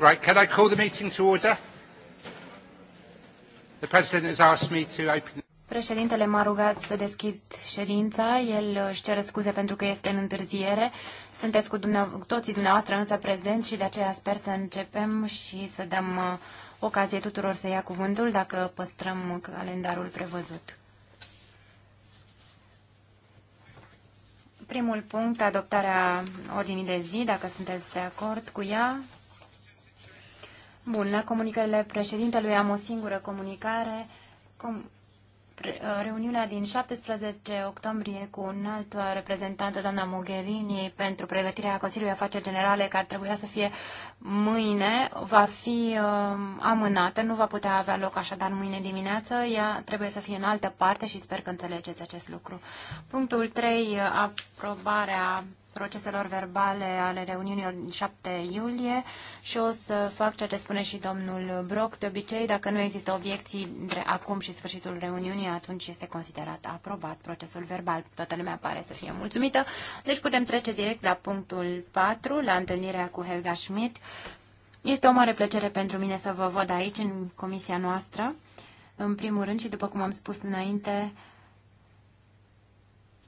Right, can I call the meeting to order? The President has asked me to open... Președintele m-a rugat să deschid ședința. El uh, își cere scuze pentru că este în întârziere. Sunteți cu dumneavoastră, toții dumneavoastră însă prezenți și de aceea sper să începem și să dăm uh, ocazie tuturor să ia cuvântul dacă păstrăm uh, calendarul prevăzut. Primul punct, adoptarea ordinii de zi, dacă sunteți de acord cu ea. Bun, la comunicările președintelui am o singură comunicare. Com uh, reuniunea din 17 octombrie cu un alt reprezentant, doamna Mogherini, pentru pregătirea Consiliului Afaceri Generale, care trebuia să fie mâine, va fi um, amânată, nu va putea avea loc așadar mâine dimineață, ea trebuie să fie în altă parte și sper că înțelegeți acest lucru. Punctul 3, uh, aprobarea proceselor verbale ale reuniunilor din 7 iulie și o să fac ceea ce spune și domnul Brock. De obicei, dacă nu există obiecții între acum și sfârșitul reuniunii, atunci este considerat aprobat procesul verbal. Toată lumea pare să fie mulțumită. Deci putem trece direct la punctul 4, la întâlnirea cu Helga Schmidt. Este o mare plăcere pentru mine să vă văd aici, în comisia noastră. În primul rând și după cum am spus înainte,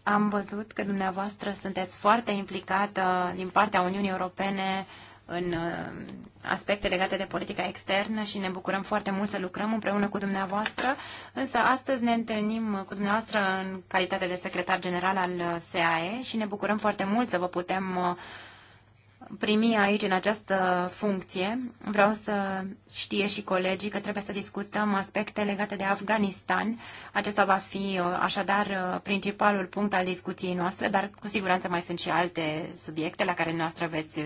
am văzut că dumneavoastră sunteți foarte implicată din partea Uniunii Europene în uh, aspecte legate de politica externă și ne bucurăm foarte mult să lucrăm împreună cu dumneavoastră, însă astăzi ne întâlnim cu dumneavoastră în calitate de secretar general al uh, SAE și ne bucurăm foarte mult să vă putem uh, primi aici în această funcție. Vreau să știe și colegii că trebuie să discutăm aspecte legate de Afganistan. Acesta va fi uh, așadar uh, principalul punct al discuției noastre, dar cu siguranță mai sunt și alte subiecte la care noastră veți uh,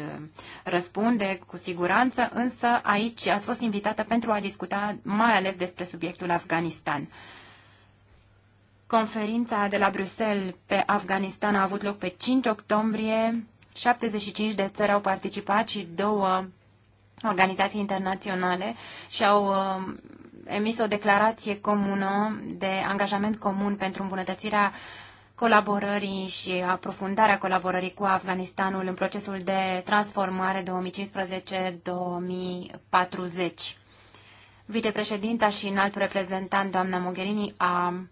răspunde, cu siguranță, însă aici ați fost invitată pentru a discuta mai ales despre subiectul Afganistan. Conferința de la Bruxelles pe Afganistan a avut loc pe 5 octombrie 75 de țări au participat și două organizații internaționale și au um, emis o declarație comună de angajament comun pentru îmbunătățirea colaborării și aprofundarea colaborării cu Afganistanul în procesul de transformare 2015-2040. Vicepreședinta și înalt reprezentant, doamna Mogherini, a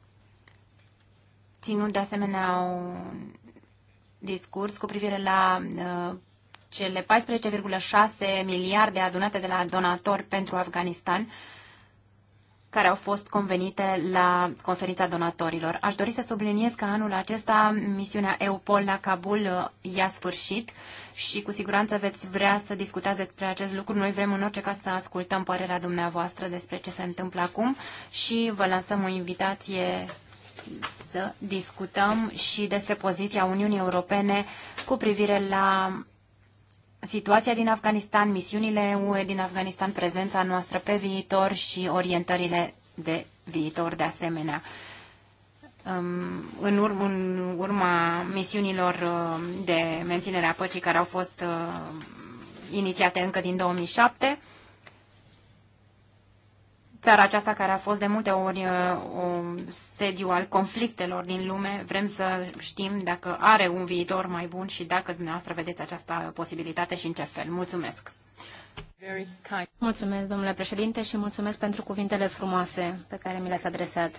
ținut de asemenea un discurs cu privire la uh, cele 14,6 miliarde adunate de la donatori pentru Afganistan, care au fost convenite la conferința donatorilor. Aș dori să subliniez că anul acesta misiunea EUPOL la Kabul uh, i-a sfârșit și cu siguranță veți vrea să discutați despre acest lucru. Noi vrem în orice caz să ascultăm părerea dumneavoastră despre ce se întâmplă acum și vă lansăm o invitație astăzi discutăm și despre poziția Uniunii Europene cu privire la situația din Afganistan, misiunile UE din Afganistan, prezența noastră pe viitor și orientările de viitor de asemenea. În, în urma misiunilor uh, de menținere a păcii care au fost uh, inițiate încă din 2007, țara aceasta care a fost de multe ori un uh, sediu al conflictelor din lume. Vrem să știm dacă are un viitor mai bun și dacă dumneavoastră vedeți această posibilitate și în ce fel. Mulțumesc! Mulțumesc, domnule președinte, și mulțumesc pentru cuvintele frumoase pe care mi le-ați adresat.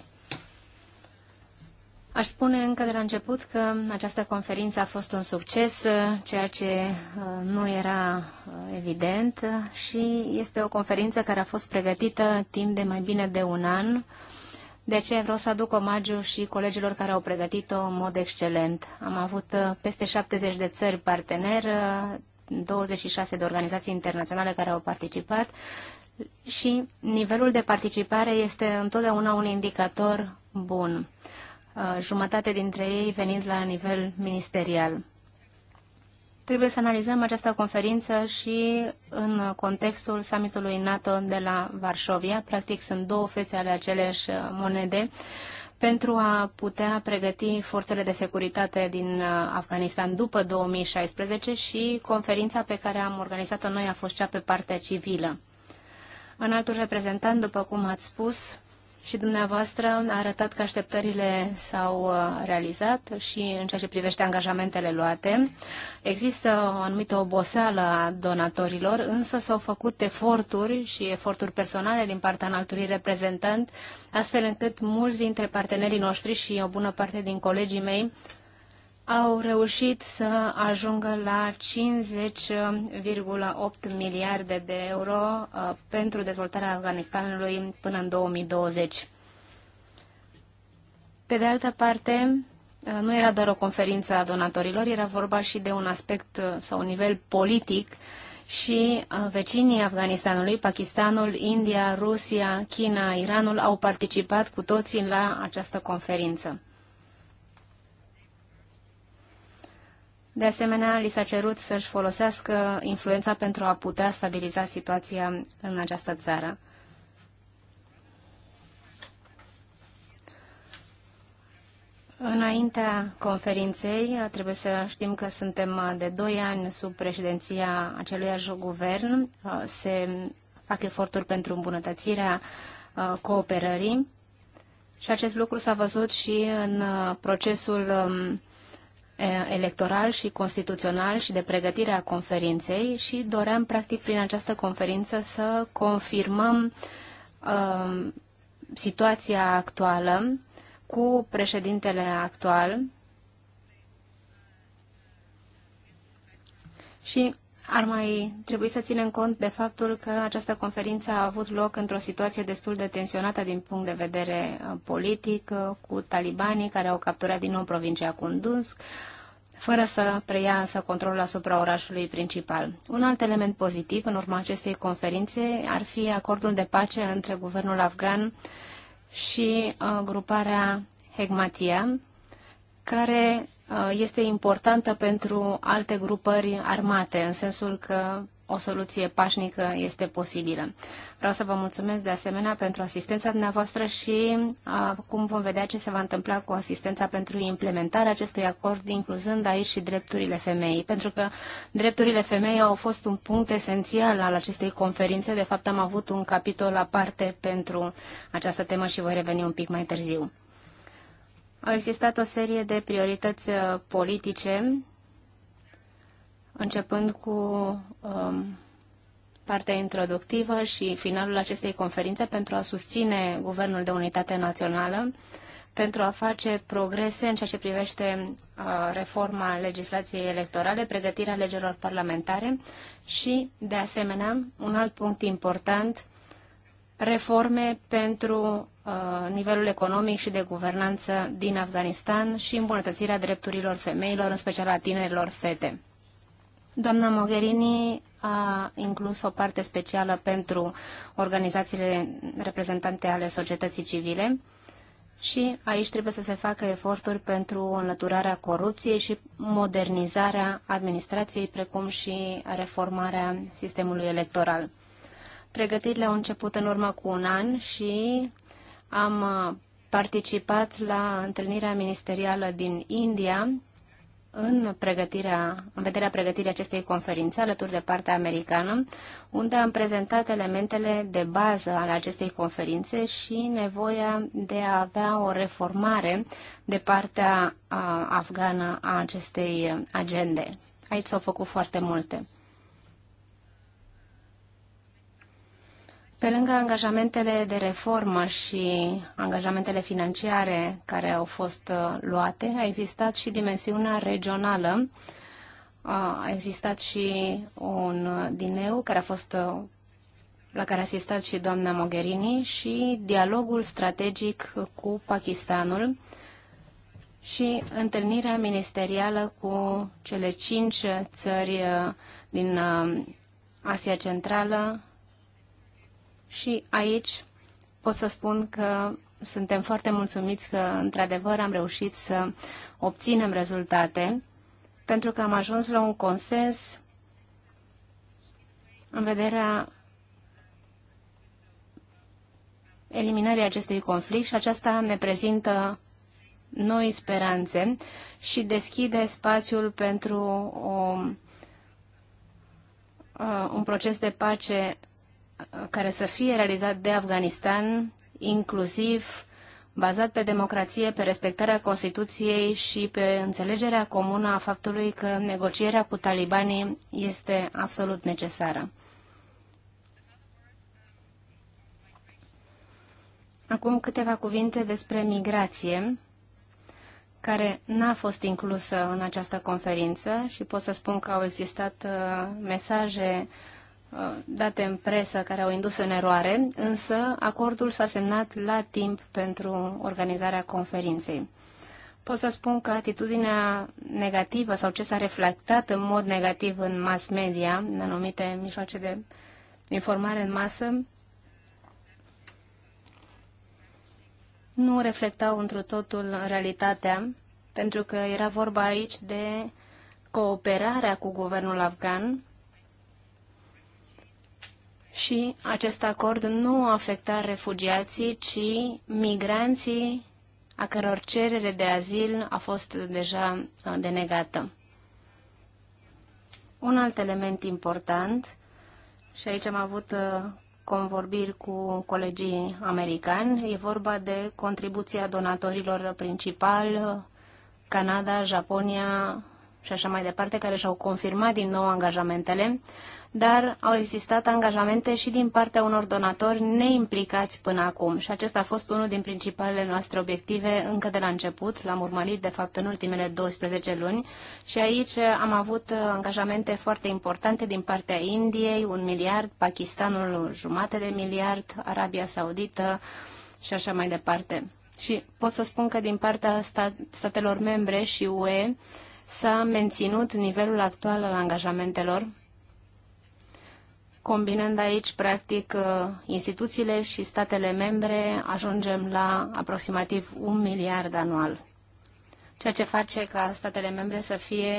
Aș spune încă de la început că această conferință a fost un succes, ceea ce uh, nu era uh, evident și este o conferință care a fost pregătită timp de mai bine de un an. De aceea vreau să aduc omagiu și colegilor care au pregătit-o în mod excelent. Am avut uh, peste 70 de țări partener, 26 de organizații internaționale care au participat și nivelul de participare este întotdeauna un indicator bun. Uh, jumătate dintre ei venind la nivel ministerial. Trebuie să analizăm această conferință și în contextul summitului NATO de la Varșovia. Practic sunt două fețe ale aceleași monede pentru a putea pregăti forțele de securitate din uh, Afganistan după 2016 și conferința pe care am organizat-o noi a fost cea pe partea civilă. În altul reprezentant, după cum ați spus, și dumneavoastră a arătat că așteptările s-au uh, realizat și în ceea ce privește angajamentele luate. Există o anumită oboseală a donatorilor, însă s-au făcut eforturi și eforturi personale din partea înaltului reprezentant, astfel încât mulți dintre partenerii noștri și o bună parte din colegii mei au reușit să ajungă la 50,8 miliarde de euro uh, pentru dezvoltarea Afganistanului până în 2020. Pe de altă parte, uh, nu era doar o conferință a donatorilor, era vorba și de un aspect uh, sau un nivel politic și vecinii Afganistanului, Pakistanul, India, Rusia, China, Iranul au participat cu toții la această conferință. De asemenea, li s-a cerut să-și folosească influența pentru a putea stabiliza situația în această țară. Înaintea conferinței, trebuie să știm că suntem de 2 ani sub președinția aceluiași guvern. Se fac eforturi pentru îmbunătățirea uh, cooperării și acest lucru s-a văzut și în uh, procesul um, electoral și constituțional și de pregătire a conferinței și doream, practic, prin această conferință să confirmăm uh, situația actuală cu președintele actual și ar mai trebui să ținem cont de faptul că această conferință a avut loc într-o situație destul de tensionată din punct de vedere uh, politic, uh, cu talibanii care au capturat din nou provincia Kunduz, fără să preia însă controlul asupra orașului principal. Un alt element pozitiv în urma acestei conferințe ar fi acordul de pace între guvernul afgan și uh, gruparea Hegmatia, care Uh, este importantă pentru alte grupări armate, în sensul că o soluție pașnică este posibilă. Vreau să vă mulțumesc de asemenea pentru asistența dumneavoastră și uh, cum vom vedea ce se va întâmpla cu asistența pentru implementarea acestui acord, incluzând aici și drepturile femeii, pentru că drepturile femeii au fost un punct esențial al acestei conferințe. De fapt, am avut un capitol aparte pentru această temă și voi reveni un pic mai târziu. Au existat o serie de priorități uh, politice, începând cu um, partea introductivă și finalul acestei conferințe pentru a susține Guvernul de Unitate Națională, pentru a face progrese în ceea ce privește uh, reforma legislației electorale, pregătirea legilor parlamentare și, de asemenea, un alt punct important reforme pentru uh, nivelul economic și de guvernanță din Afganistan și îmbunătățirea drepturilor femeilor, în special a tinerilor fete. Doamna Mogherini a inclus o parte specială pentru organizațiile reprezentante ale societății civile și aici trebuie să se facă eforturi pentru înlăturarea corupției și modernizarea administrației, precum și reformarea sistemului electoral. Pregătirile au început în urmă cu un an și am uh, participat la întâlnirea ministerială din India în, pregătirea, în vederea pregătirii acestei conferințe alături de partea americană, unde am prezentat elementele de bază ale acestei conferințe și nevoia de a avea o reformare de partea uh, afgană a acestei agende. Aici s-au făcut foarte multe. Pe lângă angajamentele de reformă și angajamentele financiare care au fost uh, luate, a existat și dimensiunea regională. A existat și un dineu care a fost uh, la care a asistat și doamna Mogherini și dialogul strategic cu Pakistanul și întâlnirea ministerială cu cele cinci țări uh, din Asia Centrală, și aici pot să spun că suntem foarte mulțumiți că, într-adevăr, am reușit să obținem rezultate, pentru că am ajuns la un consens în vederea eliminării acestui conflict și aceasta ne prezintă noi speranțe și deschide spațiul pentru o, uh, un proces de pace care să fie realizat de Afganistan, inclusiv bazat pe democrație, pe respectarea Constituției și pe înțelegerea comună a faptului că negocierea cu talibanii este absolut necesară. Acum câteva cuvinte despre migrație, care n-a fost inclusă în această conferință și pot să spun că au existat uh, mesaje uh, Uh, date în presă care au indus în eroare, însă acordul s-a semnat la timp pentru organizarea conferinței. Pot să spun că atitudinea negativă sau ce s-a reflectat în mod negativ în mass media, în anumite mijloace de informare în masă, nu reflectau întru totul realitatea, pentru că era vorba aici de cooperarea cu guvernul afgan și acest acord nu afecta refugiații, ci migranții a căror cerere de azil a fost deja denegată. Un alt element important, și aici am avut convorbiri cu colegii americani, e vorba de contribuția donatorilor principal, Canada, Japonia și așa mai departe, care și-au confirmat din nou angajamentele dar au existat angajamente și din partea unor donatori neimplicați până acum și acesta a fost unul din principalele noastre obiective încă de la început, l-am urmărit de fapt în ultimele 12 luni și aici am avut angajamente foarte importante din partea Indiei, un miliard, Pakistanul jumate de miliard, Arabia Saudită și așa mai departe. Și pot să spun că din partea statelor membre și UE s-a menținut nivelul actual al angajamentelor Combinând aici, practic, uh, instituțiile și statele membre, ajungem la aproximativ un miliard anual. Ceea ce face ca statele membre să fie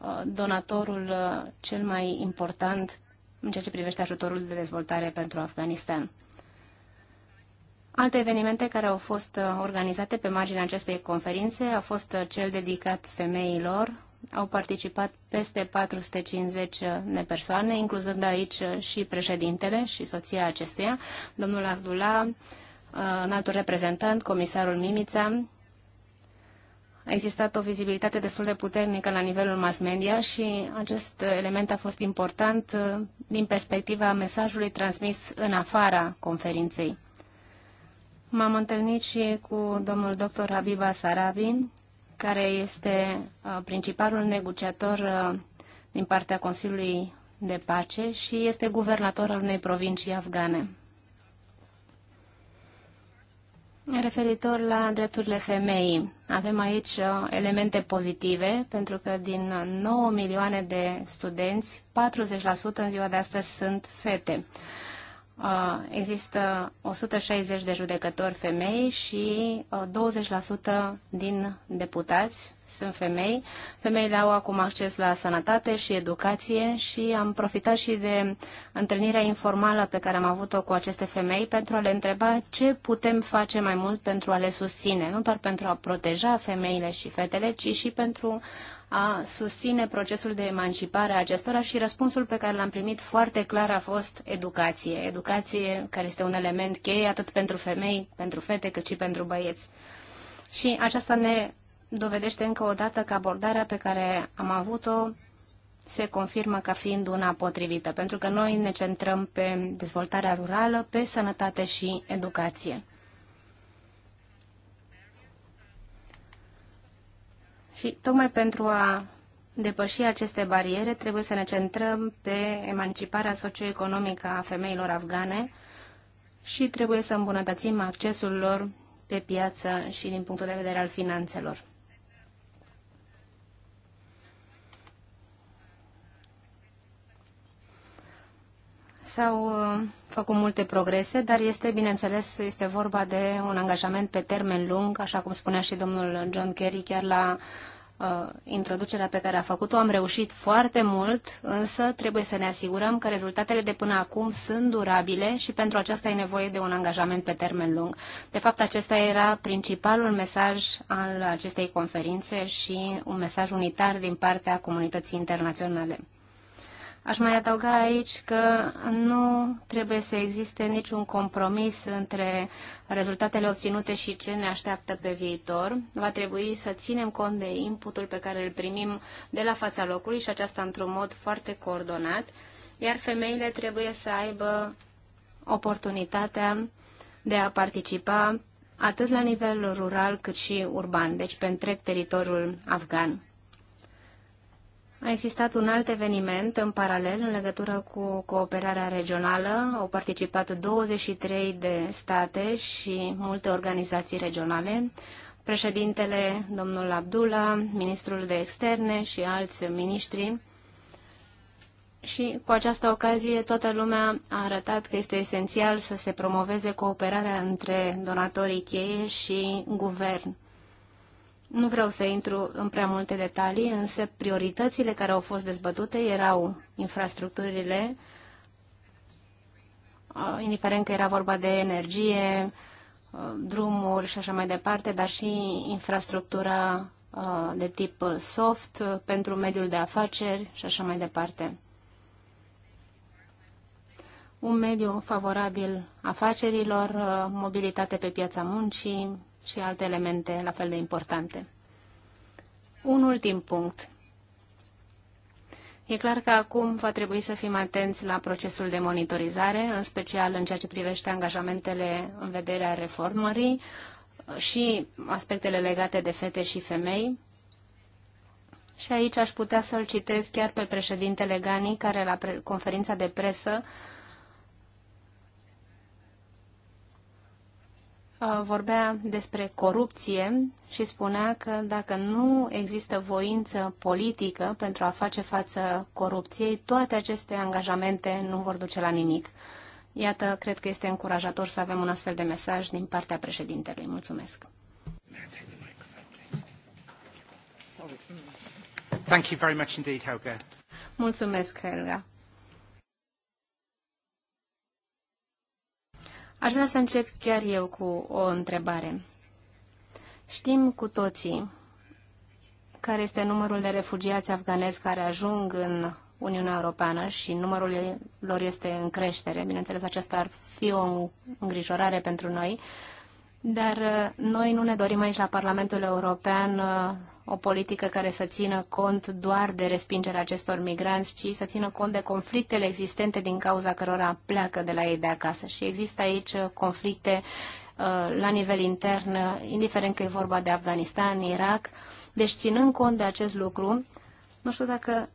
uh, donatorul uh, cel mai important în ceea ce privește ajutorul de dezvoltare pentru Afganistan. Alte evenimente care au fost organizate pe marginea acestei conferințe a fost cel dedicat femeilor, au participat peste 450 de persoane, incluzând aici și președintele și soția acesteia, domnul Abdullah, înaltul uh, reprezentant, comisarul Mimița. A existat o vizibilitate destul de puternică la nivelul mass media și acest element a fost important uh, din perspectiva mesajului transmis în afara conferinței. M-am întâlnit și cu domnul dr. Habiba Sarabi, care este uh, principalul negociator uh, din partea Consiliului de Pace și este guvernator al unei provincii afgane. Referitor la drepturile femeii, avem aici uh, elemente pozitive, pentru că din 9 milioane de studenți, 40% în ziua de astăzi sunt fete există 160 de judecători femei și 20% din deputați sunt femei. Femeile au acum acces la sănătate și educație și am profitat și de întâlnirea informală pe care am avut-o cu aceste femei pentru a le întreba ce putem face mai mult pentru a le susține, nu doar pentru a proteja femeile și fetele, ci și pentru a susține procesul de emancipare a acestora și răspunsul pe care l-am primit foarte clar a fost educație. Educație care este un element cheie atât pentru femei, pentru fete, cât și pentru băieți. Și aceasta ne dovedește încă o dată că abordarea pe care am avut-o se confirmă ca fiind una potrivită, pentru că noi ne centrăm pe dezvoltarea rurală, pe sănătate și educație. Și tocmai pentru a depăși aceste bariere, trebuie să ne centrăm pe emanciparea socioeconomică a femeilor afgane și trebuie să îmbunătățim accesul lor pe piață și din punctul de vedere al finanțelor. S-au uh, făcut multe progrese, dar este, bineînțeles, este vorba de un angajament pe termen lung, așa cum spunea și domnul John Kerry chiar la uh, introducerea pe care a făcut-o. Am reușit foarte mult, însă trebuie să ne asigurăm că rezultatele de până acum sunt durabile și pentru aceasta e nevoie de un angajament pe termen lung. De fapt, acesta era principalul mesaj al acestei conferințe și un mesaj unitar din partea comunității internaționale. Aș mai adăuga aici că nu trebuie să existe niciun compromis între rezultatele obținute și ce ne așteaptă pe viitor. Va trebui să ținem cont de inputul pe care îl primim de la fața locului și aceasta într-un mod foarte coordonat, iar femeile trebuie să aibă oportunitatea de a participa atât la nivel rural cât și urban, deci pe întreg teritoriul afgan. A existat un alt eveniment în paralel în legătură cu cooperarea regională. Au participat 23 de state și multe organizații regionale. Președintele, domnul Abdullah, ministrul de externe și alți miniștri. Și cu această ocazie toată lumea a arătat că este esențial să se promoveze cooperarea între donatorii cheie și guvern nu vreau să intru în prea multe detalii, însă prioritățile care au fost dezbătute erau infrastructurile, indiferent că era vorba de energie, drumuri și așa mai departe, dar și infrastructura de tip soft pentru mediul de afaceri și așa mai departe. Un mediu favorabil afacerilor, mobilitate pe piața muncii, și alte elemente la fel de importante. Un ultim punct. E clar că acum va trebui să fim atenți la procesul de monitorizare, în special în ceea ce privește angajamentele în vederea reformării și aspectele legate de fete și femei. Și aici aș putea să-l citez chiar pe președintele Gani, care la conferința de presă Uh, vorbea despre corupție și spunea că dacă nu există voință politică pentru a face față corupției, toate aceste angajamente nu vor duce la nimic. Iată, cred că este încurajator să avem un astfel de mesaj din partea președintelui. Mulțumesc. Thank you very much indeed, Helga. Mulțumesc, Helga. Aș vrea să încep chiar eu cu o întrebare. Știm cu toții care este numărul de refugiați afganezi care ajung în Uniunea Europeană și numărul lor este în creștere. Bineînțeles, aceasta ar fi o îngrijorare pentru noi, dar uh, noi nu ne dorim aici la Parlamentul European uh, o politică care să țină cont doar de respingerea acestor migranți, ci să țină cont de conflictele existente din cauza cărora pleacă de la ei de acasă. Și există aici conflicte uh, la nivel intern, indiferent că e vorba de Afganistan, Irak. Deci, ținând cont de acest lucru, nu știu dacă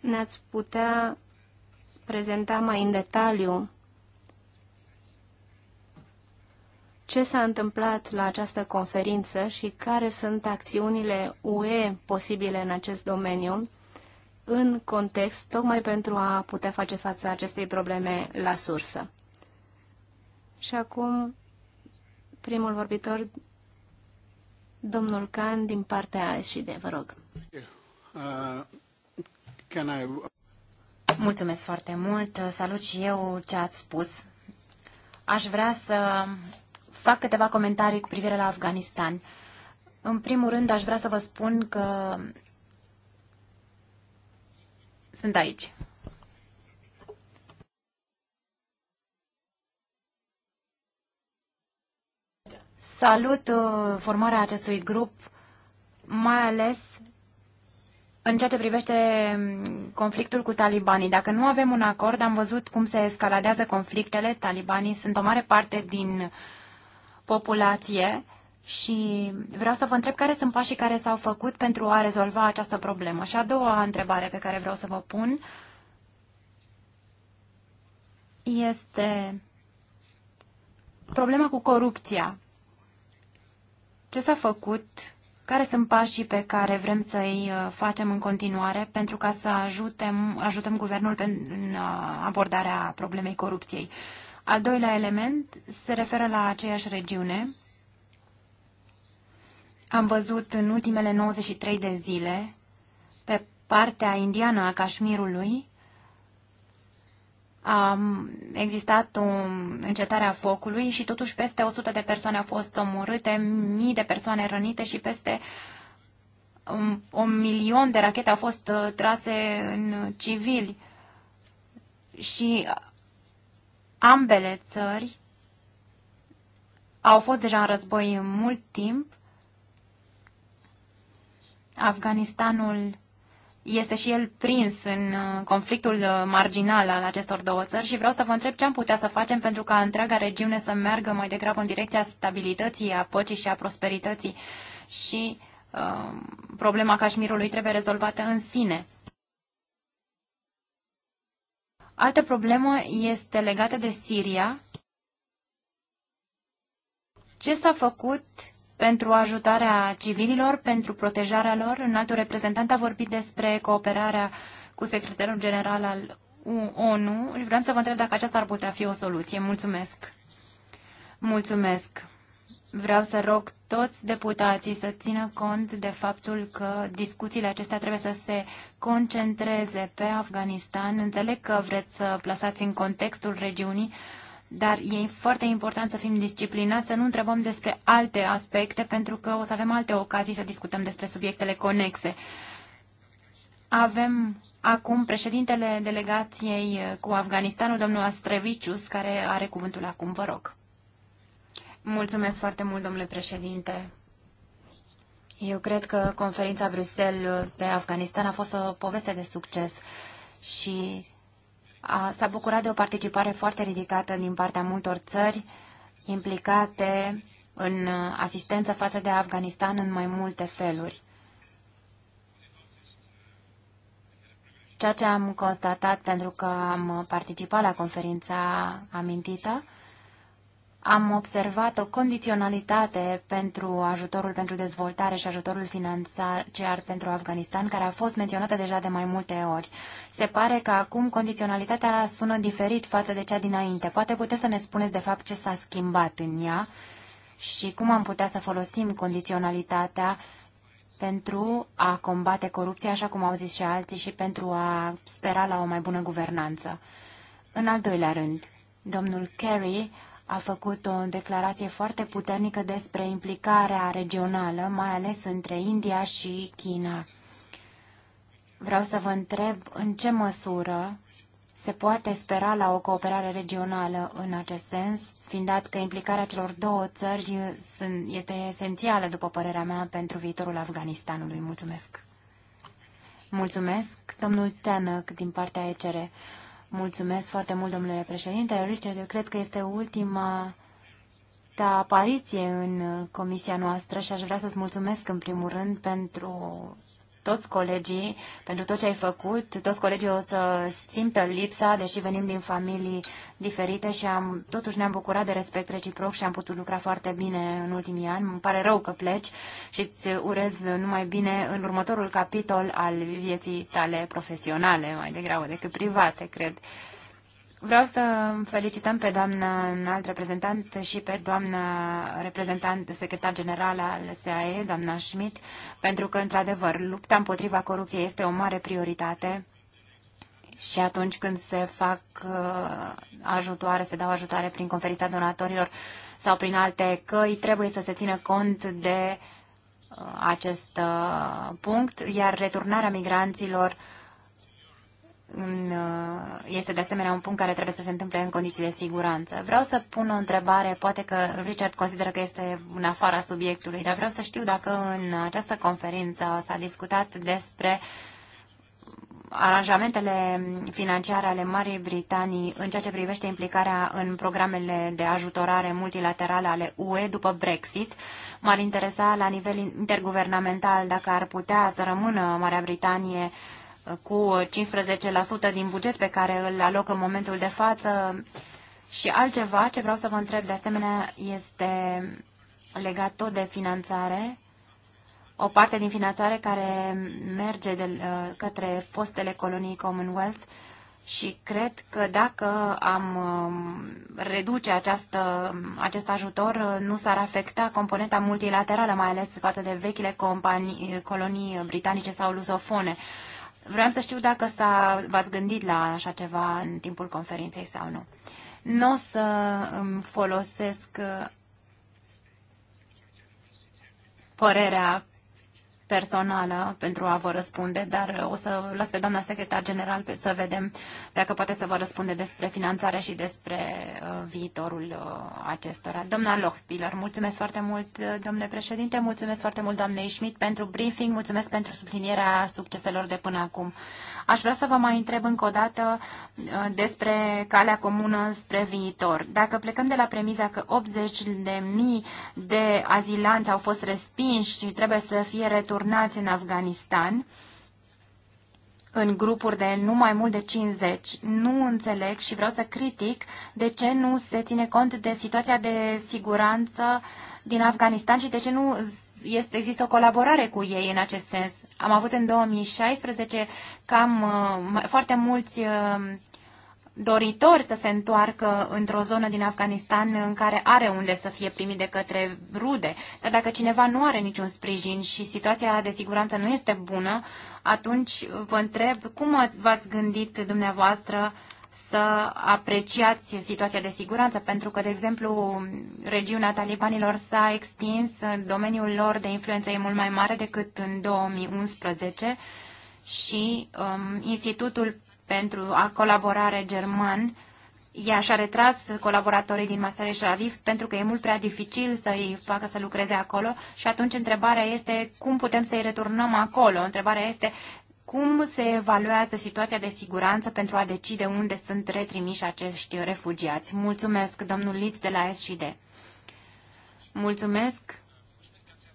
ne-ați putea prezenta mai în detaliu ce s-a întâmplat la această conferință și care sunt acțiunile UE posibile în acest domeniu în context, tocmai pentru a putea face față acestei probleme la sursă. Și acum, primul vorbitor, domnul Can, din partea de, vă rog. Mulțumesc foarte mult. Salut și eu ce ați spus. Aș vrea să fac câteva comentarii cu privire la Afganistan. În primul rând, aș vrea să vă spun că sunt aici. Salut uh, formarea acestui grup, mai ales în ceea ce privește um, conflictul cu talibanii. Dacă nu avem un acord, am văzut cum se escaladează conflictele. Talibanii sunt o mare parte din uh, populație și vreau să vă întreb care sunt pașii care s-au făcut pentru a rezolva această problemă. Și a doua întrebare pe care vreau să vă pun este problema cu corupția. Ce s-a făcut? Care sunt pașii pe care vrem să-i uh, facem în continuare pentru ca să ajutăm guvernul în uh, abordarea problemei corupției? Al doilea element se referă la aceeași regiune. Am văzut în ultimele 93 de zile, pe partea indiană a Cașmirului, a existat o încetare a focului și totuși peste 100 de persoane au fost omorâte, mii de persoane rănite și peste un um, milion de rachete au fost uh, trase în civili. Și Ambele țări au fost deja în război în mult timp. Afganistanul este și el prins în uh, conflictul uh, marginal al acestor două țări și vreau să vă întreb ce am putea să facem pentru ca întreaga regiune să meargă mai degrabă în direcția stabilității, a păcii și a prosperității și uh, problema Cașmirului trebuie rezolvată în sine. Altă problemă este legată de Siria. Ce s-a făcut pentru ajutarea civililor, pentru protejarea lor? Un alt reprezentant a vorbit despre cooperarea cu secretarul general al ONU. Vreau să vă întreb dacă aceasta ar putea fi o soluție. Mulțumesc! Mulțumesc! Vreau să rog toți deputații să țină cont de faptul că discuțiile acestea trebuie să se concentreze pe Afganistan. Înțeleg că vreți să plasați în contextul regiunii, dar e foarte important să fim disciplinați, să nu întrebăm despre alte aspecte, pentru că o să avem alte ocazii să discutăm despre subiectele conexe. Avem acum președintele delegației cu Afganistanul, domnul Astrevicius, care are cuvântul acum. Vă rog. Mulțumesc foarte mult, domnule președinte. Eu cred că conferința Bruxelles pe Afganistan a fost o poveste de succes și s-a bucurat de o participare foarte ridicată din partea multor țări implicate în asistență față de Afganistan în mai multe feluri. Ceea ce am constatat pentru că am participat la conferința amintită am observat o condiționalitate pentru ajutorul pentru dezvoltare și ajutorul financiar pentru Afganistan, care a fost menționată deja de mai multe ori. Se pare că acum condiționalitatea sună diferit față de cea dinainte. Poate puteți să ne spuneți de fapt ce s-a schimbat în ea și cum am putea să folosim condiționalitatea pentru a combate corupția, așa cum au zis și alții, și pentru a spera la o mai bună guvernanță. În al doilea rând, domnul Kerry a făcut o declarație foarte puternică despre implicarea regională, mai ales între India și China. Vreau să vă întreb în ce măsură se poate spera la o cooperare regională în acest sens, fiind dat că implicarea celor două țări este esențială, după părerea mea, pentru viitorul Afganistanului. Mulțumesc! Mulțumesc, domnul Tenăc, din partea ECR. Mulțumesc foarte mult, domnule președinte. Richard, eu cred că este ultima ta apariție în comisia noastră și aș vrea să-ți mulțumesc în primul rând pentru toți colegii pentru tot ce ai făcut. Toți colegii o să simtă lipsa, deși venim din familii diferite și am, totuși ne-am bucurat de respect reciproc și am putut lucra foarte bine în ultimii ani. Îmi pare rău că pleci și îți urez numai bine în următorul capitol al vieții tale profesionale, mai degrabă decât private, cred. Vreau să felicităm pe doamna înalt reprezentant și pe doamna reprezentant secretar general al SAE, doamna Schmidt, pentru că, într-adevăr, lupta împotriva corupției este o mare prioritate și atunci când se fac uh, ajutoare, se dau ajutoare prin conferința donatorilor sau prin alte căi, trebuie să se țină cont de uh, acest uh, punct, iar returnarea migranților Uh, este de asemenea un punct care trebuie să se întâmple în condiții de siguranță. Vreau să pun o întrebare, poate că Richard consideră că este în afara subiectului, dar vreau să știu dacă în această conferință s-a discutat despre aranjamentele financiare ale Marii Britanii în ceea ce privește implicarea în programele de ajutorare multilaterale ale UE după Brexit. M-ar interesa la nivel interguvernamental dacă ar putea să rămână Marea Britanie uh, cu 15% din buget pe care îl aloc în momentul de față. Și altceva ce vreau să vă întreb de asemenea este legat tot de finanțare. O parte din finanțare care merge de, uh, către fostele colonii Commonwealth și cred că dacă am um, reduce această, acest ajutor, uh, nu s-ar afecta componenta multilaterală, mai ales față de vechile companii, uh, colonii britanice sau lusofone. Uh, Vreau să știu dacă s-a, v-ați gândit la așa ceva în timpul conferinței sau nu. Nu o să îmi folosesc uh, părerea personală pentru a vă răspunde, dar o să las pe doamna secretar general să vedem dacă poate să vă răspunde despre finanțare și despre uh, viitorul uh, acestora. Doamna Lochpiller, mulțumesc foarte mult, uh, domnule președinte, mulțumesc foarte mult, doamnei Schmidt, pentru briefing, mulțumesc pentru sublinierea succeselor de până acum. Aș vrea să vă mai întreb încă o dată uh, despre calea comună spre viitor. Dacă plecăm de la premiza că 80 de mii de azilanți au fost respinși și trebuie să fie returnați în Afganistan, în grupuri de nu mai mult de 50. Nu înțeleg și vreau să critic de ce nu se ține cont de situația de siguranță din Afganistan și de ce nu este, există o colaborare cu ei în acest sens am avut în 2016 cam uh, foarte mulți uh, doritori să se întoarcă într-o zonă din Afganistan în care are unde să fie primit de către rude. Dar dacă cineva nu are niciun sprijin și situația de siguranță nu este bună, atunci vă întreb cum v-ați gândit dumneavoastră uh, să apreciați situația de siguranță, pentru că, de exemplu, regiunea talibanilor s-a extins, domeniul lor de influență e mult mai mare decât în 2011 și um, Institutul pentru a Colaborare German i-a și-a retras colaboratorii din Masare Sharif pentru că e mult prea dificil să îi facă să lucreze acolo și atunci întrebarea este cum putem să i returnăm acolo. Întrebarea este cum se evaluează situația de siguranță pentru a decide unde sunt retrimiși acești refugiați? Mulțumesc, domnul Liț de la SCD. Mulțumesc.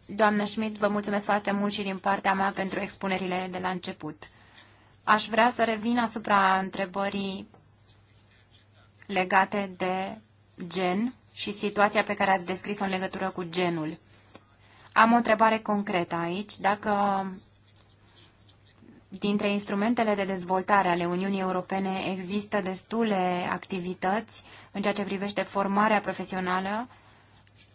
Doamnă Schmidt, vă mulțumesc foarte mult și din partea mea pentru expunerile de la început. Aș vrea să revin asupra întrebării legate de gen și situația pe care ați descris-o în legătură cu genul. Am o întrebare concretă aici. Dacă Dintre instrumentele de dezvoltare ale Uniunii Europene există destule activități în ceea ce privește formarea profesională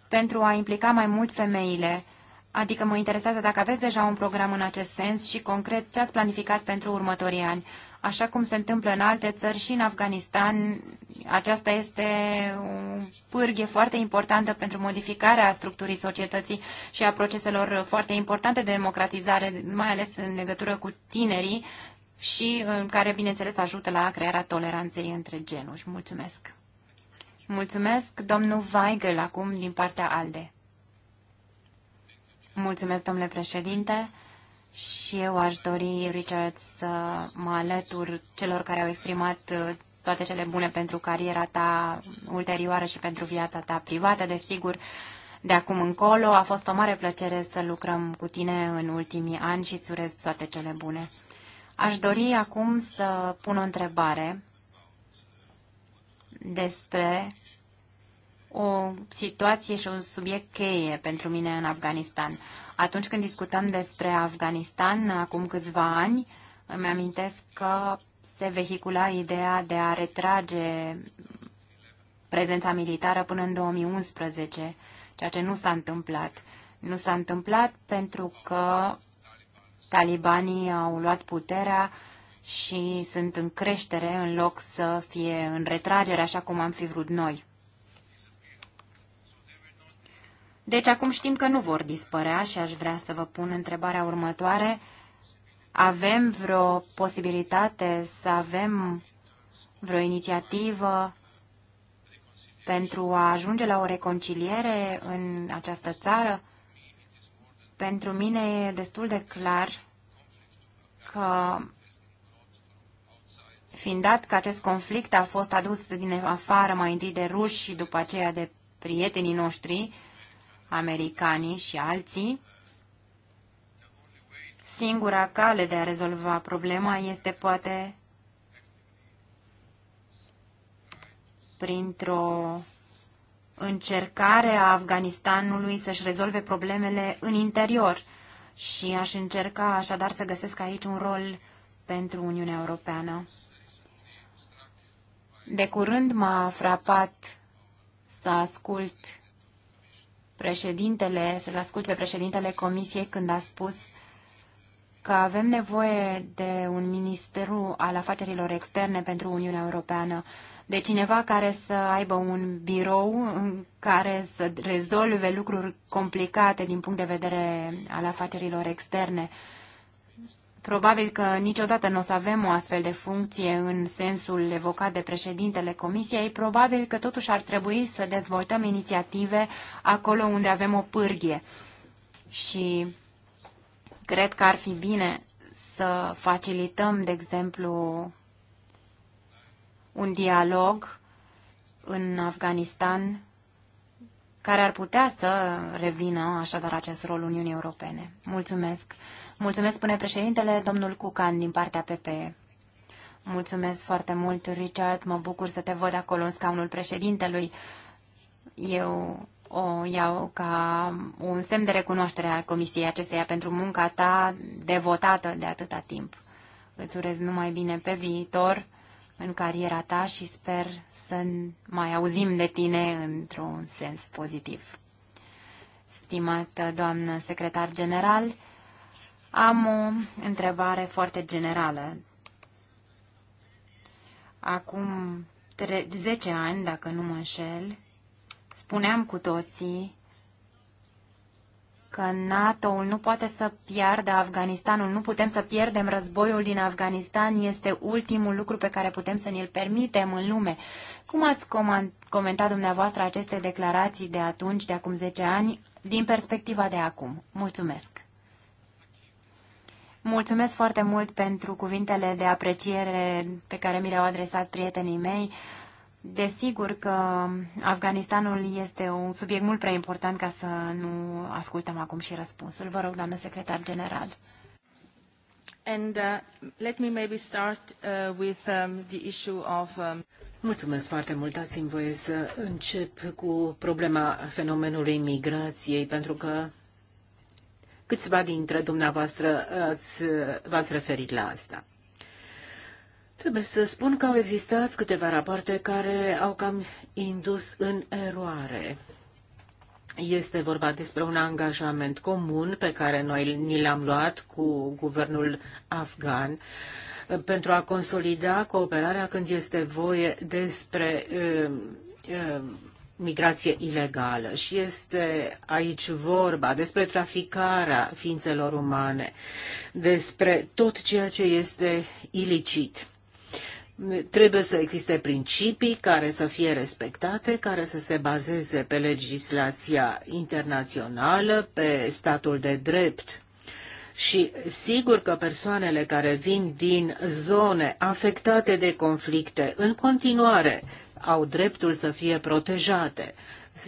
pentru a implica mai mult femeile Adică mă interesează dacă aveți deja un program în acest sens și concret ce ați planificat pentru următorii ani. Așa cum se întâmplă în alte țări și în Afganistan, aceasta este o pârghie foarte importantă pentru modificarea structurii societății și a proceselor foarte importante de democratizare, mai ales în legătură cu tinerii și care, bineînțeles, ajută la crearea toleranței între genuri. Mulțumesc! Mulțumesc, domnul Weigel, acum din partea ALDE. Mulțumesc, domnule președinte. Și eu aș dori, Richard, să mă alătur celor care au exprimat uh, toate cele bune pentru cariera ta ulterioară și pentru viața ta privată, desigur. De acum încolo a fost o mare plăcere să lucrăm cu tine în ultimii ani și îți urez toate cele bune. Aș dori acum să pun o întrebare despre o situație și un subiect cheie pentru mine în Afganistan. Atunci când discutăm despre Afganistan, acum câțiva ani, îmi amintesc că se vehicula ideea de a retrage prezența militară până în 2011, ceea ce nu s-a întâmplat. Nu s-a întâmplat pentru că talibanii au luat puterea și sunt în creștere în loc să fie în retragere așa cum am fi vrut noi. Deci acum știm că nu vor dispărea și aș vrea să vă pun întrebarea următoare. Avem vreo posibilitate să avem vreo inițiativă pentru a ajunge la o reconciliere în această țară? Pentru mine e destul de clar că, fiind dat că acest conflict a fost adus din afară mai întâi de ruși și după aceea de prietenii noștri, americanii și alții, singura cale de a rezolva problema este poate printr-o încercare a Afganistanului să-și rezolve problemele în interior și aș încerca așadar să găsesc aici un rol pentru Uniunea Europeană. De curând m-a frapat să ascult președintele, să-l ascult pe președintele comisiei când a spus că avem nevoie de un ministeru al afacerilor externe pentru Uniunea Europeană, de cineva care să aibă un birou în care să rezolve lucruri complicate din punct de vedere al afacerilor externe. Uh, Probabil că niciodată nu o să avem o astfel de funcție în sensul evocat de președintele Comisiei, probabil că totuși ar trebui să dezvoltăm inițiative acolo unde avem o pârghie. Și cred că ar fi bine să facilităm, de exemplu, un dialog în Afganistan care ar putea să revină așadar acest rol Uniunii Europene. Mulțumesc. Mulțumesc, spune președintele, domnul Cucan din partea PPE. Mulțumesc foarte mult, Richard. Mă bucur să te văd acolo în scaunul președintelui. Eu o iau ca un semn de recunoaștere al Comisiei acesteia pentru munca ta devotată de atâta timp. Îți urez numai bine pe viitor în cariera ta și sper să mai auzim de tine într-un sens pozitiv. Stimată doamnă secretar general, am o întrebare foarte generală. Acum 10 ani, dacă nu mă înșel, spuneam cu toții că NATO-ul nu poate să piardă Afganistanul, nu putem să pierdem războiul din Afganistan, este ultimul lucru pe care putem să ne-l permitem în lume. Cum ați comentat dumneavoastră aceste declarații de atunci, de acum 10 ani, din perspectiva de acum? Mulțumesc! Mulțumesc foarte mult pentru cuvintele de apreciere pe care mi le-au adresat prietenii mei. Desigur că Afganistanul este un subiect mult prea important ca să nu ascultăm acum și răspunsul. Vă rog, doamnă secretar general. And uh, let me maybe start uh, with um, the issue of um... Mulțumesc foarte mult. Dați-mi voie să încep cu problema fenomenului migrației, pentru că câțiva dintre dumneavoastră uh, v-ați referit la asta. Trebuie să spun că au existat câteva rapoarte care au cam indus în eroare. Este vorba despre un angajament comun pe care noi ni l-am luat cu guvernul afgan pentru a consolida cooperarea când este voie despre uh, uh, migrație ilegală și este aici vorba despre traficarea ființelor umane, despre tot ceea ce este ilicit. Trebuie să existe principii care să fie respectate, care să se bazeze pe legislația internațională, pe statul de drept. Și sigur că persoanele care vin din zone afectate de conflicte în continuare au dreptul să fie protejate.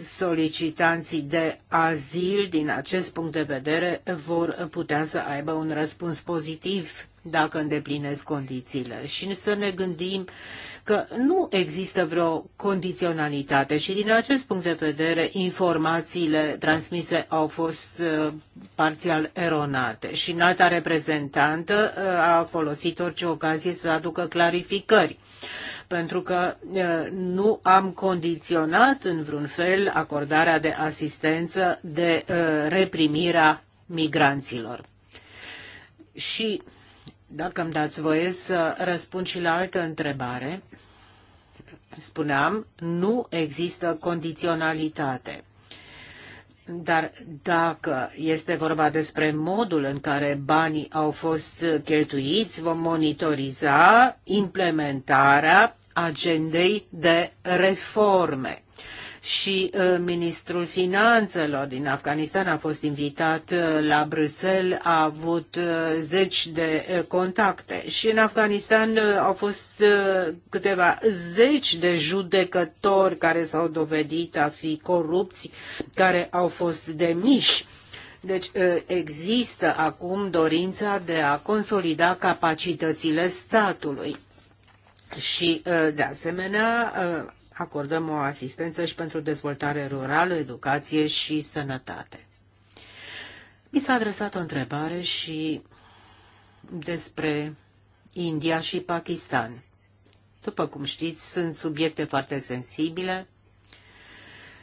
Solicitanții de azil, din acest punct de vedere, vor putea să aibă un răspuns pozitiv dacă îndeplinesc condițiile și să ne gândim că nu există vreo condiționalitate și din acest punct de vedere informațiile transmise au fost uh, parțial eronate și înalta reprezentantă uh, a folosit orice ocazie să aducă clarificări pentru că uh, nu am condiționat în vreun fel acordarea de asistență de reprimirea migranților. Și dacă îmi dați voie să răspund și la altă întrebare, spuneam, nu există condiționalitate. Dar dacă este vorba despre modul în care banii au fost cheltuiți, vom monitoriza implementarea agendei de reforme și uh, ministrul finanțelor din Afganistan a fost invitat uh, la Bruxelles, a avut uh, zeci de contacte și în Afganistan au fost câteva zeci de judecători care s-au dovedit a fi corupți, care au fost demiși. Deci există acum dorința de a consolida capacitățile statului. Și, de asemenea, acordăm o asistență și pentru dezvoltare rurală, educație și sănătate. Mi s-a adresat o întrebare și despre India și Pakistan. După cum știți, sunt subiecte foarte sensibile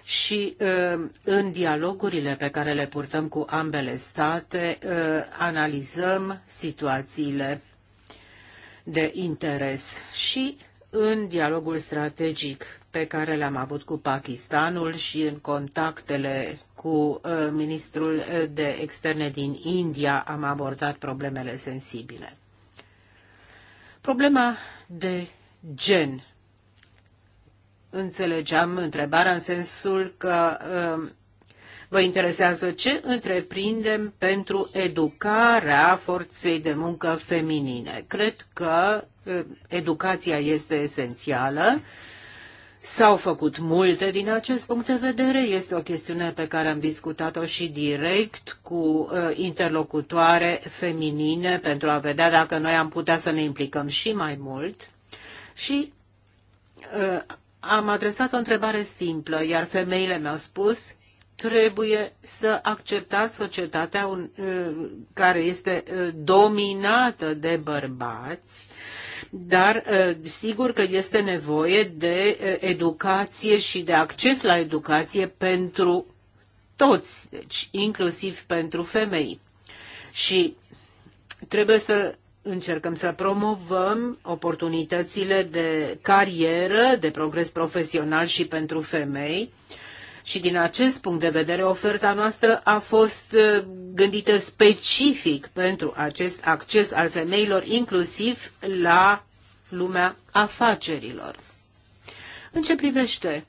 și uh, în dialogurile pe care le purtăm cu ambele state uh, analizăm situațiile de interes și în dialogul strategic pe care le-am avut cu Pakistanul și în contactele cu uh, ministrul uh, de externe din India am abordat problemele sensibile. Problema de gen. Înțelegeam întrebarea în sensul că uh, Vă interesează ce întreprindem pentru educarea forței de muncă feminine. Cred că educația este esențială S-au făcut multe din acest punct de vedere. Este o chestiune pe care am discutat-o și direct cu uh, interlocutoare feminine pentru a vedea dacă noi am putea să ne implicăm și mai mult. Și uh, am adresat o întrebare simplă, iar femeile mi-au spus trebuie să acceptați societatea un, uh, care este uh, dominată de bărbați, dar uh, sigur că este nevoie de educație și de acces la educație pentru toți, deci inclusiv pentru femei. Și trebuie să încercăm să promovăm oportunitățile de carieră, de progres profesional și pentru femei, uh, și din acest punct de vedere, oferta noastră a fost uh, gândită specific pentru acest acces al femeilor, inclusiv la lumea afacerilor. În ce privește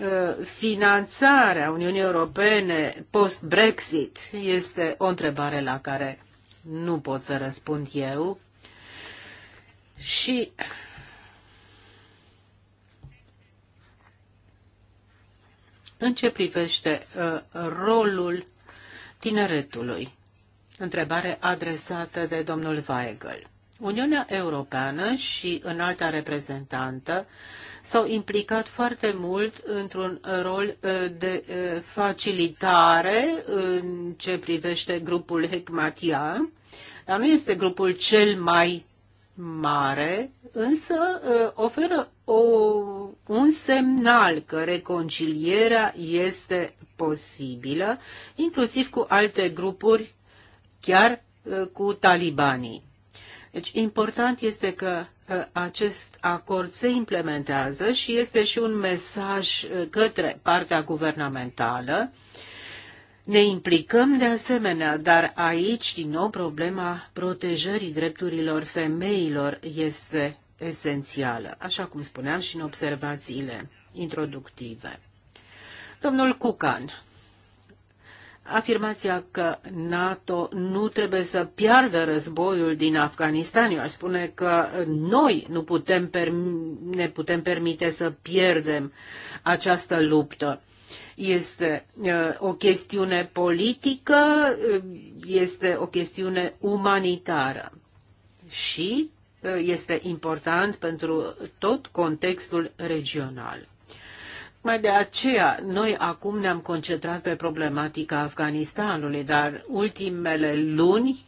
uh, finanțarea Uniunii Europene post-Brexit este o întrebare la care nu pot să răspund eu și În ce privește uh, rolul tineretului? Întrebare adresată de domnul Weigel. Uniunea Europeană și înalta reprezentantă s-au implicat foarte mult într-un uh, rol uh, de facilitare în ce privește grupul Hecmatia, dar nu este grupul cel mai mare însă ă, oferă o, un semnal că reconcilierea este posibilă, inclusiv cu alte grupuri, chiar ă, cu talibanii. Deci important este că ă, acest acord se implementează și este și un mesaj către partea guvernamentală. Ne implicăm de asemenea, dar aici, din nou, problema protejării drepturilor femeilor este esențială, așa cum spuneam și în observațiile introductive. Domnul Cucan, afirmația că NATO nu trebuie să piardă războiul din Afganistan. Eu aș spune că noi nu putem ne putem permite să pierdem această luptă. Este uh, o chestiune politică, uh, este o chestiune umanitară și este important pentru tot contextul regional. Mai de aceea, noi acum ne-am concentrat pe problematica Afganistanului, dar ultimele luni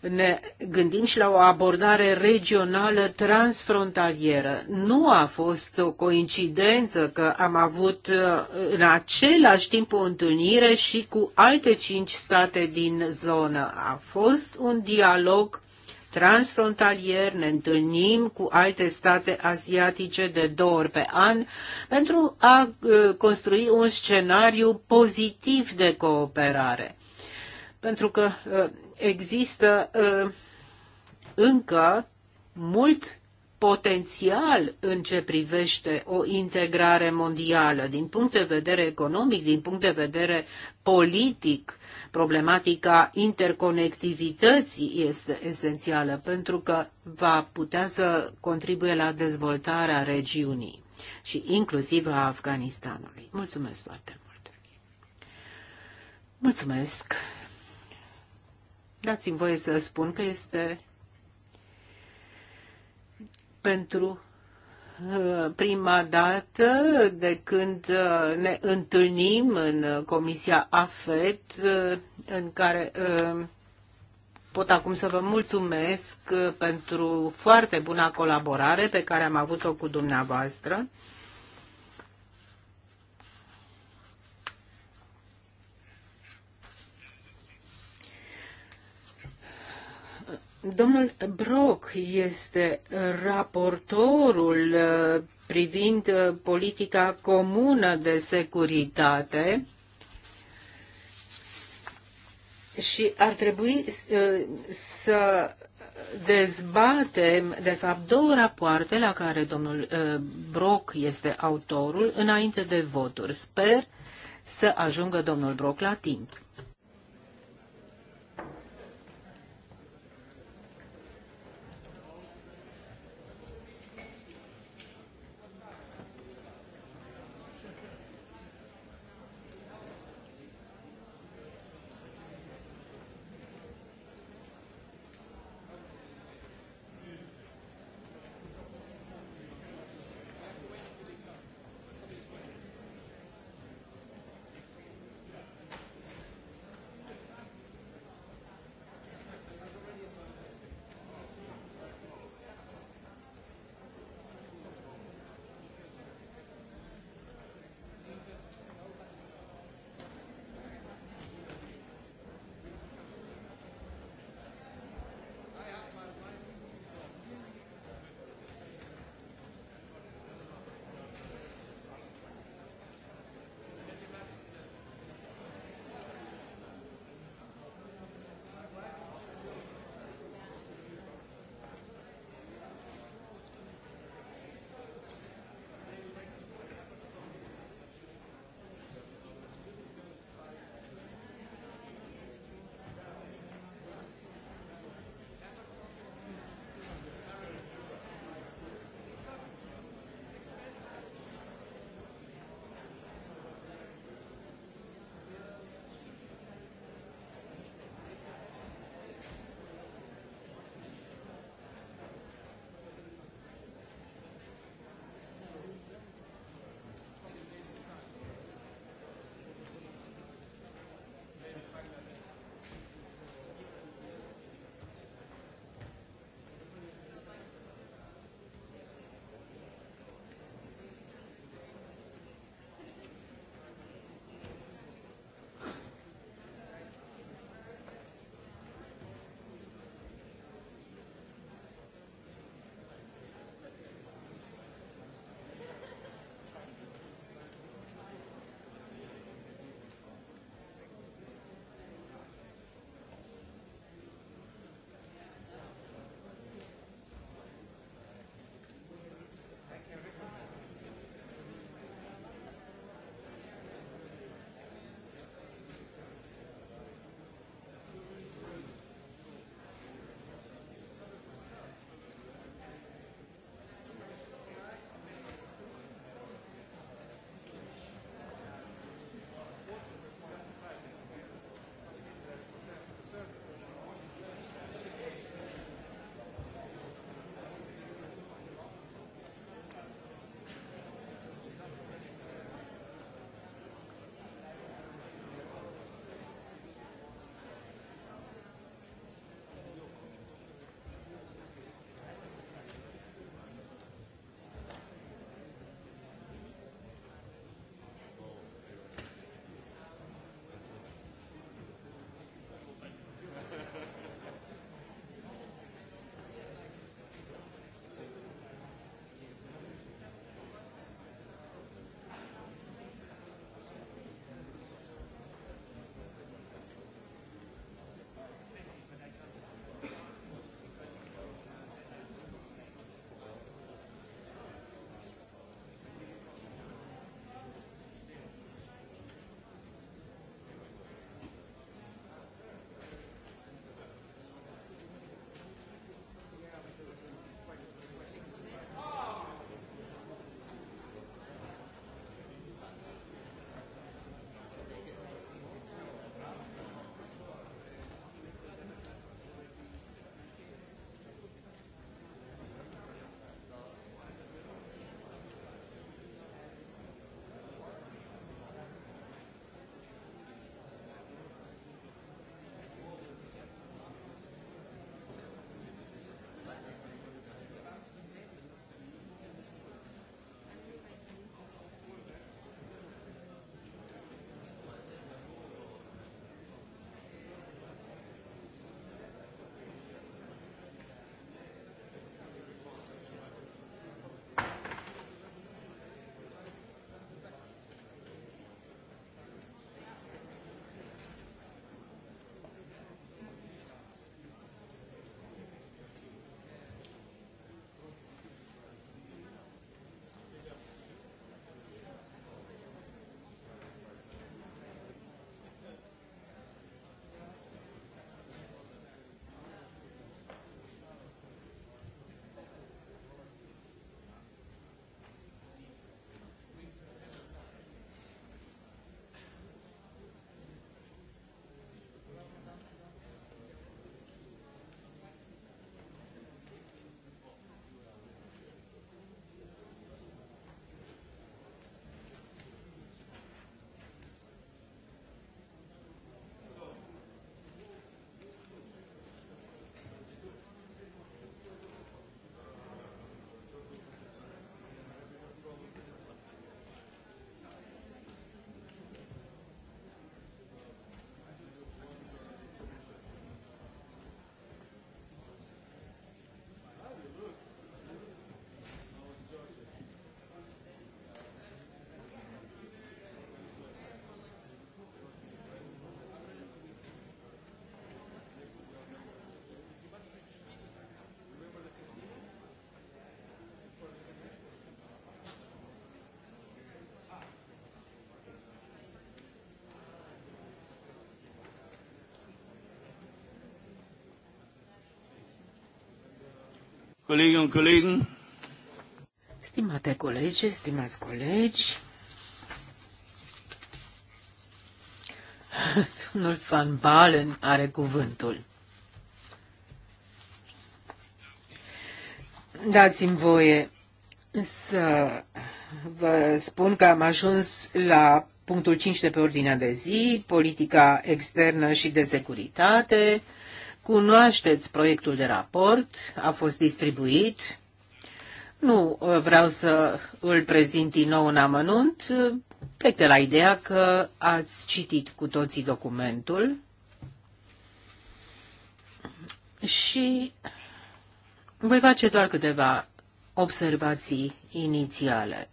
ne gândim și la o abordare regională transfrontalieră. Nu a fost o coincidență că am avut uh, în același timp o întâlnire și cu alte cinci state din zonă. A fost un dialog transfrontalier, ne întâlnim cu alte state asiatice de două ori pe an pentru a uh, construi un scenariu pozitiv de cooperare. Pentru că uh, există uh, încă mult potențial în ce privește o integrare mondială, din punct de vedere economic, din punct de vedere politic, problematica interconectivității este esențială pentru că va putea să contribuie la dezvoltarea regiunii și inclusiv a Afganistanului. Mulțumesc foarte mult! Mulțumesc! Dați-mi voie să spun că este pentru prima dată de când uh, ne întâlnim în Comisia AFET, uh, în care uh, pot acum să vă mulțumesc pentru foarte buna colaborare pe care am avut-o cu dumneavoastră. Domnul Brock este uh, raportorul uh, privind uh, politica comună de securitate și ar trebui să dezbatem, de fapt, două rapoarte la care domnul Brock este autorul înainte de voturi. Sper să ajungă domnul Brock la timp. Kolleginnen und Kollegen. Stimate colegi, stimați colegi, domnul Van Balen are cuvântul. Dați-mi voie să vă spun că am ajuns la punctul 5 de pe ordinea de zi, politica externă și de securitate, Cunoașteți proiectul de raport, a fost distribuit. Nu uh, vreau să îl prezint din nou în amănunt, plec de la ideea că ați citit cu toții documentul și voi face doar câteva observații inițiale.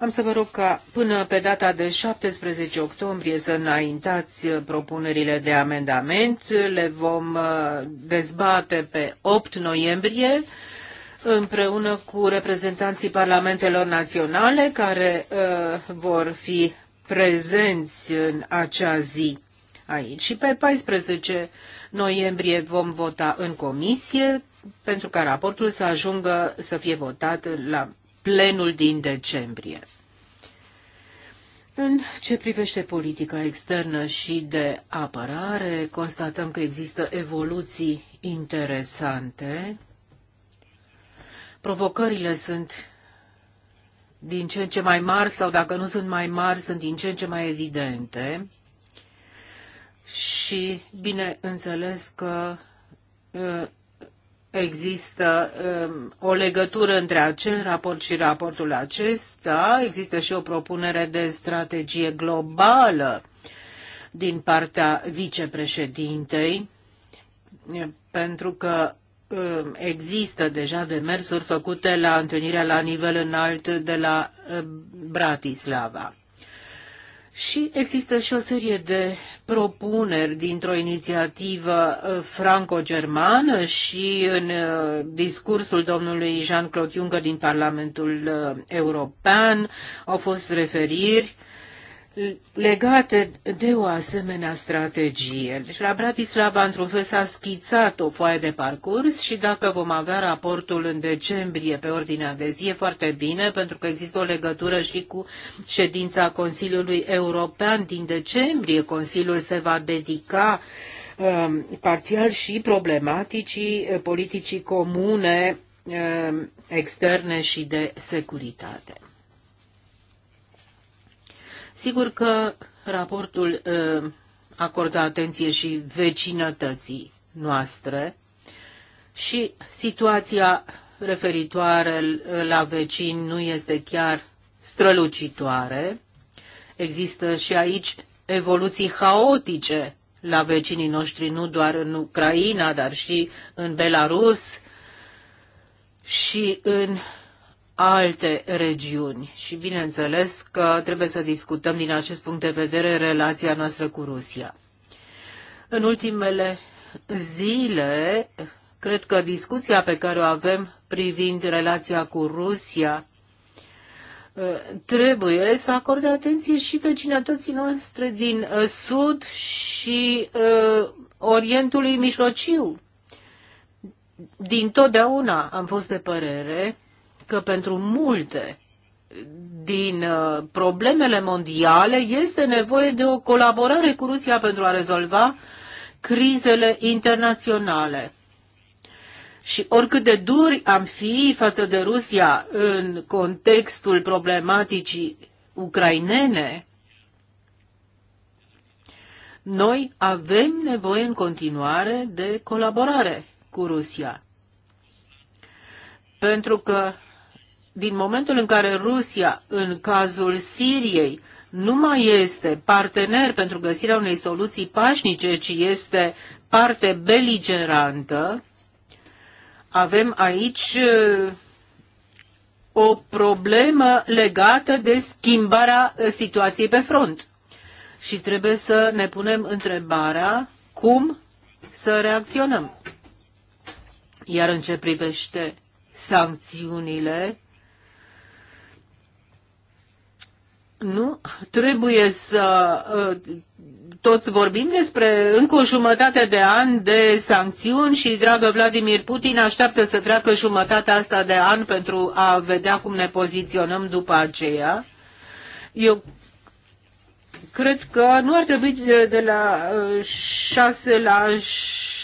Am să vă rog ca până pe data de 17 octombrie să înaintați propunerile de amendament. Le vom uh, dezbate pe 8 noiembrie împreună cu reprezentanții parlamentelor naționale care uh, vor fi prezenți în acea zi aici. Și pe 14 noiembrie vom vota în comisie pentru ca raportul să ajungă să fie votat la plenul din decembrie. În ce privește politica externă și de apărare, constatăm că există evoluții interesante. Provocările sunt din ce în ce mai mari sau dacă nu sunt mai mari, sunt din ce în ce mai evidente. Și bineînțeles că uh, există um, o legătură între acel raport și raportul acesta, există și o propunere de strategie globală din partea vicepreședintei, pentru că um, există deja demersuri făcute la întâlnirea la nivel înalt de la um, Bratislava. Și există și o serie de propuneri dintr-o inițiativă uh, franco-germană și în uh, discursul domnului Jean-Claude Juncker din Parlamentul uh, European au fost referiri legate de o asemenea strategie. Deci la Bratislava, într-un fel, s-a schițat o foaie de parcurs și dacă vom avea raportul în decembrie pe ordinea de zi, e foarte bine, pentru că există o legătură și cu ședința Consiliului European din decembrie. Consiliul se va dedica um, parțial și problematicii uh, politicii comune um, externe și de securitate. Sigur că raportul ă, acordă atenție și vecinătății noastre și situația referitoare la vecini nu este chiar strălucitoare. Există și aici evoluții haotice la vecinii noștri, nu doar în Ucraina, dar și în Belarus și în alte regiuni. Și bineînțeles că trebuie să discutăm din acest punct de vedere relația noastră cu Rusia. În ultimele zile, cred că discuția pe care o avem privind relația cu Rusia ă, trebuie să acorde atenție și vecinătății noastre din ă, Sud și uh, Orientului Mijlociu. Din totdeauna am fost de părere că pentru multe din uh, problemele mondiale este nevoie de o colaborare cu Rusia pentru a rezolva crizele internaționale. Și oricât de duri am fi față de Rusia în contextul problematicii ucrainene, noi avem nevoie în continuare de colaborare cu Rusia. Pentru că din momentul în care Rusia, în cazul Siriei, nu mai este partener pentru găsirea unei soluții pașnice, ci este parte beligerantă, avem aici o problemă legată de schimbarea situației pe front. Și trebuie să ne punem întrebarea cum să reacționăm. Iar în ce privește sancțiunile, nu trebuie să uh, tot vorbim despre încă o jumătate de an de sancțiuni și, dragă Vladimir Putin, așteaptă să treacă jumătatea asta de an pentru a vedea cum ne poziționăm după aceea. Eu cred că nu ar trebui de la uh, șase la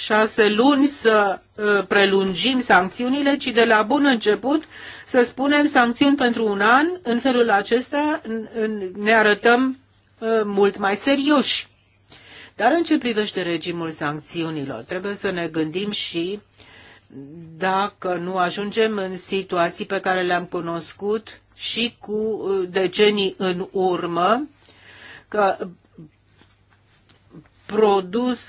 șase luni să uh, prelungim sancțiunile, ci de la bun început să spunem sancțiuni pentru un an, în felul acesta ne arătăm uh, mult mai serioși. Dar în ce privește regimul sancțiunilor, trebuie să ne gândim și dacă nu ajungem în situații pe care le-am cunoscut și cu uh, decenii în urmă, că produs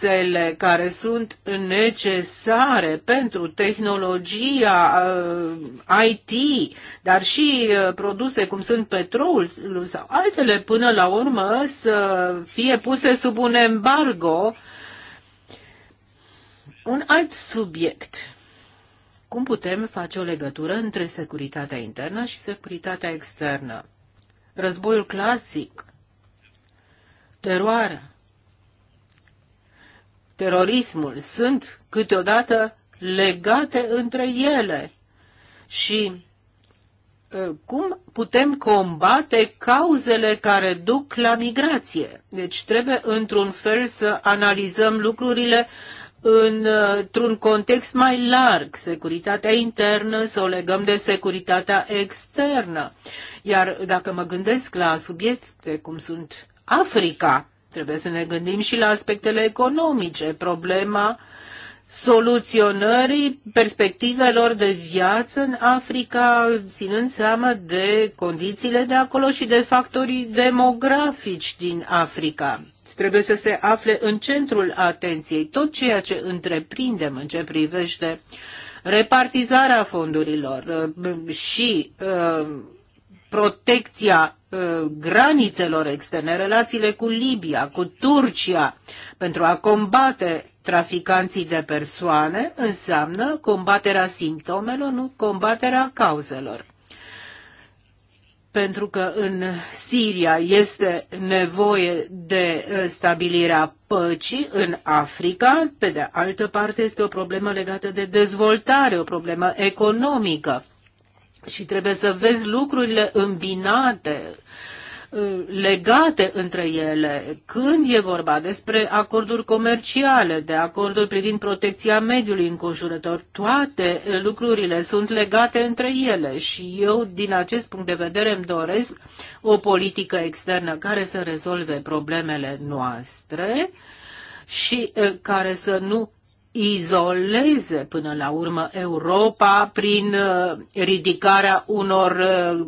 resursele care sunt necesare pentru tehnologia uh, IT, dar și uh, produse cum sunt petrol sau altele până la urmă să fie puse sub un embargo. Un alt subiect. Cum putem face o legătură între securitatea internă și securitatea externă? Războiul clasic, teroarea, terorismul sunt câteodată legate între ele. Și ă, cum putem combate cauzele care duc la migrație. Deci trebuie într-un fel să analizăm lucrurile într-un context mai larg, securitatea internă, să o legăm de securitatea externă. Iar dacă mă gândesc la subiecte cum sunt Africa, Trebuie să ne gândim și la aspectele economice, problema soluționării perspectivelor de viață în Africa, ținând seama de condițiile de acolo și de factorii demografici din Africa. Trebuie să se afle în centrul atenției tot ceea ce întreprindem în ce privește repartizarea fondurilor uh, și uh, protecția uh, granițelor externe, relațiile cu Libia, cu Turcia, pentru a combate traficanții de persoane, înseamnă combaterea simptomelor, nu combaterea cauzelor. Pentru că în Siria este nevoie de uh, stabilirea păcii, în Africa, pe de altă parte, este o problemă legată de dezvoltare, o problemă economică și trebuie să vezi lucrurile îmbinate ă, legate între ele, când e vorba despre acorduri comerciale, de acorduri privind protecția mediului înconjurător, toate lucrurile sunt legate între ele și eu, din acest punct de vedere, îmi doresc o politică externă care să rezolve problemele noastre și ă, care să nu izoleze până la urmă Europa prin uh, ridicarea unor uh,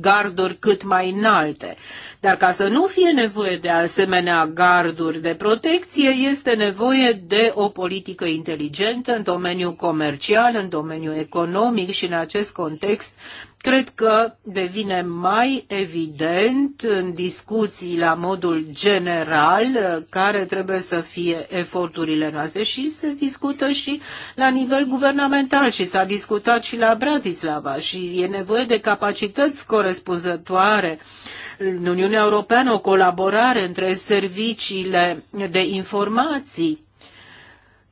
garduri cât mai înalte. Dar ca să nu fie nevoie de asemenea garduri de protecție, este nevoie de o politică inteligentă în domeniul comercial, în domeniul economic și în acest context Cred că devine mai evident în discuții la modul general care trebuie să fie eforturile noastre și se discută și la nivel guvernamental și s-a discutat și la Bratislava și e nevoie de capacități corespunzătoare. În Uniunea Europeană o colaborare între serviciile de informații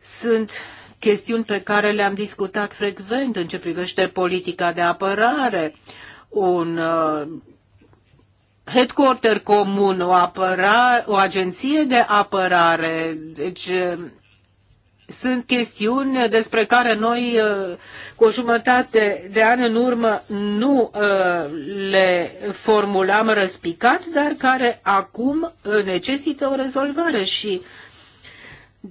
sunt chestiuni pe care le-am discutat frecvent în ce privește politica de apărare, un uh, headquarter comun, o, apăra, o agenție de apărare. Deci, uh, sunt chestiuni despre care noi uh, cu o jumătate de an în urmă nu uh, le formulam răspicat, dar care acum necesită o rezolvare și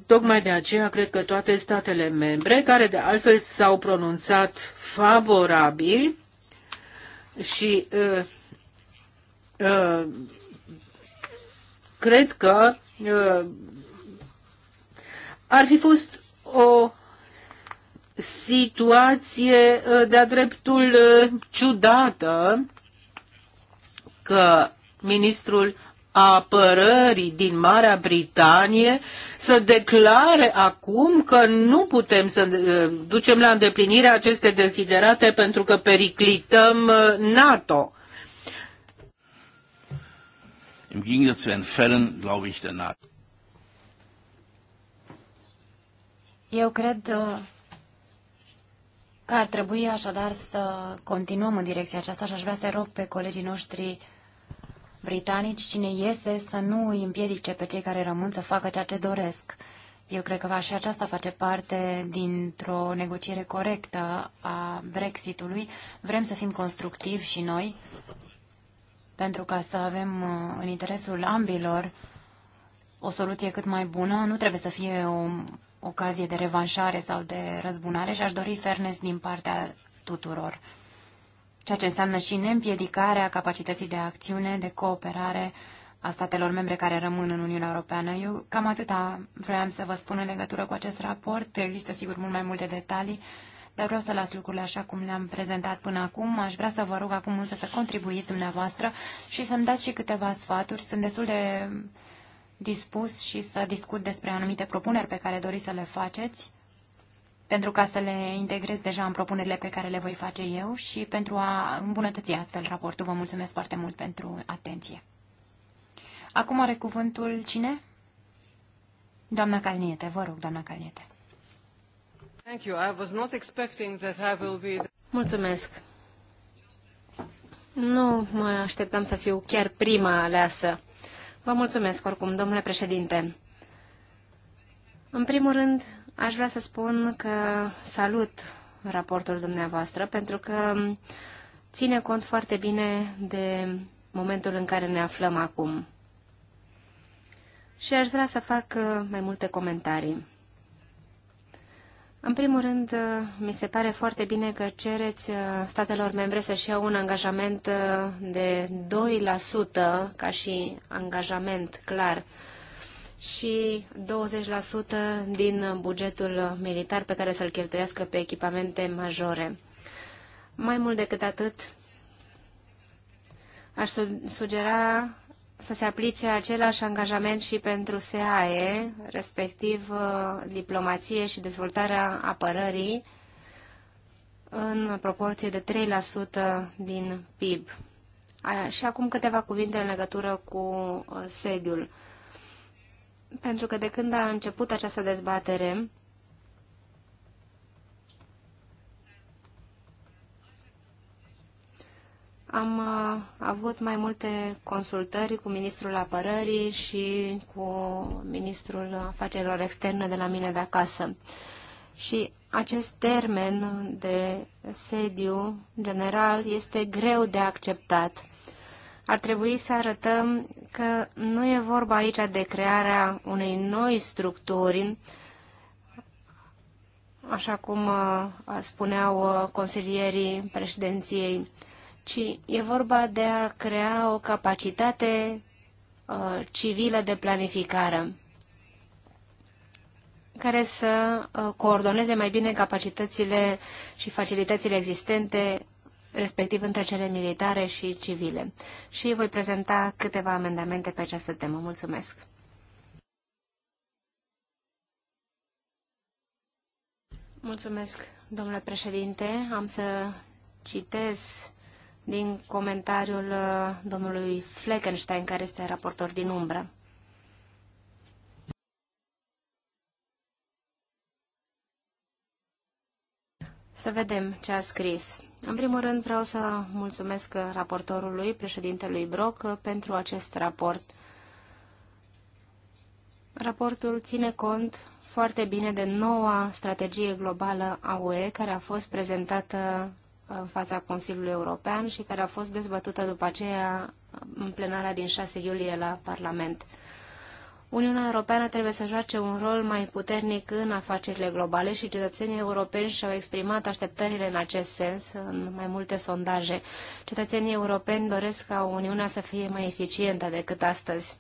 Tocmai de aceea cred că toate statele membre, care de altfel s-au pronunțat favorabil și uh, uh, cred că uh, ar fi fost o situație uh, de-a dreptul uh, ciudată că ministrul apărării din Marea Britanie să declare acum că nu putem să uh, ducem la îndeplinire aceste desiderate pentru că periclităm uh, NATO. Im Gegensatz zu Herrn glaube ich der NATO. Eu cred uh, că ar trebui așadar să continuăm în direcția aceasta și aș vrea să rog pe colegii noștri britanici, cine iese să nu îi împiedice pe cei care rămân să facă ceea ce doresc. Eu cred că și aceasta face parte dintr-o negociere corectă a Brexitului. Vrem să fim constructivi și noi, pentru ca să avem uh, în interesul ambilor o soluție cât mai bună. Nu trebuie să fie o ocazie de revanșare sau de răzbunare și aș dori fairness din partea tuturor ceea ce înseamnă și neîmpiedicarea capacității de acțiune, de cooperare a statelor membre care rămân în Uniunea Europeană. Eu cam atâta vreau să vă spun în legătură cu acest raport. Există sigur mult mai multe detalii, dar vreau să las lucrurile așa cum le-am prezentat până acum. Aș vrea să vă rog acum însă să contribuiți dumneavoastră și să-mi dați și câteva sfaturi. Sunt destul de dispus și să discut despre anumite propuneri pe care doriți să le faceți pentru ca să le integrez deja în propunerile pe care le voi face eu și pentru a îmbunătăți astfel raportul. Vă mulțumesc foarte mult pentru atenție. Acum are cuvântul cine? Doamna Calniete, vă rog, doamna Calniete. Thank you. I was not expecting that I will be... Mulțumesc. Nu mă așteptam să fiu chiar prima aleasă. Vă mulțumesc oricum, domnule președinte. În primul rând, Aș vrea să spun că salut raportul dumneavoastră pentru că ține cont foarte bine de momentul în care ne aflăm acum. Și aș vrea să fac uh, mai multe comentarii. În primul rând, uh, mi se pare foarte bine că cereți uh, statelor membre să-și iau un angajament de 2% ca și angajament clar și 20% din bugetul militar pe care să-l cheltuiască pe echipamente majore. Mai mult decât atât, aș sugera să se aplice același angajament și pentru SAE, respectiv uh, diplomație și dezvoltarea apărării, în proporție de 3% din PIB. Și acum câteva cuvinte în legătură cu uh, sediul pentru că de când a început această dezbatere, Am uh, avut mai multe consultări cu ministrul apărării și cu ministrul afacerilor externe de la mine de acasă. Și acest termen de sediu general este greu de acceptat ar trebui să arătăm că nu e vorba aici de crearea unei noi structuri, așa cum uh, spuneau uh, consilierii președinției, ci e vorba de a crea o capacitate uh, civilă de planificare care să coordoneze mai bine capacitățile și facilitățile existente respectiv între cele militare și civile. Și voi prezenta câteva amendamente pe această temă. Mulțumesc! Mulțumesc, domnule președinte. Am să citez din comentariul uh, domnului Fleckenstein, care este raportor din umbră. Să vedem ce a scris. În primul rând vreau să mulțumesc raportorului, președintelui Broc, pentru acest raport. Raportul ține cont foarte bine de noua strategie globală a UE care a fost prezentată în fața Consiliului European și care a fost dezbătută după aceea în plenarea din 6 iulie la Parlament. Uniunea Europeană trebuie să joace un rol mai puternic în afacerile globale și cetățenii europeni și-au exprimat așteptările în acest sens în mai multe sondaje. Cetățenii europeni doresc ca Uniunea să fie mai eficientă decât astăzi,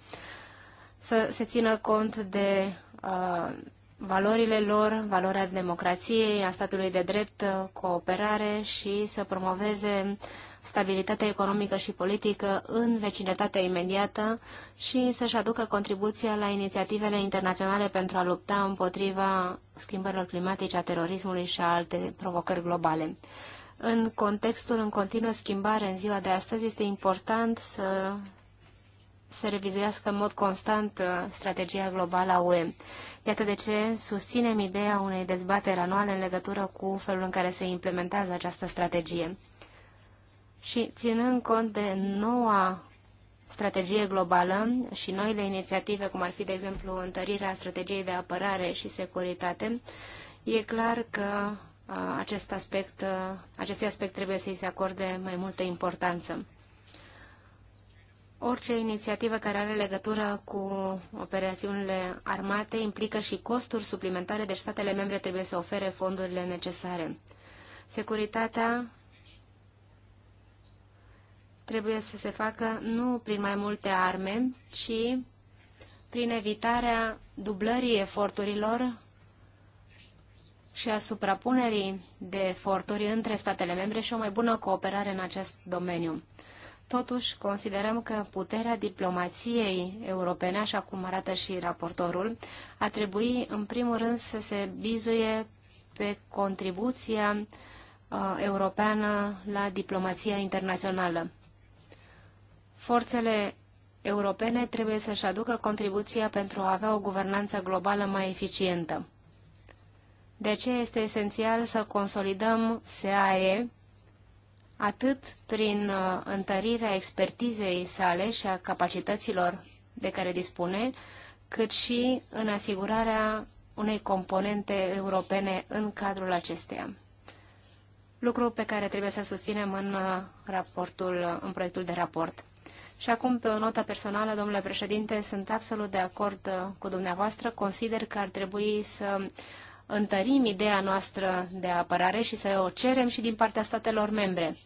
să se țină cont de uh, valorile lor, valoarea democrației, a statului de drept, uh, cooperare și să promoveze uh, stabilitatea economică și politică în vecinătatea imediată și să-și aducă contribuția la inițiativele internaționale pentru a lupta împotriva schimbărilor climatice, a terorismului și a alte provocări globale. În contextul în continuă schimbare în ziua de astăzi este important să să revizuiască în mod constant uh, strategia globală a UE. Iată de ce susținem ideea unei dezbateri anuale în legătură cu felul în care se implementează această strategie. Și ținând cont de noua strategie globală și noile inițiative, cum ar fi, de exemplu, întărirea strategiei de apărare și securitate, e clar că acest aspect, acest aspect trebuie să-i se acorde mai multă importanță. Orice inițiativă care are legătură cu operațiunile armate implică și costuri suplimentare, deci statele membre trebuie să ofere fondurile necesare. Securitatea trebuie să se facă nu prin mai multe arme, ci prin evitarea dublării eforturilor și a suprapunerii de eforturi între statele membre și o mai bună cooperare în acest domeniu. Totuși, considerăm că puterea diplomației europene, așa cum arată și raportorul, ar trebui, în primul rând, să se bizuie pe contribuția uh, europeană la diplomația internațională. Forțele europene trebuie să-și aducă contribuția pentru a avea o guvernanță globală mai eficientă. De aceea este esențial să consolidăm SAE atât prin uh, întărirea expertizei sale și a capacităților de care dispune, cât și în asigurarea unei componente europene în cadrul acesteia. Lucru pe care trebuie să susținem în uh, raportul, uh, în proiectul de raport. Și acum, pe o notă personală, domnule președinte, sunt absolut de acord uh, cu dumneavoastră. Consider că ar trebui să întărim ideea noastră de apărare și să o cerem și din partea statelor membre.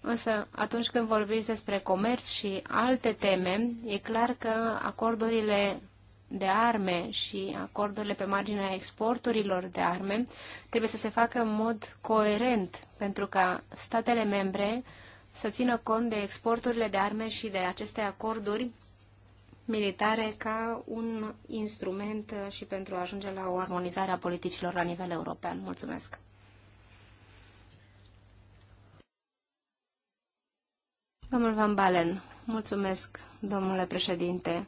Însă, atunci când vorbiți despre comerț și alte teme, e clar că acordurile de arme și acordurile pe marginea exporturilor de arme trebuie să se facă în mod coerent pentru ca statele membre să țină cont de exporturile de arme și de aceste acorduri militare ca un instrument uh, și pentru a ajunge la o armonizare a politicilor la nivel european. Mulțumesc! Domnul Van Balen, mulțumesc, domnule președinte.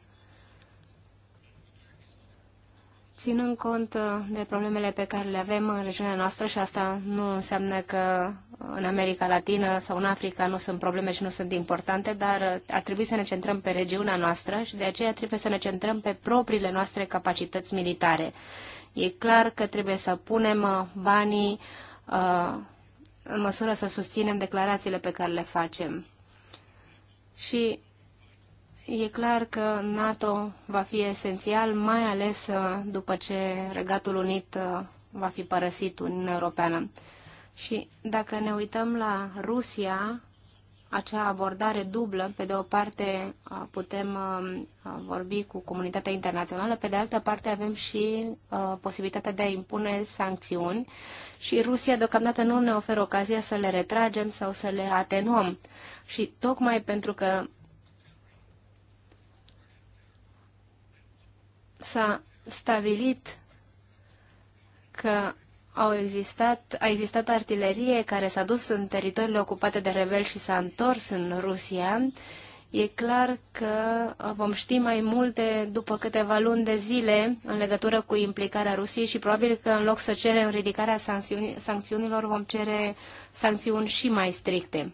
ținând cont uh, de problemele pe care le avem în regiunea noastră și asta nu înseamnă că uh, în America Latină sau în Africa nu sunt probleme și nu sunt importante, dar uh, ar trebui să ne centrăm pe regiunea noastră și de aceea trebuie să ne centrăm pe propriile noastre capacități militare. E clar că trebuie să punem banii în măsură să susținem declarațiile pe care le facem. Și E clar că NATO va fi esențial, mai ales uh, după ce Regatul Unit uh, va fi părăsit Uniunea Europeană. Și dacă ne uităm la Rusia, acea abordare dublă, pe de o parte uh, putem vorbi cu comunitatea internațională, pe de altă parte avem și posibilitatea de a impune sancțiuni și Rusia deocamdată nu ne oferă ocazia să le retragem sau să le atenuăm. Și tocmai pentru că s-a stabilit că au existat, a existat artilerie care s-a dus în teritoriile ocupate de rebeli și s-a întors în Rusia, e clar că vom ști mai multe după câteva luni de zile în legătură cu implicarea Rusiei și probabil că în loc să cerem ridicarea sancțiunilor vom cere sancțiuni și mai stricte.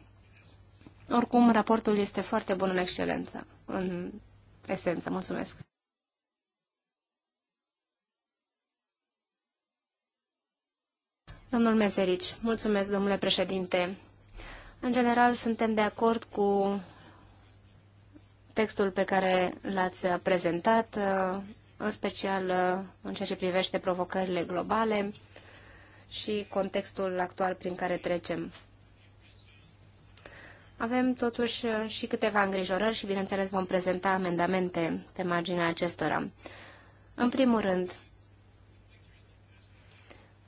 Oricum, raportul este foarte bun în excelență, în esență. Mulțumesc! Domnul Meserici, mulțumesc, domnule președinte. În general, suntem de acord cu textul pe care l-ați prezentat, în special în ceea ce privește provocările globale și contextul actual prin care trecem. Avem totuși și câteva îngrijorări și, bineînțeles, vom prezenta amendamente pe marginea acestora. În primul rând,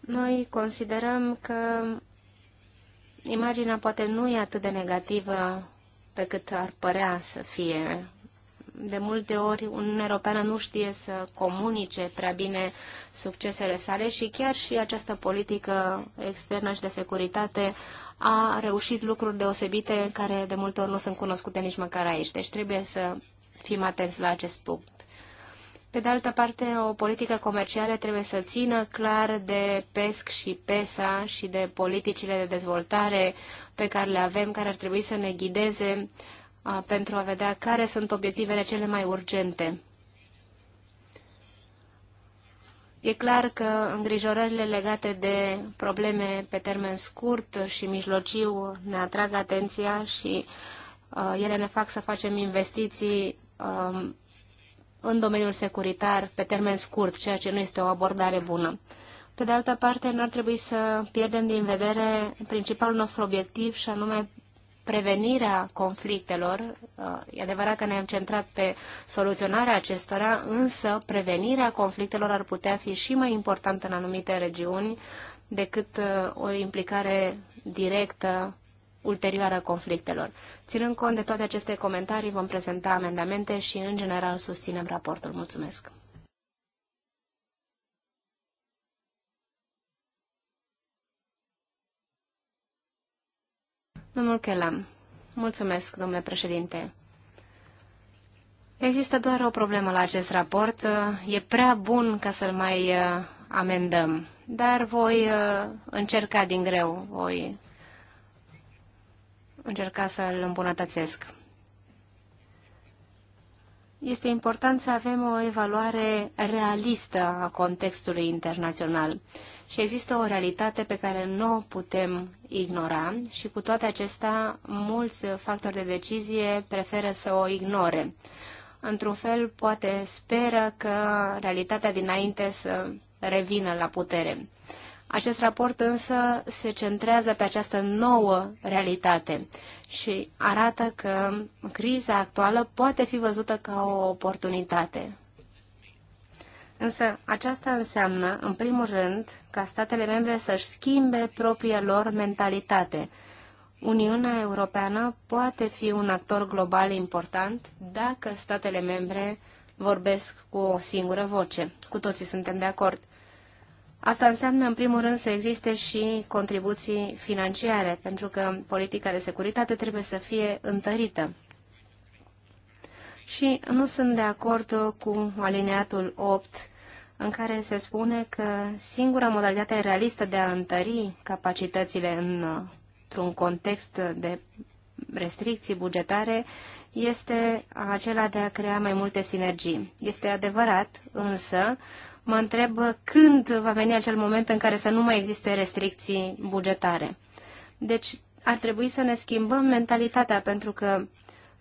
noi considerăm că imaginea poate nu e atât de negativă pe cât ar părea să fie. De multe ori, Uniunea Europeană nu știe să comunice prea bine succesele sale și chiar și această politică externă și de securitate a reușit lucruri deosebite care de multe ori nu sunt cunoscute nici măcar aici. Deci trebuie să fim atenți la acest punct. Pe de altă parte, o politică comercială trebuie să țină clar de PESC și PESA și de politicile de dezvoltare pe care le avem, care ar trebui să ne ghideze a, pentru a vedea care sunt obiectivele cele mai urgente. E clar că îngrijorările legate de probleme pe termen scurt și mijlociu ne atrag atenția și uh, ele ne fac să facem investiții în domeniul securitar pe termen scurt, ceea ce nu este o abordare bună. Pe de altă parte, nu ar trebui să pierdem din vedere principalul nostru obiectiv și anume prevenirea conflictelor. Uh, e adevărat că ne-am centrat pe soluționarea acestora, însă prevenirea conflictelor ar putea fi și mai importantă în anumite regiuni decât uh, o implicare directă ulterioară conflictelor. Ținând cont de toate aceste comentarii, vom prezenta amendamente și, în general, susținem raportul. Mulțumesc! Domnul Chelam, mulțumesc, domnule președinte. Există doar o problemă la acest raport. E prea bun ca să-l mai uh, amendăm, dar voi uh, încerca din greu, voi încerca să-l îmbunătățesc. Este important să avem o evaluare realistă a contextului internațional și există o realitate pe care nu o putem ignora și cu toate acestea mulți factori de decizie preferă să o ignore. Într-un fel, poate speră că realitatea dinainte să revină la putere. Acest raport însă se centrează pe această nouă realitate și arată că criza actuală poate fi văzută ca o oportunitate. Însă aceasta înseamnă, în primul rând, ca statele membre să-și schimbe propria lor mentalitate. Uniunea Europeană poate fi un actor global important dacă statele membre vorbesc cu o singură voce. Cu toții suntem de acord. Asta înseamnă, în primul rând, să existe și contribuții financiare, pentru că politica de securitate trebuie să fie întărită. Și nu sunt de acord cu alineatul 8, în care se spune că singura modalitate realistă de a întări capacitățile într-un context de restricții bugetare este acela de a crea mai multe sinergii. Este adevărat, însă, mă întreb când va veni acel moment în care să nu mai existe restricții bugetare. Deci ar trebui să ne schimbăm mentalitatea, pentru că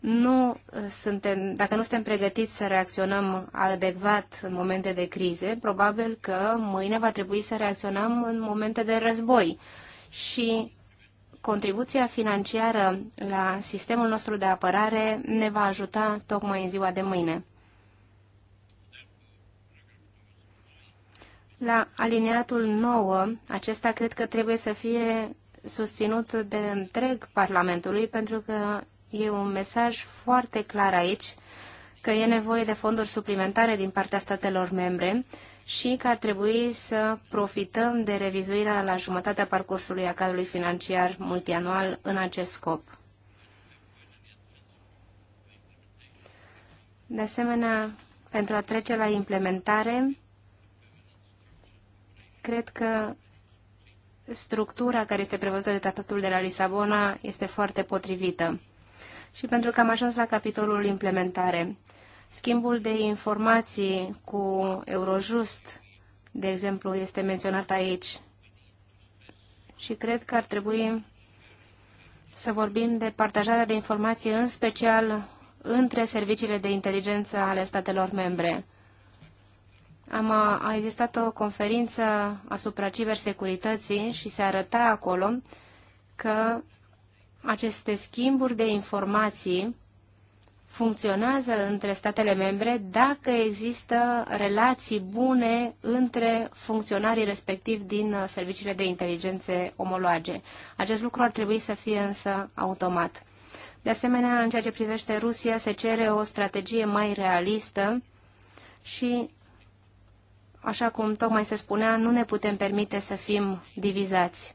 nu suntem, dacă nu suntem pregătiți să reacționăm adecvat în momente de crize, probabil că mâine va trebui să reacționăm în momente de război. Și contribuția financiară la sistemul nostru de apărare ne va ajuta tocmai în ziua de mâine. La alineatul 9, acesta cred că trebuie să fie susținut de întreg Parlamentului, pentru că e un mesaj foarte clar aici că e nevoie de fonduri suplimentare din partea statelor membre și că ar trebui să profităm de revizuirea la jumătatea parcursului a cadrului financiar multianual în acest scop. De asemenea, pentru a trece la implementare, Cred că structura care este prevăzută de tratatul de la Lisabona este foarte potrivită. Și pentru că am ajuns la capitolul implementare, schimbul de informații cu Eurojust, de exemplu, este menționat aici. Și cred că ar trebui să vorbim de partajarea de informații, în special între serviciile de inteligență ale statelor membre. Am, a existat o conferință asupra cibersecurității și se arăta acolo că aceste schimburi de informații funcționează între statele membre dacă există relații bune între funcționarii respectiv din uh, serviciile de inteligențe omologe. Acest lucru ar trebui să fie însă automat. De asemenea, în ceea ce privește Rusia, se cere o strategie mai realistă și așa cum tocmai se spunea, nu ne putem permite să fim divizați,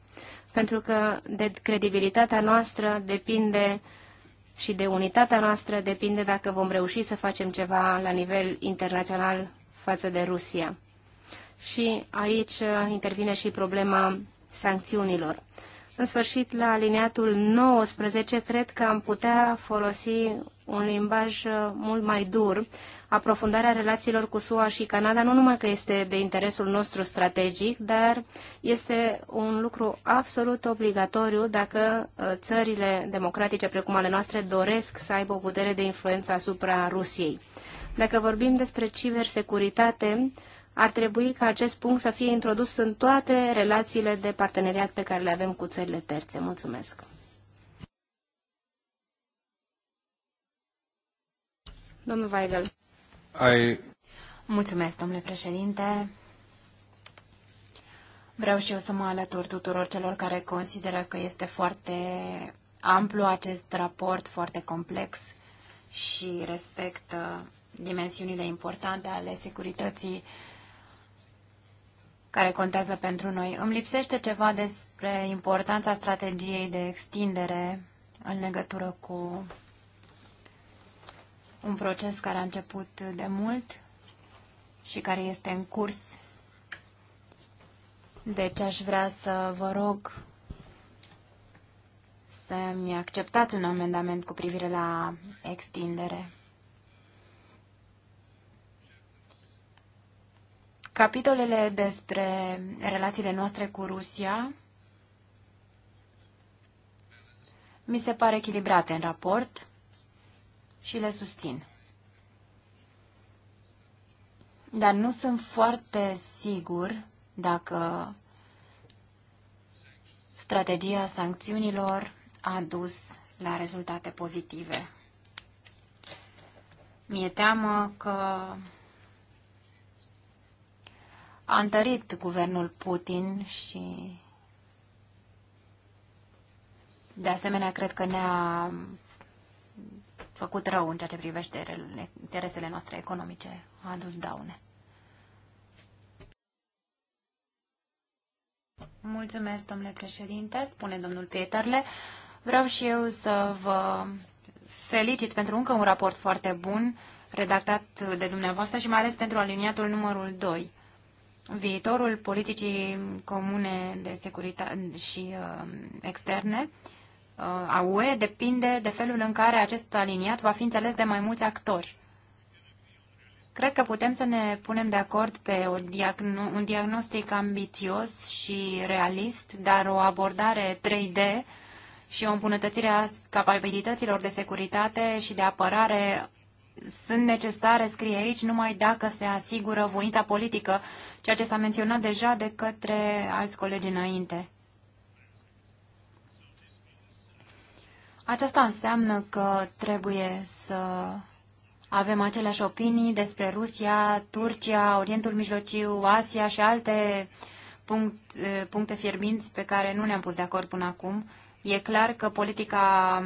pentru că de credibilitatea noastră depinde și de unitatea noastră depinde dacă vom reuși să facem ceva la nivel internațional față de Rusia. Și aici uh, intervine și problema sancțiunilor. În sfârșit, la aliniatul 19, cred că am putea folosi un limbaj uh, mult mai dur. Aprofundarea relațiilor cu SUA și Canada nu numai că este de interesul nostru strategic, dar este un lucru absolut obligatoriu dacă uh, țările democratice precum ale noastre doresc să aibă o putere de influență asupra Rusiei. Dacă vorbim despre cibersecuritate, ar trebui ca acest punct să fie introdus în toate relațiile de parteneriat pe care le avem cu țările terțe. Mulțumesc! Domnul Weigel. I... Mulțumesc, domnule președinte. Vreau și eu să mă alătur tuturor celor care consideră că este foarte amplu acest raport, foarte complex și respectă dimensiunile importante ale securității care contează pentru noi. Îmi lipsește ceva despre importanța strategiei de extindere în legătură cu un proces care a început de mult și care este în curs. Deci aș vrea să vă rog să-mi acceptați un amendament cu privire la extindere. Capitolele despre relațiile noastre cu Rusia mi se pare echilibrate în raport și le susțin. Dar nu sunt foarte sigur dacă strategia sancțiunilor a dus la rezultate pozitive. Mi-e teamă că a întărit guvernul Putin și de asemenea cred că ne-a făcut rău în ceea ce privește interesele noastre economice, a adus daune. Mulțumesc, domnule președinte, spune domnul Pieterle. Vreau și eu să vă felicit pentru încă un raport foarte bun redactat de dumneavoastră și mai ales pentru aliniatul numărul 2 viitorul politicii comune de securitate și uh, externe uh, a UE depinde de felul în care acest aliniat va fi înțeles de mai mulți actori. Cred că putem să ne punem de acord pe o diagn- un diagnostic ambițios și realist, dar o abordare 3D și o îmbunătățire a capabilităților de securitate și de apărare sunt necesare, scrie aici, numai dacă se asigură voința politică, ceea ce s-a menționat deja de către alți colegi înainte. Aceasta înseamnă că trebuie să avem aceleași opinii despre Rusia, Turcia, Orientul Mijlociu, Asia și alte punct, puncte fierbinți pe care nu ne-am pus de acord până acum. E clar că politica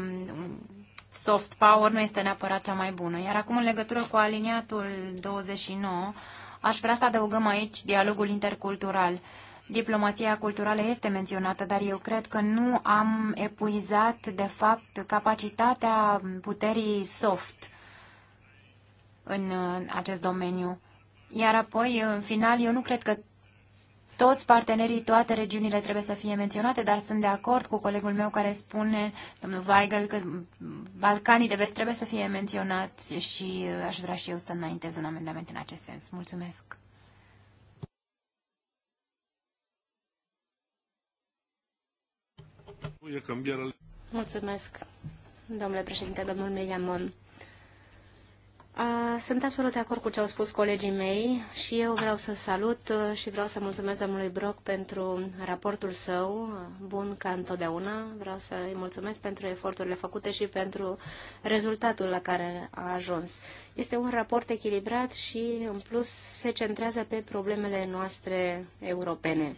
soft power nu este neapărat cea mai bună. Iar acum, în legătură cu aliniatul 29, aș vrea să adăugăm aici dialogul intercultural. Diplomația culturală este menționată, dar eu cred că nu am epuizat, de fapt, capacitatea puterii soft în acest domeniu. Iar apoi, în final, eu nu cred că toți partenerii, toate regiunile trebuie să fie menționate, dar sunt de acord cu colegul meu care spune, domnul Weigel, că Balcanii de Vest trebuie să fie menționați și uh, aș vrea și eu să înaintez un amendament în acest sens. Mulțumesc! Mulțumesc, domnule președinte, domnul Miliamon. Sunt absolut de acord cu ce au spus colegii mei și eu vreau să salut uh, și vreau să mulțumesc domnului Brock pentru raportul său, uh, bun ca întotdeauna. Vreau să îi mulțumesc pentru eforturile făcute și pentru rezultatul la care a ajuns. Este un raport echilibrat și, în plus, se centrează pe problemele noastre europene.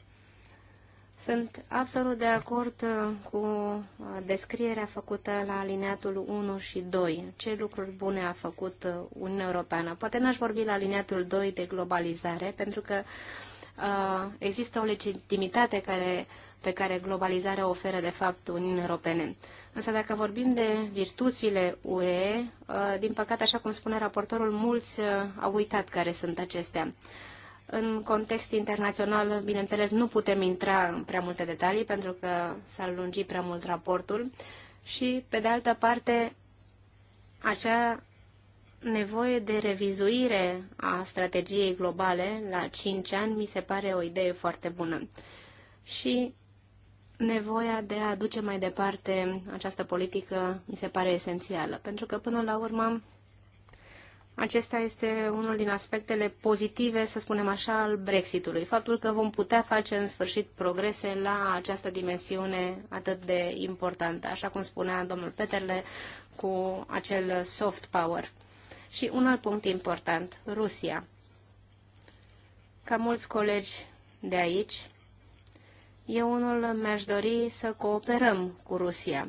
Sunt absolut de acord uh, cu uh, descrierea făcută la alineatul 1 și 2. Ce lucruri bune a făcut uh, Uniunea Europeană? Poate n-aș vorbi la alineatul 2 de globalizare, pentru că uh, există o legitimitate care, pe care globalizarea oferă, de fapt, Uniunii Europene. Însă dacă vorbim de virtuțile UE, uh, din păcate, așa cum spune raportorul, mulți uh, au uitat care sunt acestea. Uh, în context internațional, bineînțeles, nu putem intra în prea multe detalii pentru că s a lungit prea mult raportul și, pe de altă parte, acea nevoie de revizuire a strategiei globale la 5 ani mi se pare o idee foarte bună. Și nevoia de a duce mai departe această politică mi se pare esențială, pentru că până la urmă acesta este unul din aspectele pozitive, să spunem așa, al Brexitului. Faptul că vom putea face în sfârșit progrese la această dimensiune atât de importantă, așa cum spunea domnul Peterle, cu acel soft power. Și un alt punct important, Rusia. Ca mulți colegi de aici, eu unul mi-aș dori să cooperăm cu Rusia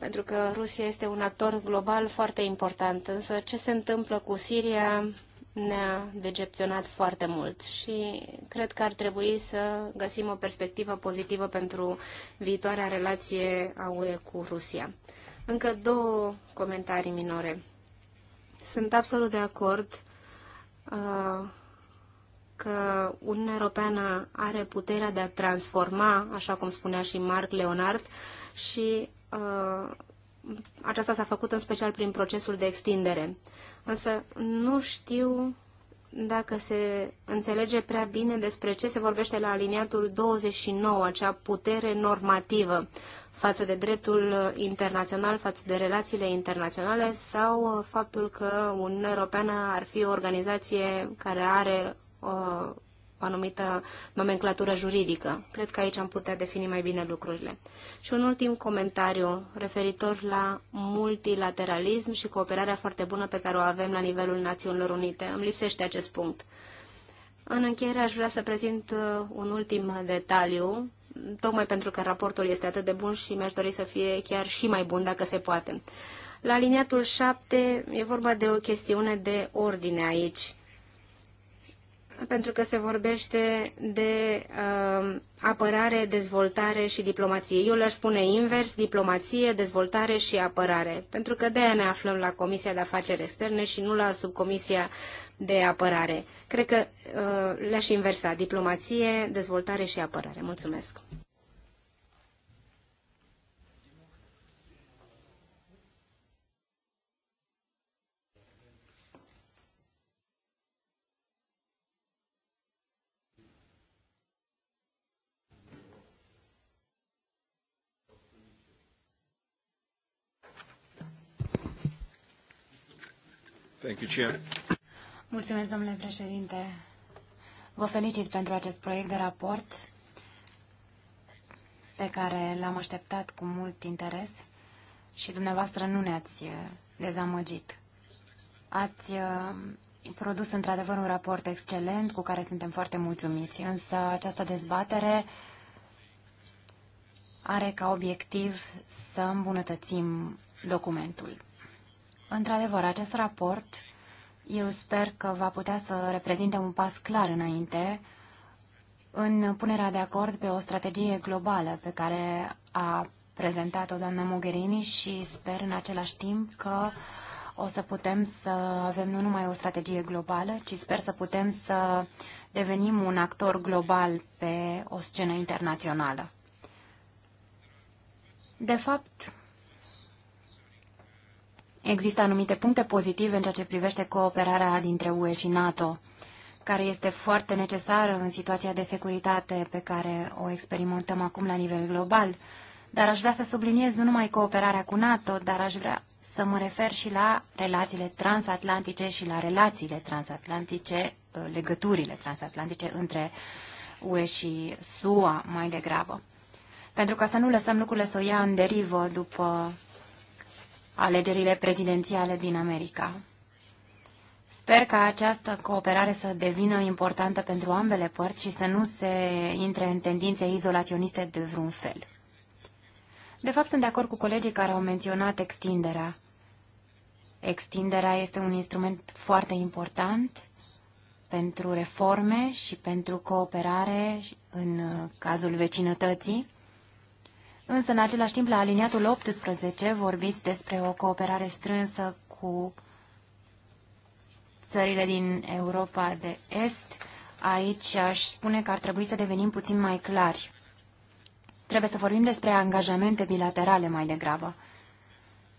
pentru că Rusia este un actor global foarte important, însă ce se întâmplă cu Siria ne-a decepționat foarte mult și cred că ar trebui să găsim o perspectivă pozitivă pentru viitoarea relație a UE cu Rusia. Încă două comentarii minore. Sunt absolut de acord uh, că Uniunea Europeană are puterea de a transforma, așa cum spunea și Marc Leonard, și Uh, aceasta s-a făcut în special prin procesul de extindere. Însă nu știu dacă se înțelege prea bine despre ce se vorbește la aliniatul 29, acea putere normativă față de dreptul internațional, față de relațiile internaționale sau faptul că Uniunea Europeană ar fi o organizație care are uh, anumită nomenclatură juridică. Cred că aici am putea defini mai bine lucrurile. Și un ultim comentariu referitor la multilateralism și cooperarea foarte bună pe care o avem la nivelul Națiunilor Unite. Îmi lipsește acest punct. În încheiere aș vrea să prezint uh, un ultim detaliu, tocmai pentru că raportul este atât de bun și mi-aș dori să fie chiar și mai bun dacă se poate. La liniatul 7 e vorba de o chestiune de ordine aici pentru că se vorbește de uh, apărare, dezvoltare și diplomație. Eu le-aș spune invers, diplomație, dezvoltare și apărare, pentru că de-aia ne aflăm la Comisia de Afaceri Externe și nu la Subcomisia de Apărare. Cred că uh, le-aș inversa, diplomație, dezvoltare și apărare. Mulțumesc! Thank you, Chair. Mulțumesc, domnule președinte. Vă felicit pentru acest proiect de raport pe care l-am așteptat cu mult interes și dumneavoastră nu ne-ați uh, dezamăgit. Ați uh, produs într-adevăr un raport excelent cu care suntem foarte mulțumiți, însă această dezbatere are ca obiectiv să îmbunătățim documentul. Într-adevăr, acest raport eu sper că va putea să reprezinte un pas clar înainte în punerea de acord pe o strategie globală pe care a prezentat-o doamna Mogherini și sper în același timp că o să putem să avem nu numai o strategie globală, ci sper să putem să devenim un actor global pe o scenă internațională. De fapt, Există anumite puncte pozitive în ceea ce privește cooperarea dintre UE și NATO, care este foarte necesară în situația de securitate pe care o experimentăm acum la nivel global. Dar aș vrea să subliniez nu numai cooperarea cu NATO, dar aș vrea să mă refer și la relațiile transatlantice și la relațiile transatlantice, uh, legăturile transatlantice între UE și SUA mai degrabă. Pentru ca să nu lăsăm lucrurile să o ia în derivă după alegerile prezidențiale din America. Sper ca această cooperare să devină importantă pentru ambele părți și să nu se intre în tendințe izolaționiste de vreun fel. De fapt, sunt de acord cu colegii care au menționat extinderea. Extinderea este un instrument foarte important pentru reforme și pentru cooperare în cazul vecinătății. Însă, în același timp, la aliniatul 18 vorbiți despre o cooperare strânsă cu țările din Europa de Est. Aici aș spune că ar trebui să devenim puțin mai clari. Trebuie să vorbim despre angajamente bilaterale mai degrabă.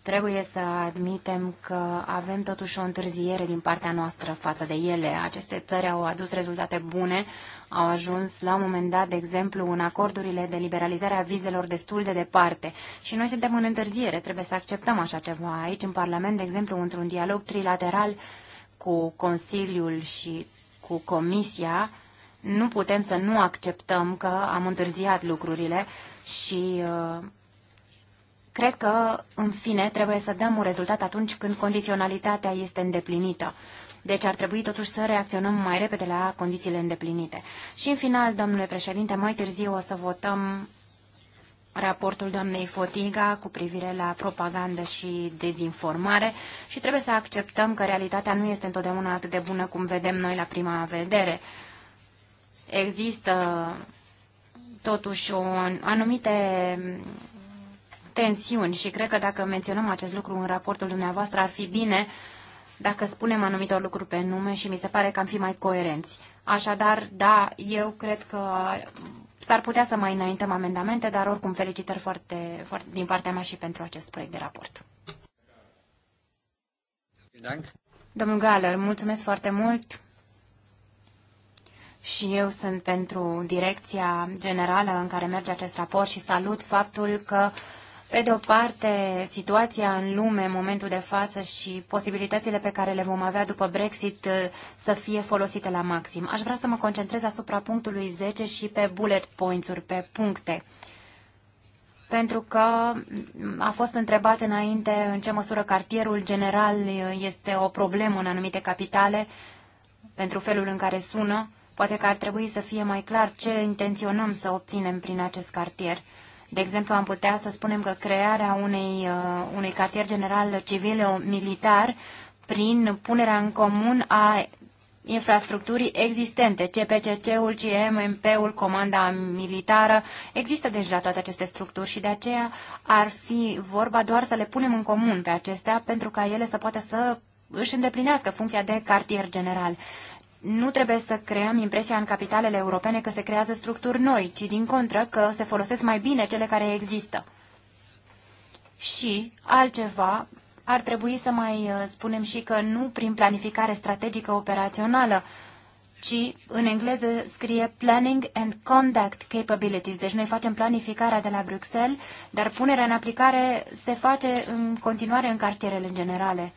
Trebuie să admitem că avem totuși o întârziere din partea noastră față de ele. Aceste țări au adus rezultate bune, au ajuns la un moment dat, de exemplu, în acordurile de liberalizare a vizelor destul de departe. Și noi suntem în întârziere, trebuie să acceptăm așa ceva. Aici, în Parlament, de exemplu, într-un dialog trilateral cu Consiliul și cu Comisia, nu putem să nu acceptăm că am întârziat lucrurile și uh, Cred că, în fine, trebuie să dăm un rezultat atunci când condiționalitatea este îndeplinită. Deci ar trebui totuși să reacționăm mai repede la condițiile îndeplinite. Și în final, domnule președinte, mai târziu o să votăm raportul doamnei Fotiga cu privire la propagandă și dezinformare și trebuie să acceptăm că realitatea nu este întotdeauna atât de bună cum vedem noi la prima vedere. Există totuși o, anumite tensiuni și cred că dacă menționăm acest lucru în raportul dumneavoastră ar fi bine dacă spunem anumitor lucruri pe nume și mi se pare că am fi mai coerenți. Așadar, da, eu cred că s-ar putea să mai înaintăm amendamente, dar oricum felicitări foarte, foarte, din partea mea și pentru acest proiect de raport. Domnul Galer, mulțumesc foarte mult și eu sunt pentru direcția generală în care merge acest raport și salut faptul că uh, pe de o parte, situația în lume în momentul de față și posibilitățile pe care le vom avea după Brexit uh, să fie folosite la maxim. Aș vrea să mă concentrez asupra punctului 10 și pe bullet points-uri, pe puncte. Pentru că a fost întrebat înainte în ce măsură cartierul general uh, este o problemă în anumite capitale pentru felul în care sună. Poate că ar trebui să fie mai clar ce intenționăm să obținem prin acest cartier. De exemplu, am putea să spunem că crearea unei, uh, unui cartier general civil-militar prin punerea în comun a infrastructurii existente, CPCC-ul, CMMP-ul, Comanda Militară. Există deja toate aceste structuri și de aceea ar fi vorba doar să le punem în comun pe acestea pentru ca ele să poată să își îndeplinească funcția de cartier general. Nu trebuie să creăm impresia în capitalele europene că se creează structuri noi, ci din contră că se folosesc mai bine cele care există. Și altceva, ar trebui să mai uh, spunem și că nu prin planificare strategică operațională, ci în engleză scrie Planning and Conduct Capabilities. Deci noi facem planificarea de la Bruxelles, dar punerea în aplicare se face în continuare în cartierele generale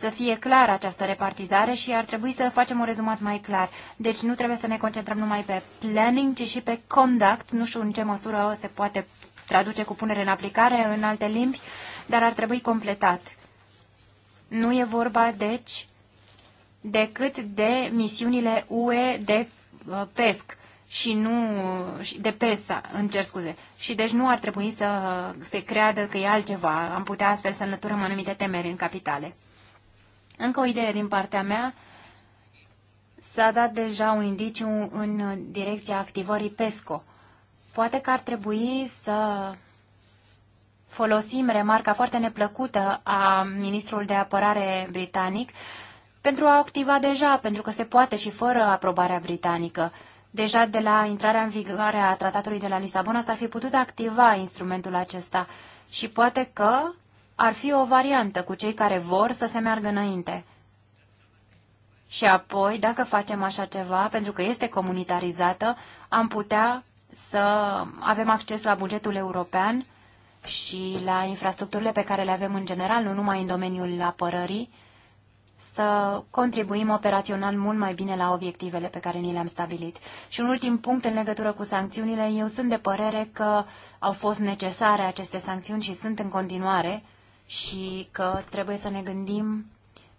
să fie clară această repartizare și ar trebui să facem un rezumat mai clar. Deci nu trebuie să ne concentrăm numai pe planning, ci și pe conduct. Nu știu în ce măsură se poate traduce cu punere în aplicare în alte limbi, dar ar trebui completat. Nu e vorba, deci, decât de misiunile UE de uh, PESC și nu de PESA, îmi cer scuze. Și deci nu ar trebui să se creadă că e altceva. Am putea astfel să înlăturăm anumite temeri în capitale. Încă o idee din partea mea. S-a dat deja un indiciu în direcția activării PESCO. Poate că ar trebui să folosim remarca foarte neplăcută a ministrului de apărare britanic pentru a activa deja, pentru că se poate și fără aprobarea britanică. Deja de la intrarea în vigoare a tratatului de la Lisabona s-ar fi putut activa instrumentul acesta și poate că ar fi o variantă cu cei care vor să se meargă înainte. Și apoi, dacă facem așa ceva, pentru că este comunitarizată, am putea să avem acces la bugetul european și la infrastructurile pe care le avem în general, nu numai în domeniul apărării, să contribuim operațional mult mai bine la obiectivele pe care ni le-am stabilit. Și un ultim punct în legătură cu sancțiunile, eu sunt de părere că au fost necesare aceste sancțiuni și sunt în continuare, și că trebuie să ne gândim,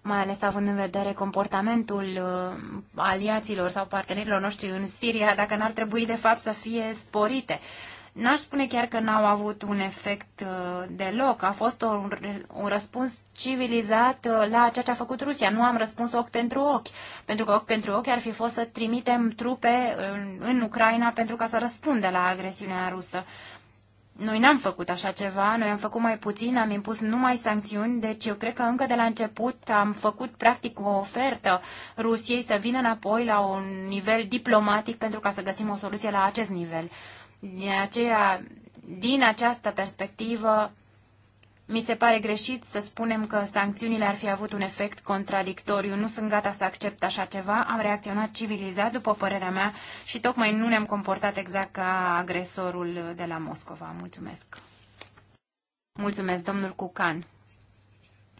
mai ales având în vedere comportamentul uh, aliaților sau partenerilor noștri în Siria, dacă n-ar trebui de fapt să fie sporite. N-aș spune chiar că n-au avut un efect uh, deloc. A fost un, un răspuns civilizat uh, la ceea ce a făcut Rusia. Nu am răspuns ochi pentru ochi, pentru că ochi pentru ochi ar fi fost să trimitem trupe în, în Ucraina pentru ca să răspundă la agresiunea rusă. Noi n-am făcut așa ceva, noi am făcut mai puțin, am impus numai sancțiuni, deci eu cred că încă de la început am făcut practic o ofertă Rusiei să vină înapoi la un nivel diplomatic pentru ca să găsim o soluție la acest nivel. De aceea, din această perspectivă, mi se pare greșit să spunem că sancțiunile ar fi avut un efect contradictoriu. Nu sunt gata să accept așa ceva. Am reacționat civilizat, după părerea mea, și tocmai nu ne-am comportat exact ca agresorul de la Moscova. Mulțumesc. Mulțumesc, domnul Cucan.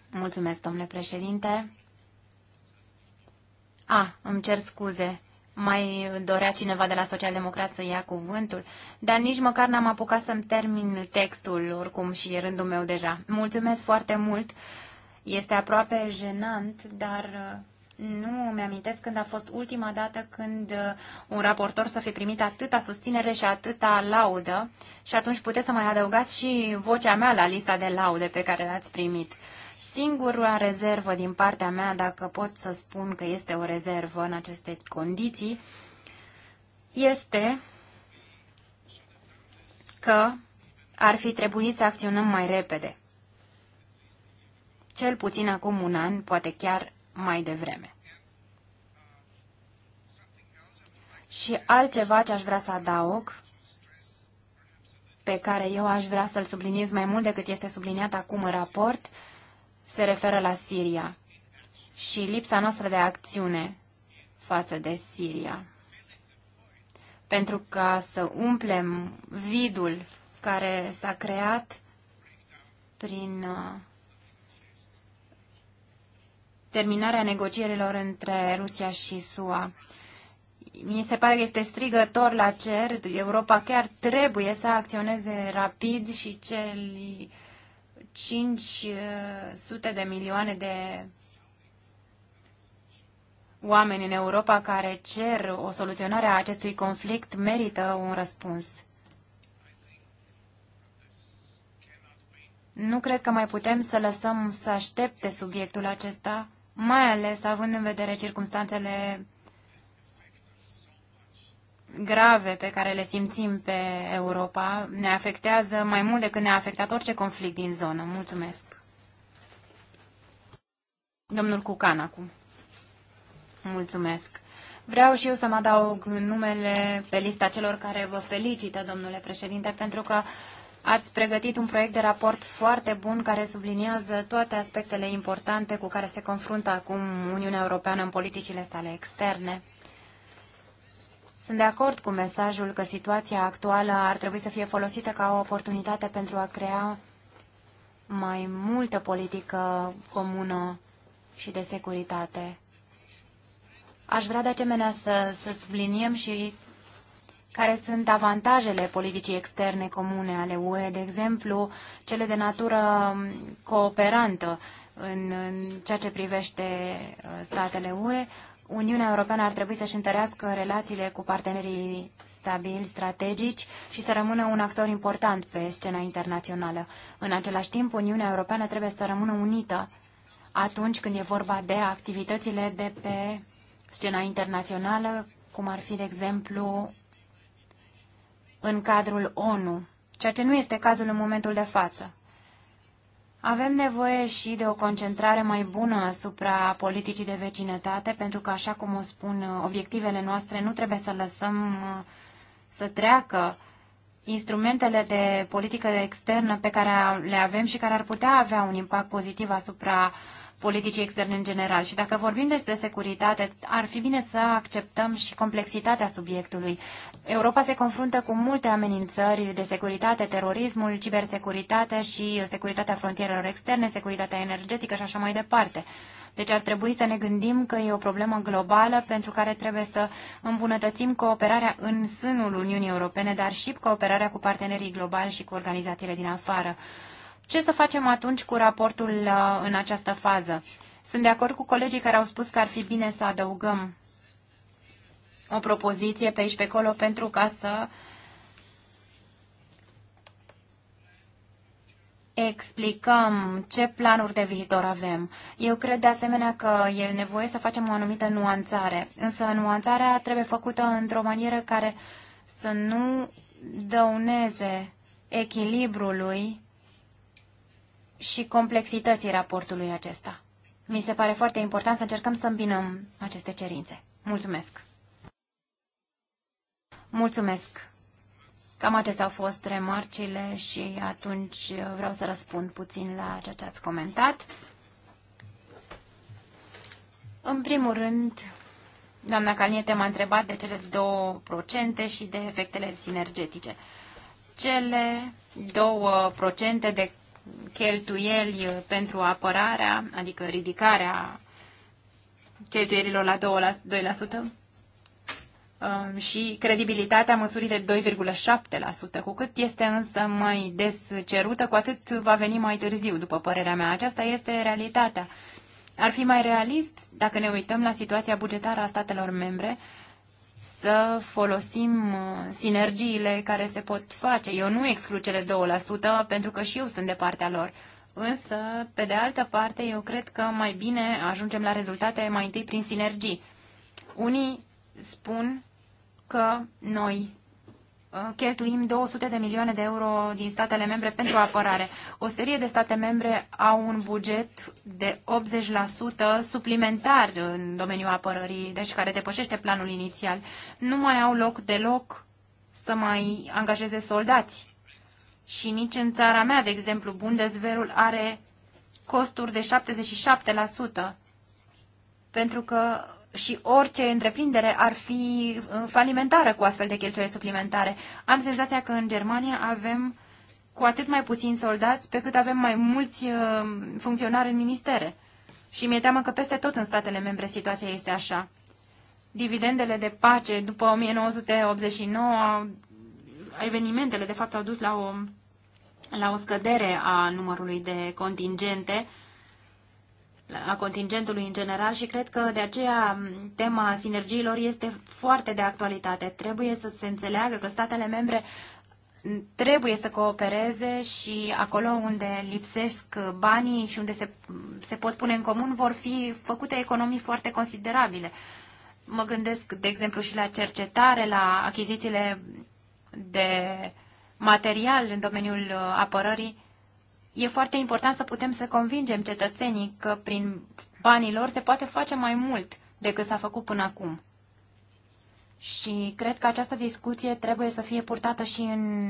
Mulțumesc, domnule președinte. A, îmi cer scuze mai dorea cineva de la socialdemocrat să ia cuvântul, dar nici măcar n-am apucat să-mi termin textul oricum și e rândul meu deja. Mulțumesc foarte mult! Este aproape jenant, dar uh, nu mi-amintesc când a fost ultima dată când uh, un raportor să fi primit atâta susținere și atâta laudă și atunci puteți să mai adăugați și vocea mea la lista de laude pe care l-ați primit. Singura rezervă din partea mea, dacă pot să spun că este o rezervă în aceste condiții, este că ar fi trebuit să acționăm mai repede. Cel puțin acum un an, poate chiar mai devreme. Și altceva ce aș vrea să adaug, pe care eu aș vrea să-l subliniez mai mult decât este subliniat acum în raport, se referă la Siria și lipsa noastră de acțiune față de Siria. Pentru ca să umplem vidul care s-a creat prin uh, terminarea negocierilor între Rusia și SUA. Mi se pare că este strigător la cer. Europa chiar trebuie să acționeze rapid și cel 500 de milioane de oameni în Europa care cer o soluționare a acestui conflict merită un răspuns. Nu cred că mai putem să lăsăm să aștepte subiectul acesta, mai ales având în vedere circumstanțele grave pe care le simțim pe Europa ne afectează mai mult decât ne-a afectat orice conflict din zonă. Mulțumesc. Domnul Cucan acum. Mulțumesc. Vreau și eu să mă adaug numele pe lista celor care vă felicită, domnule președinte, pentru că ați pregătit un proiect de raport foarte bun care subliniază toate aspectele importante cu care se confruntă acum Uniunea Europeană în politicile sale externe. Sunt de acord cu mesajul că situația actuală ar trebui să fie folosită ca o oportunitate pentru a crea mai multă politică comună și de securitate. Aș vrea de asemenea să, să subliniem și care sunt avantajele politicii externe comune ale UE, de exemplu, cele de natură um, cooperantă în, în ceea ce privește uh, statele UE, Uniunea Europeană ar trebui să-și întărească relațiile cu partenerii stabili, strategici și să rămână un actor important pe scena internațională. În același timp, Uniunea Europeană trebuie să rămână unită atunci când e vorba de activitățile de pe scena internațională, cum ar fi, de exemplu, în cadrul ONU, ceea ce nu este cazul în momentul de față. Avem nevoie și de o concentrare mai bună asupra politicii de vecinătate, pentru că, așa cum o spun uh, obiectivele noastre, nu trebuie să lăsăm uh, să treacă instrumentele de politică externă pe care le avem și care ar putea avea un impact pozitiv asupra politicii externe în general. Și dacă vorbim despre securitate, ar fi bine să acceptăm și complexitatea subiectului. Europa se confruntă cu multe amenințări de securitate, terorismul, cibersecuritatea și securitatea frontierelor externe, securitatea energetică și așa mai departe. Deci ar trebui să ne gândim că e o problemă globală pentru care trebuie să îmbunătățim cooperarea în sânul Uniunii Europene, dar și cooperarea cu partenerii globali și cu organizațiile din afară. Ce să facem atunci cu raportul uh, în această fază? Sunt de acord cu colegii care au spus că ar fi bine să adăugăm o propoziție pe aici pe acolo pentru ca să explicăm ce planuri de viitor avem. Eu cred de asemenea că e nevoie să facem o anumită nuanțare, însă nuanțarea trebuie făcută într-o manieră care să nu dăuneze echilibrului și complexității raportului acesta. Mi se pare foarte important să încercăm să îmbinăm aceste cerințe. Mulțumesc! Mulțumesc! Cam acestea au fost remarcile și atunci vreau să răspund puțin la ceea ce ați comentat. În primul rând, doamna Calniete m-a întrebat de cele două procente și de efectele sinergetice. Cele două procente de cheltuieli uh, pentru apărarea, adică ridicarea cheltuielilor la 2%, um, și credibilitatea măsurii de 2,7%. Cu cât este însă mai des cerută, cu atât va veni mai târziu, după părerea mea. Aceasta este realitatea. Ar fi mai realist, dacă ne uităm la situația bugetară a statelor membre, să folosim uh, sinergiile care se pot face. Eu nu exclu cele 2% pentru că și eu sunt de partea lor. Însă, pe de altă parte, eu cred că mai bine ajungem la rezultate mai întâi prin sinergii. Unii spun că noi cheltuim 200 de milioane de euro din statele membre pentru apărare. O serie de state membre au un buget de 80% suplimentar în domeniul apărării, deci care depășește planul inițial. Nu mai au loc deloc să mai angajeze soldați. Și nici în țara mea, de exemplu, Bundesverul are costuri de 77%, pentru că și orice întreprindere ar fi uh, falimentară cu astfel de cheltuieli suplimentare. Am senzația că în Germania avem cu atât mai puțini soldați, pe cât avem mai mulți uh, funcționari în ministere. Și mi-e teamă că peste tot în statele membre situația este așa. Dividendele de pace după 1989, evenimentele de fapt au dus la o, la o scădere a numărului de contingente, a contingentului în general și cred că de aceea tema sinergiilor este foarte de actualitate. Trebuie să se înțeleagă că statele membre trebuie să coopereze și acolo unde lipsesc banii și unde se, se pot pune în comun vor fi făcute economii foarte considerabile. Mă gândesc, de exemplu, și la cercetare, la achizițiile de material în domeniul uh, apărării e foarte important să putem să convingem cetățenii că prin banii lor se poate face mai mult decât s-a făcut până acum. Și cred că această discuție trebuie să fie purtată și în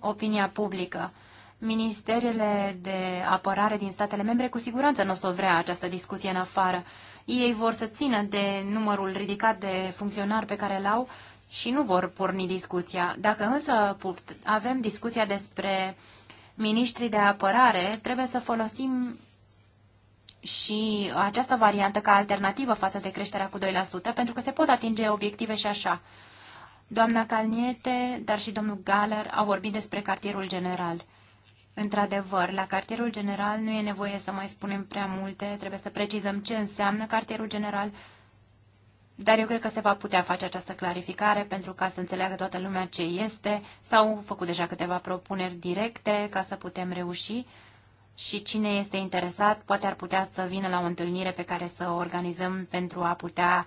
opinia publică. Ministerele de apărare din statele membre cu siguranță nu o să vrea această discuție în afară. Ei vor să țină de numărul ridicat de funcționari pe care l-au și nu vor porni discuția. Dacă însă avem discuția despre uh, miniștrii de apărare, trebuie să folosim și această variantă ca alternativă față de creșterea cu 2%, pentru că se pot atinge obiective și așa. Doamna Calniete, dar și domnul Galler au vorbit despre cartierul general. Într-adevăr, la cartierul general nu e nevoie să mai spunem prea multe, trebuie să precizăm ce înseamnă cartierul general, dar eu cred că se va putea face această clarificare pentru ca să înțeleagă toată lumea ce este. S-au făcut deja câteva propuneri directe ca să putem reuși și cine este interesat poate ar putea să vină la o întâlnire pe care să o organizăm pentru a putea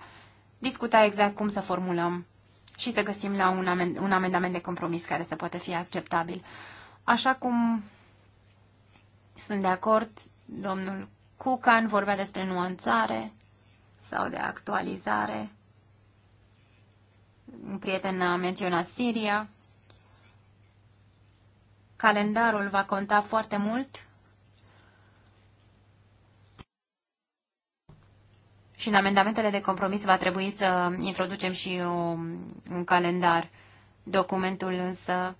discuta exact cum să formulăm și să găsim la un, amend- un amendament de compromis care să poate fi acceptabil. Așa cum sunt de acord, domnul Cucan vorbea despre nuanțare, sau de actualizare. Un prieten a menționat Siria. Calendarul va conta foarte mult Și în amendamentele de compromis va trebui să introducem și o, un calendar. Documentul însă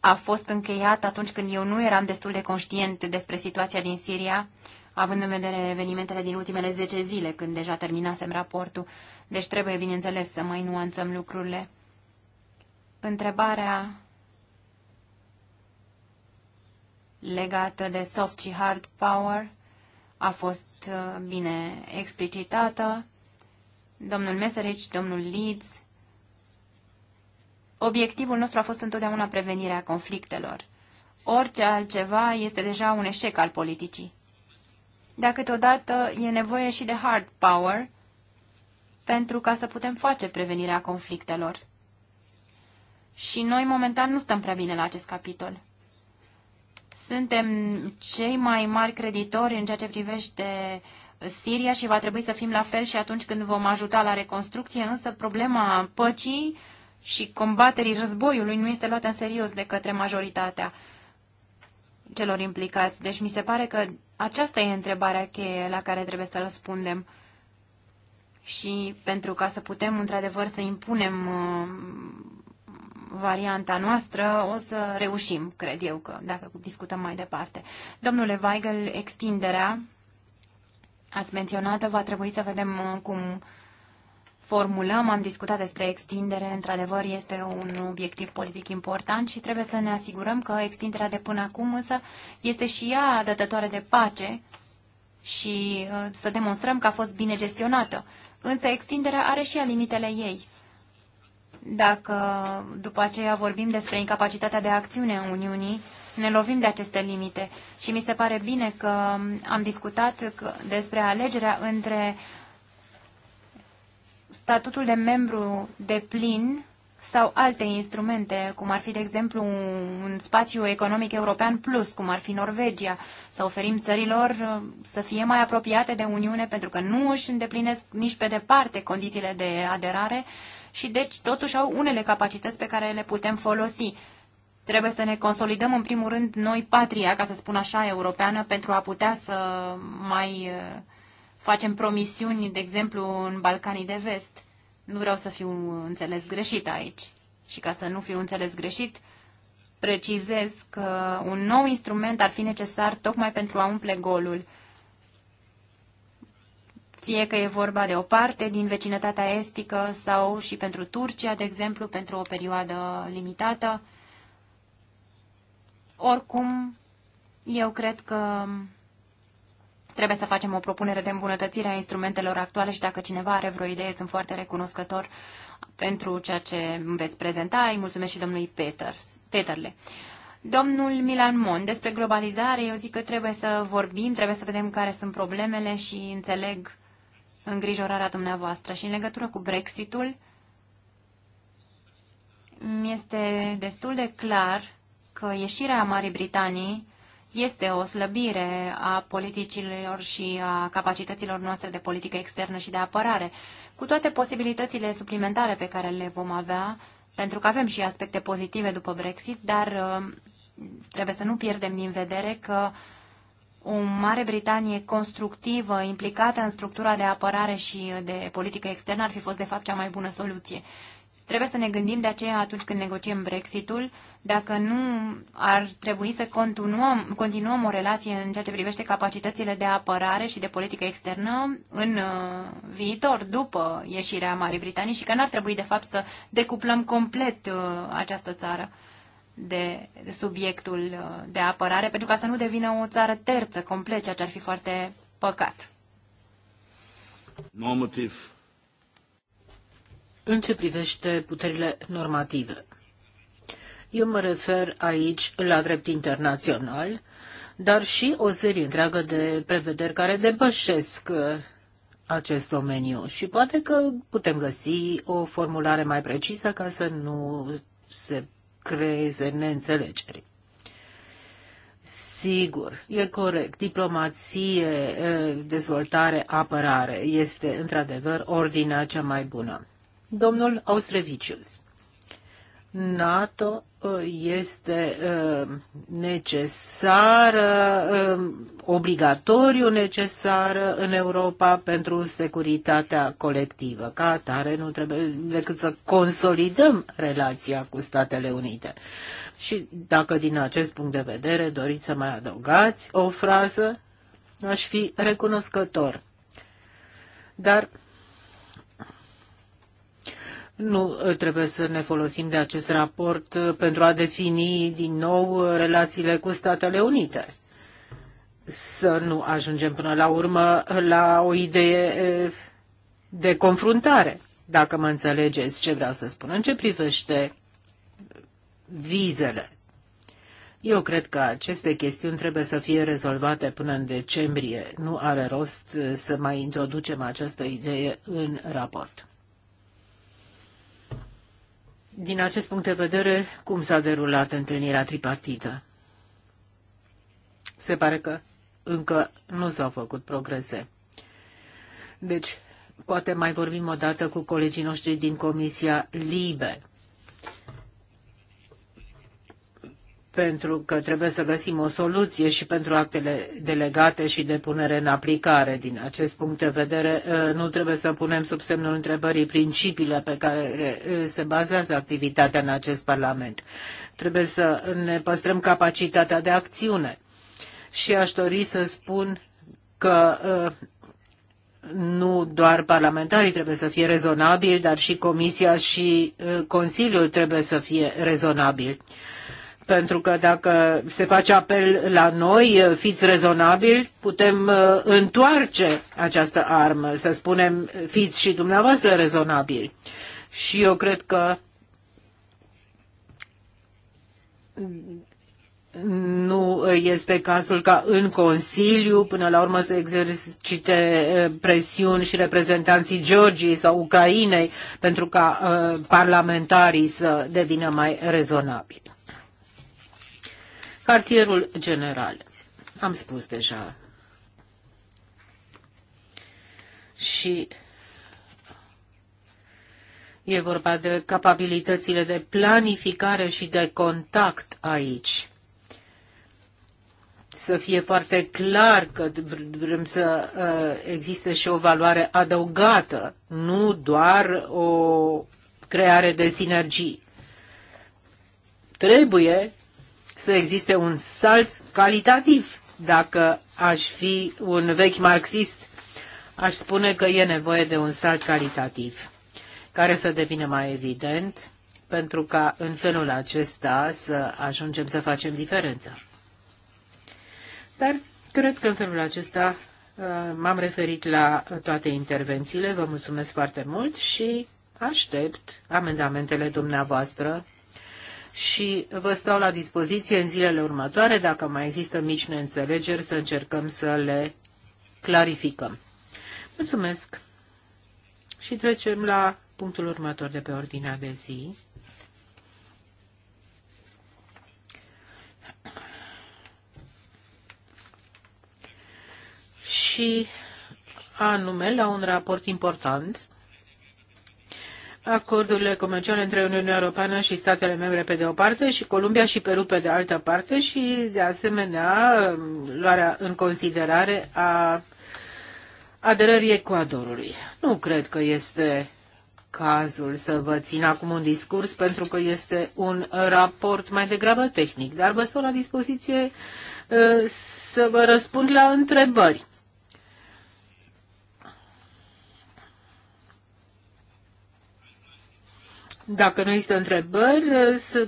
a fost încheiat atunci când eu nu eram destul de conștient despre situația din Siria având în vedere evenimentele din ultimele 10 zile, când deja terminasem raportul, deci trebuie, bineînțeles, să mai nuanțăm lucrurile. Întrebarea legată de soft și hard power a fost uh, bine explicitată. Domnul Meserich, domnul Leeds, obiectivul nostru a fost întotdeauna prevenirea conflictelor. Orice altceva este deja un eșec al politicii dar câteodată e nevoie și de hard power pentru ca să putem face prevenirea conflictelor. Și noi momentan nu stăm prea bine la acest capitol. Suntem cei mai mari creditori în ceea ce privește Siria și va trebui să fim la fel și atunci când vom ajuta la reconstrucție, însă problema păcii și combaterii războiului nu este luată în serios de către majoritatea celor implicați. Deci mi se pare că aceasta e întrebarea cheie la care trebuie să răspundem. Și pentru ca să putem într-adevăr să impunem uh, varianta noastră, o să reușim, cred eu, că dacă discutăm mai departe. Domnule Weigel, extinderea ați menționat va trebui să vedem uh, cum formulăm, am discutat despre extindere, într-adevăr este un obiectiv politic important și trebuie să ne asigurăm că extinderea de până acum însă este și ea dătătoare de pace și uh, să demonstrăm că a fost bine gestionată. Însă extinderea are și ea limitele ei. Dacă după aceea vorbim despre incapacitatea de acțiune a Uniunii, ne lovim de aceste limite și mi se pare bine că am discutat despre alegerea între statutul de membru de plin sau alte instrumente, cum ar fi, de exemplu, un spațiu economic european plus, cum ar fi Norvegia, să oferim țărilor uh, să fie mai apropiate de Uniune, pentru că nu își îndeplinesc nici pe departe condițiile de aderare și deci totuși au unele capacități pe care le putem folosi. Trebuie să ne consolidăm în primul rând noi patria, ca să spun așa, europeană, pentru a putea să mai uh, facem promisiuni, de exemplu, în Balcanii de Vest. Nu vreau să fiu înțeles greșit aici. Și ca să nu fiu înțeles greșit, precizez că un nou instrument ar fi necesar tocmai pentru a umple golul. Fie că e vorba de o parte din vecinătatea estică sau și pentru Turcia, de exemplu, pentru o perioadă limitată. Oricum, eu cred că Trebuie să facem o propunere de îmbunătățire a instrumentelor actuale și dacă cineva are vreo idee, sunt foarte recunoscător pentru ceea ce îmi veți prezenta. Îi mulțumesc și domnului Peters, Peterle. Domnul Milan Mon, despre globalizare, eu zic că trebuie să vorbim, trebuie să vedem care sunt problemele și înțeleg îngrijorarea dumneavoastră. Și în legătură cu Brexitul, mi este destul de clar că ieșirea Marii Britanii este o slăbire a politicilor și a capacităților noastre de politică externă și de apărare, cu toate posibilitățile suplimentare pe care le vom avea, pentru că avem și aspecte pozitive după Brexit, dar uh, trebuie să nu pierdem din vedere că o Mare Britanie constructivă, implicată în structura de apărare și de politică externă, ar fi fost de fapt cea mai bună soluție. Trebuie să ne gândim de aceea atunci când negociem Brexitul, dacă nu ar trebui să continuăm, continuăm o relație în ceea ce privește capacitățile de apărare și de politică externă în uh, viitor, după ieșirea Marii Britanii și că n-ar trebui de fapt să decuplăm complet uh, această țară de subiectul uh, de apărare, pentru ca să nu devină o țară terță complet, ceea ce ar fi foarte păcat. Normativ în ce privește puterile normative? Eu mă refer aici la drept internațional, dar și o serie întreagă de prevederi care depășesc uh, acest domeniu și poate că putem găsi o formulare mai precisă ca să nu se creeze neînțelegeri. Sigur, e corect. Diplomație, uh, dezvoltare, apărare este într-adevăr ordinea cea mai bună. Domnul Austrevicius. NATO uh, este uh, necesară, uh, obligatoriu necesară în Europa pentru securitatea colectivă. Ca atare nu trebuie decât să consolidăm relația cu Statele Unite. Și dacă din acest punct de vedere doriți să mai adăugați o frază, aș fi recunoscător. Dar nu ă, trebuie să ne folosim de acest raport ă, pentru a defini din nou ă, relațiile cu Statele Unite. Să nu ajungem până la urmă la o idee de confruntare, dacă mă înțelegeți ce vreau să spun. În ce privește vizele, eu cred că aceste chestiuni trebuie să fie rezolvate până în decembrie. Nu are rost să mai introducem această idee în raport din acest punct de vedere, cum s-a derulat întâlnirea tripartită? Se pare că încă nu s-au făcut progrese. Deci, poate mai vorbim o dată cu colegii noștri din Comisia Libe pentru că trebuie să găsim o soluție și pentru actele delegate și de punere în aplicare. Din acest punct de vedere, uh, nu trebuie să punem sub semnul întrebării principiile pe care uh, se bazează activitatea în acest Parlament. Trebuie să ne păstrăm capacitatea de acțiune. Și aș dori să spun că uh, nu doar parlamentarii trebuie să fie rezonabili, dar și Comisia și Consiliul trebuie să fie rezonabili pentru că dacă se face apel la noi, uh, fiți rezonabili, putem uh, întoarce această armă, să spunem, fiți și dumneavoastră rezonabili. Și eu cred că nu este cazul ca în Consiliu, până la urmă, să exercite uh, presiuni și reprezentanții Georgiei sau Ucrainei pentru ca parlamentarii să devină mai rezonabili. Cartierul general. Am spus deja. Și e vorba de capabilitățile de planificare și de contact aici să fie foarte clar că vrem să uh, existe și o valoare adăugată, nu doar o creare de sinergii. Trebuie să existe un salt calitativ. Dacă aș fi un vechi marxist, aș spune că e nevoie de un salt calitativ care să devină mai evident pentru ca în felul acesta să ajungem să facem diferența. Dar cred că în felul acesta uh, m-am referit la toate intervențiile. Vă mulțumesc foarte mult și aștept amendamentele dumneavoastră și vă stau la dispoziție în zilele următoare, dacă mai există mici neînțelegeri, să încercăm să le clarificăm. Mulțumesc! Și trecem la punctul următor de pe ordinea de zi. Și anume la un raport important acordurile comerciale între Uniunea Europeană și statele membre pe de o parte și Columbia și Peru pe de altă parte și, de asemenea, luarea în considerare a aderării Ecuadorului. Nu cred că este cazul să vă țin acum un discurs pentru că este un raport mai degrabă tehnic, dar vă stau la dispoziție uh, să vă răspund la întrebări. Dacă nu există întrebări,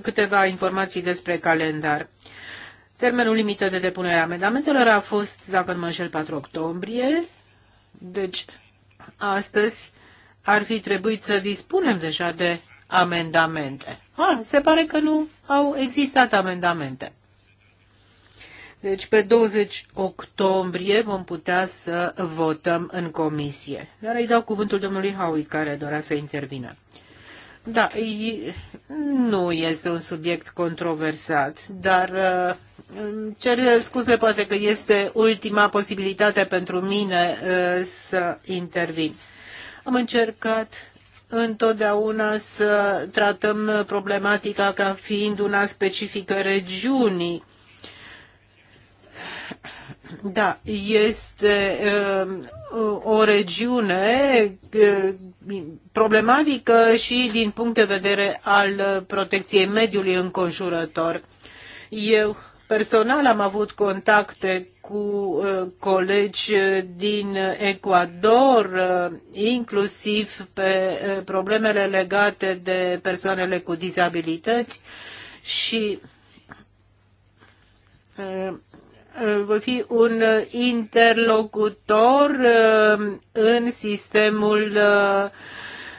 câteva informații despre calendar. Termenul limită de depunere a amendamentelor a fost, dacă nu mă înșel, 4 octombrie. Deci, astăzi ar fi trebuit să dispunem deja de amendamente. Ah, se pare că nu au existat amendamente. Deci pe 20 octombrie vom putea să votăm în comisie. Dar îi dau cuvântul domnului Howie care dorea să intervină. Da, nu este un subiect controversat, dar uh, cer scuze, poate că este ultima posibilitate pentru mine uh, să intervin. Am încercat întotdeauna să tratăm problematica ca fiind una specifică regiunii. Da, este uh, o regiune uh, problematică și din punct de vedere al protecției mediului înconjurător. Eu personal am avut contacte cu uh, colegi din Ecuador, uh, inclusiv pe uh, problemele legate de persoanele cu dizabilități și uh, Eh, voi fi un eh, interlocutor eh, în sistemul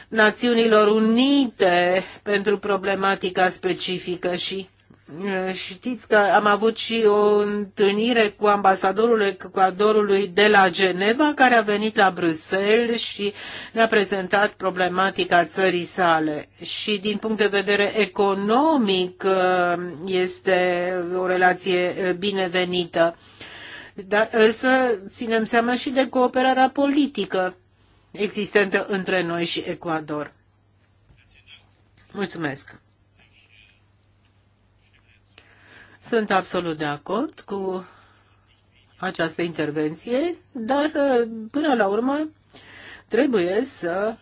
Națiunilor Unite pentru problematica specifică și Eh, știți că am avut și o întâlnire cu ambasadorul Ecuadorului de la Geneva, care a venit la Bruxelles și ne-a prezentat problematica țării sale. Și din punct de vedere economic eh, este o relație eh, binevenită. Dar să ținem seama și de cooperarea politică existentă între noi și Ecuador. Mulțumesc! Sunt absolut de acord cu această intervenție, dar până la urmă trebuie să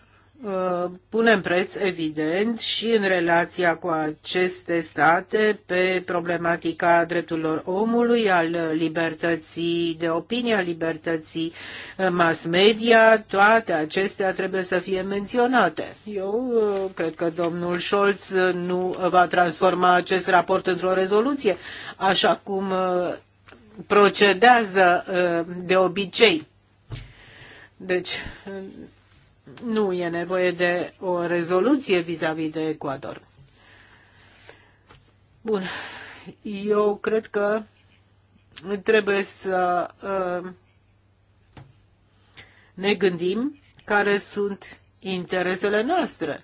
Uh, punem preț, evident, și în relația cu aceste state pe problematica drepturilor omului, al libertății de opinie, a libertății uh, mass media, toate acestea trebuie să fie menționate. Eu uh, cred că domnul Scholz nu va transforma acest raport într-o rezoluție, așa cum procedează de obicei. Deci, nu e nevoie de o rezoluție vis-a-vis -vis de Ecuador. Bun. Eu cred că trebuie să uh, ne gândim care sunt interesele noastre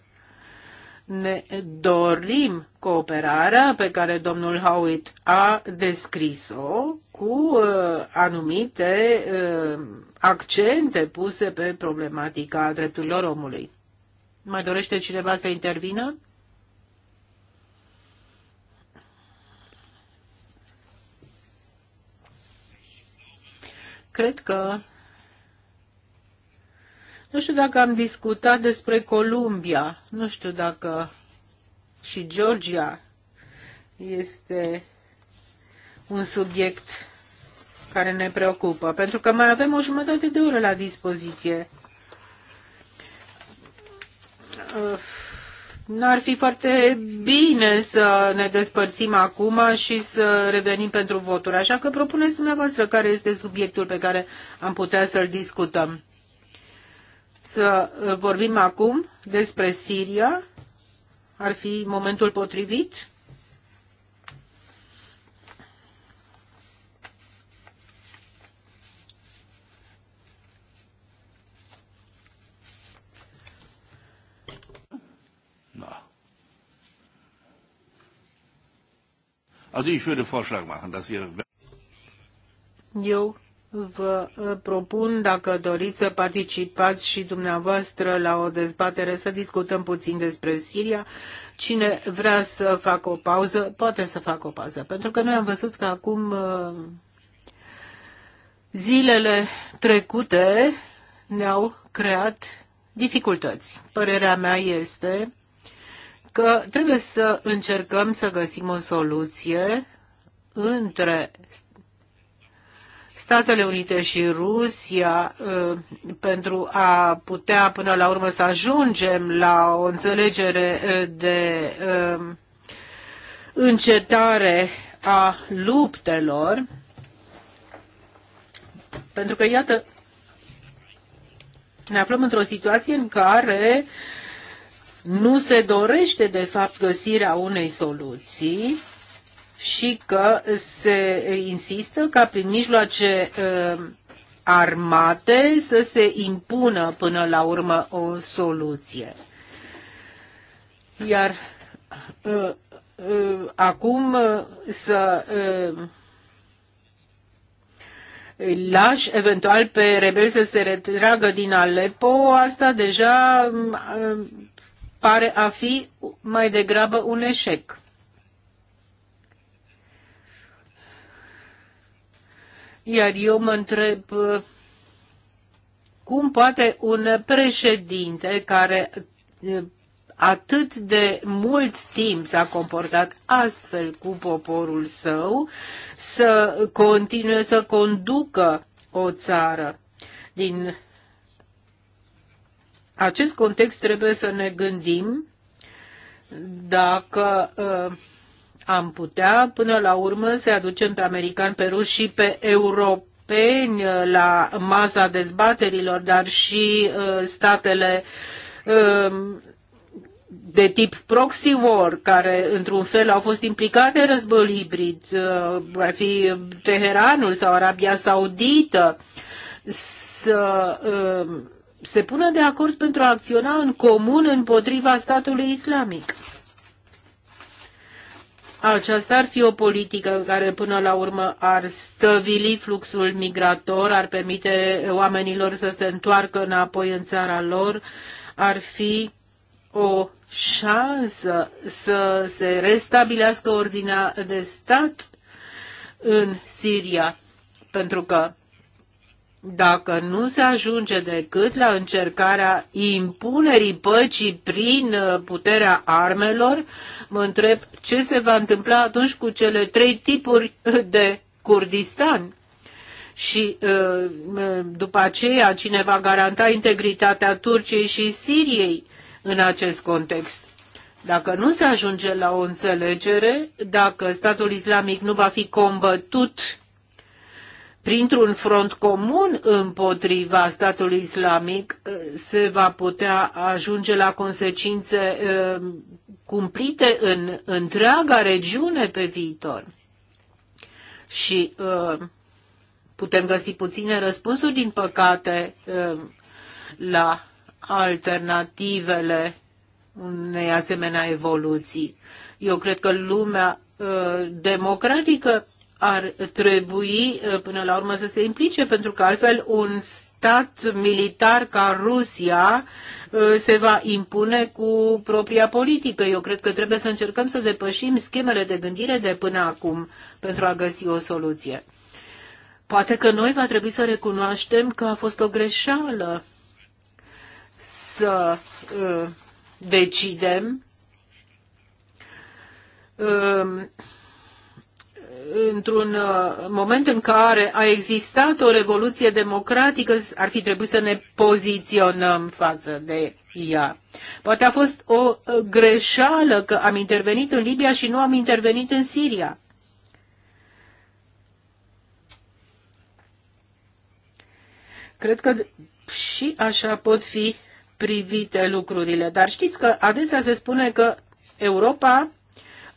ne dorim cooperarea pe care domnul Howitt a descris-o cu uh, anumite uh, accente puse pe problematica drepturilor omului. Mai dorește cineva să intervină? Cred că nu știu dacă am discutat despre Columbia, nu știu dacă și Georgia este un subiect care ne preocupă, pentru că mai avem o jumătate de oră la dispoziție. Uh, n-ar fi foarte bine să ne despărțim acum și să revenim pentru voturi, așa că propuneți dumneavoastră care este subiectul pe care am putea să-l discutăm să uh, vorbim acum despre Siria? Ar fi momentul potrivit? Also ich würde Vorschlag machen, dass ihr... Eu Vă uh, propun, dacă doriți să participați și dumneavoastră la o dezbatere, să discutăm puțin despre Siria. Cine vrea să facă o pauză, poate să facă o pauză. Pentru că noi am văzut că acum uh, zilele trecute ne-au creat dificultăți. Părerea mea este că trebuie să încercăm să găsim o soluție între Statele Unite și Rusia ă, pentru a putea până la urmă să ajungem la o înțelegere ă, de ă, încetare a luptelor, pentru că, iată, ne aflăm într-o situație în care nu se dorește, de fapt, găsirea unei soluții, și că se insistă ca prin mijloace uh, armate să se impună până la urmă o soluție. Iar uh, uh, acum să lași eventual pe rebel să se retragă din Aleppo, asta deja pare a fi mai degrabă un eșec. Iar eu mă întreb uh, cum poate un președinte care uh, atât de mult timp s-a comportat astfel cu poporul său să continue să conducă o țară. Din acest context trebuie să ne gândim dacă uh, am putea până la urmă să aducem pe american, pe ruși și pe europeni uh, la masa dezbaterilor, dar și uh, statele uh, de tip proxy war, care într-un fel au fost implicate în războiul hibrid, uh, ar fi Teheranul sau Arabia Saudită, să uh, se pună de acord pentru a acționa în comun împotriva statului islamic. Aceasta ar fi o politică care până la urmă ar stăvili fluxul migrator, ar permite oamenilor să se întoarcă înapoi în țara lor, ar fi o șansă să se restabilească ordinea de stat în Siria, pentru că dacă nu se ajunge decât la încercarea impunerii păcii prin uh, puterea armelor, mă întreb ce se va întâmpla atunci cu cele trei tipuri de Kurdistan. Și uh, după aceea cine va garanta integritatea Turciei și Siriei în acest context. Dacă nu se ajunge la o înțelegere, dacă statul islamic nu va fi combătut printr-un front comun împotriva statului islamic uh, se va putea ajunge la consecințe uh, cumplite în întreaga regiune pe viitor. Și uh, putem găsi puține răspunsuri, din păcate, la alternativele unei asemenea evoluții. Eu cred că lumea democratică ar trebui uh, până la urmă să se implice, pentru că altfel un stat militar ca Rusia uh, se va impune cu propria politică. Eu cred că trebuie să încercăm să depășim schemele de gândire de până acum pentru a găsi o soluție. Poate că noi va trebui să recunoaștem că a fost o greșeală să uh, decidem uh, într-un uh, moment în care a existat o revoluție democratică, ar fi trebuit să ne poziționăm față de ea. Poate a fost o uh, greșeală că am intervenit în Libia și nu am intervenit în Siria. Cred că și așa pot fi privite lucrurile. Dar știți că adesea se spune că Europa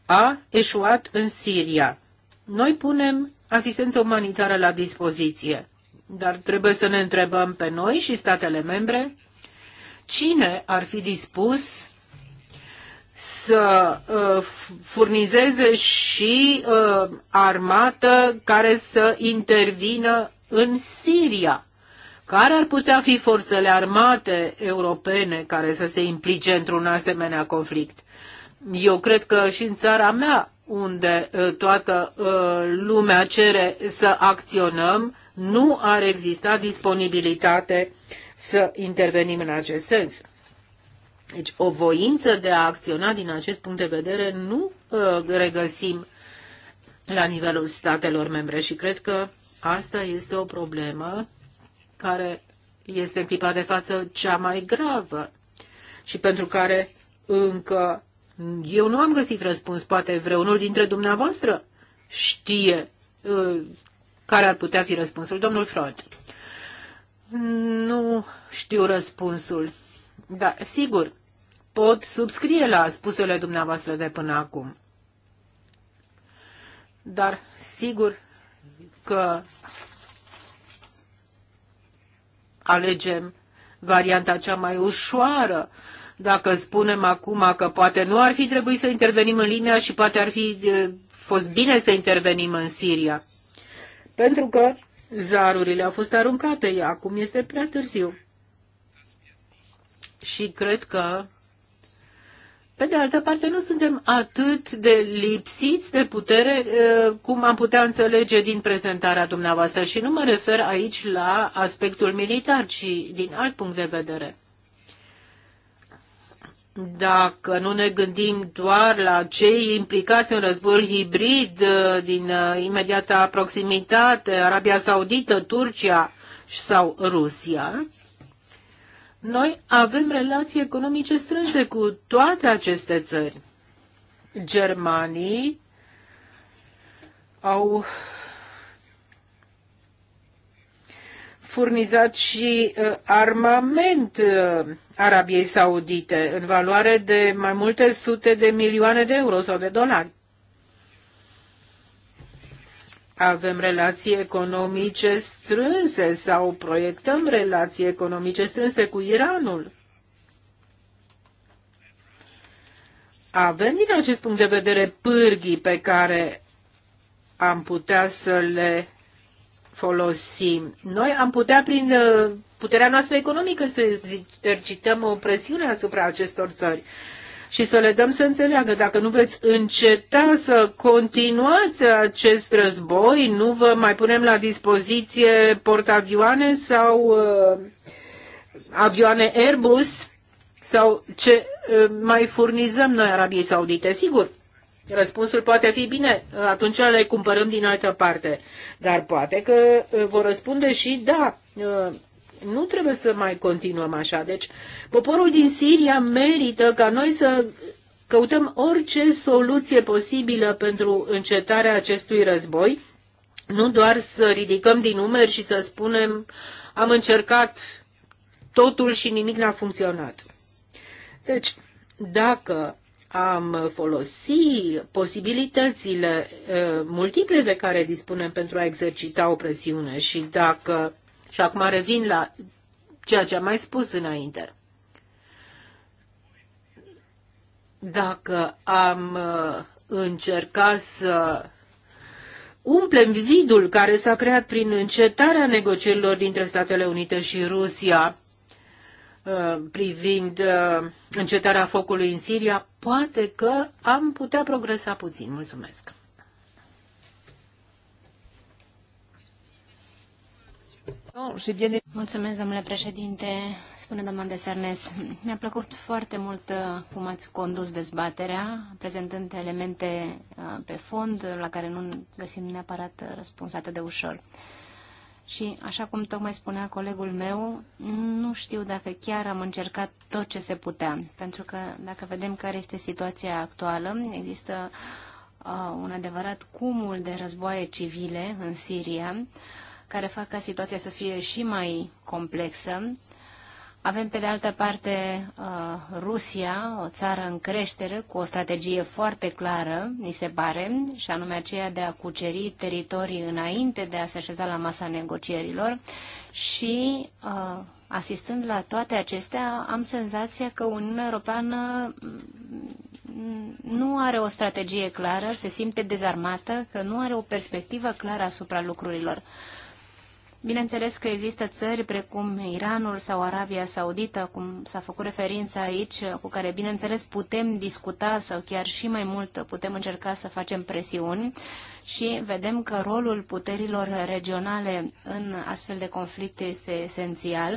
a eșuat în Siria. Noi punem asistență umanitară la dispoziție, dar trebuie să ne întrebăm pe noi și statele membre cine ar fi dispus să uh, furnizeze și uh, armată care să intervină în Siria. Care ar putea fi forțele armate europene care să se implice într-un asemenea conflict? Eu cred că și în țara mea unde uh, toată uh, lumea cere să acționăm, nu ar exista disponibilitate să intervenim în acest sens. Deci o voință de a acționa din acest punct de vedere nu uh, regăsim la nivelul statelor membre și cred că asta este o problemă care este în clipa de față cea mai gravă și pentru care încă eu nu am găsit răspuns, poate vreunul dintre dumneavoastră știe uh, care ar putea fi răspunsul. Domnul Freud. Nu știu răspunsul. Da, sigur, pot subscrie la spusele dumneavoastră de până acum. Dar sigur că alegem varianta cea mai ușoară uh, dacă spunem acum că poate nu ar fi trebuit să intervenim în Libia și poate ar fi fost bine să intervenim în Siria. Pentru că zarurile au fost aruncate, acum este prea târziu. Și cred că pe de altă parte, nu suntem atât de lipsiți de putere cum am putea înțelege din prezentarea dumneavoastră și nu mă refer aici la aspectul militar, ci din alt punct de vedere dacă nu ne gândim doar la cei implicați în războiul hibrid uh, din uh, imediata proximitate, Arabia Saudită, Turcia sau Rusia, noi avem relații economice strânse cu toate aceste țări. Germanii au furnizat și uh, armament uh, Arabiei Saudite în valoare de mai multe sute de milioane de euro sau de dolari. Avem relații economice strânse sau proiectăm relații economice strânse cu Iranul. Avem din acest punct de vedere pârghii pe care am putea să le folosim. Noi am putea, prin uh, puterea noastră economică, să exercităm o presiune asupra acestor țări și să le dăm să înțeleagă, dacă nu veți înceta să continuați acest război, nu vă mai punem la dispoziție portavioane sau uh, avioane Airbus sau ce uh, mai furnizăm noi Arabiei Saudite. Sigur, Răspunsul poate fi bine, atunci le cumpărăm din altă parte. Dar poate că uh, vor răspunde și da, uh, nu trebuie să mai continuăm așa. Deci, poporul din Siria merită ca noi să căutăm orice soluție posibilă pentru încetarea acestui război, nu doar să ridicăm din numeri și să spunem am încercat totul și nimic n-a funcționat. Deci, dacă am folosi posibilitățile multiple de care dispunem pentru a exercita o presiune și dacă, și acum revin la ceea ce am mai spus înainte, dacă am încercat să umplem vidul care s-a creat prin încetarea negocierilor dintre Statele Unite și Rusia, Uh, privind uh, încetarea focului în Siria, poate că am putea progresa puțin. Mulțumesc! Mulțumesc, domnule președinte, spune doamna de Mi-a plăcut foarte mult uh, cum ați condus dezbaterea, prezentând elemente pe fond la care nu găsim neapărat răspuns atât de ușor. Și, așa cum tocmai spunea colegul meu, nu știu dacă chiar am încercat tot ce se putea, pentru că dacă vedem care este situația actuală, există uh, un adevărat cumul de războaie civile în Siria, care fac ca situația să fie și mai complexă avem, pe de altă parte, uh, Rusia, o țară în creștere, cu o strategie foarte clară, ni se pare, și anume aceea de a cuceri teritorii înainte de a se așeza la masa negocierilor și uh, asistând la toate acestea, am senzația că Uniunea Europeană mm, nu are o strategie clară, se simte dezarmată, că nu are o perspectivă clară asupra lucrurilor. Bineînțeles că există țări precum Iranul sau Arabia Saudită, cum s-a făcut referința aici, cu care bineînțeles putem discuta sau chiar și mai mult putem încerca să facem presiuni și vedem că rolul puterilor regionale în astfel de conflicte este esențial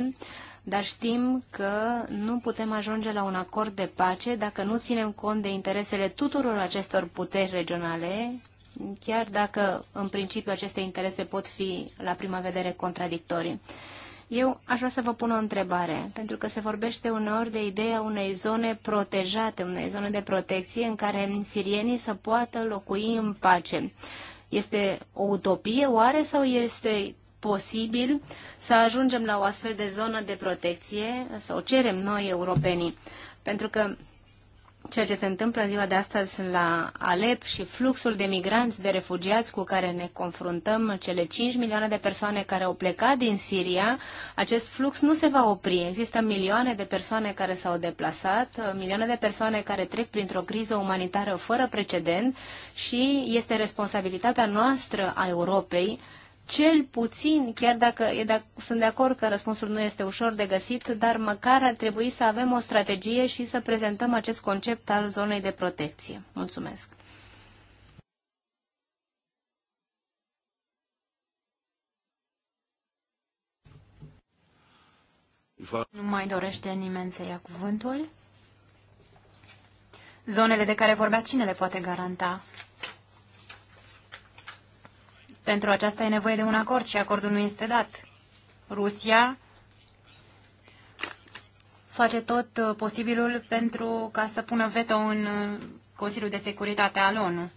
dar știm că nu putem ajunge la un acord de pace dacă nu ținem cont de interesele tuturor acestor puteri regionale chiar dacă în principiu aceste interese pot fi la prima vedere contradictorii. Eu aș vrea să vă pun o întrebare, pentru că se vorbește uneori de ideea unei zone protejate, unei zone de protecție în care sirienii să poată locui în pace. Este o utopie oare sau este posibil să ajungem la o astfel de zonă de protecție, să o cerem noi europenii? Pentru că ceea ce se întâmplă în ziua de astăzi la Alep și fluxul de migranți, de refugiați cu care ne confruntăm, cele 5 milioane de persoane care au plecat din Siria, acest flux nu se va opri. Există milioane de persoane care s-au deplasat, milioane de persoane care trec printr-o criză umanitară fără precedent și este responsabilitatea noastră a Europei cel puțin, chiar dacă e de, sunt de acord că răspunsul nu este ușor de găsit, dar măcar ar trebui să avem o strategie și să prezentăm acest concept al zonei de protecție. Mulțumesc! Nu mai dorește nimeni să ia cuvântul? Zonele de care vorbea cine le poate garanta? Pentru aceasta e nevoie de un acord și acordul nu este dat. Rusia face tot uh, posibilul pentru ca să pună veto în uh, Consiliul de Securitate al ONU.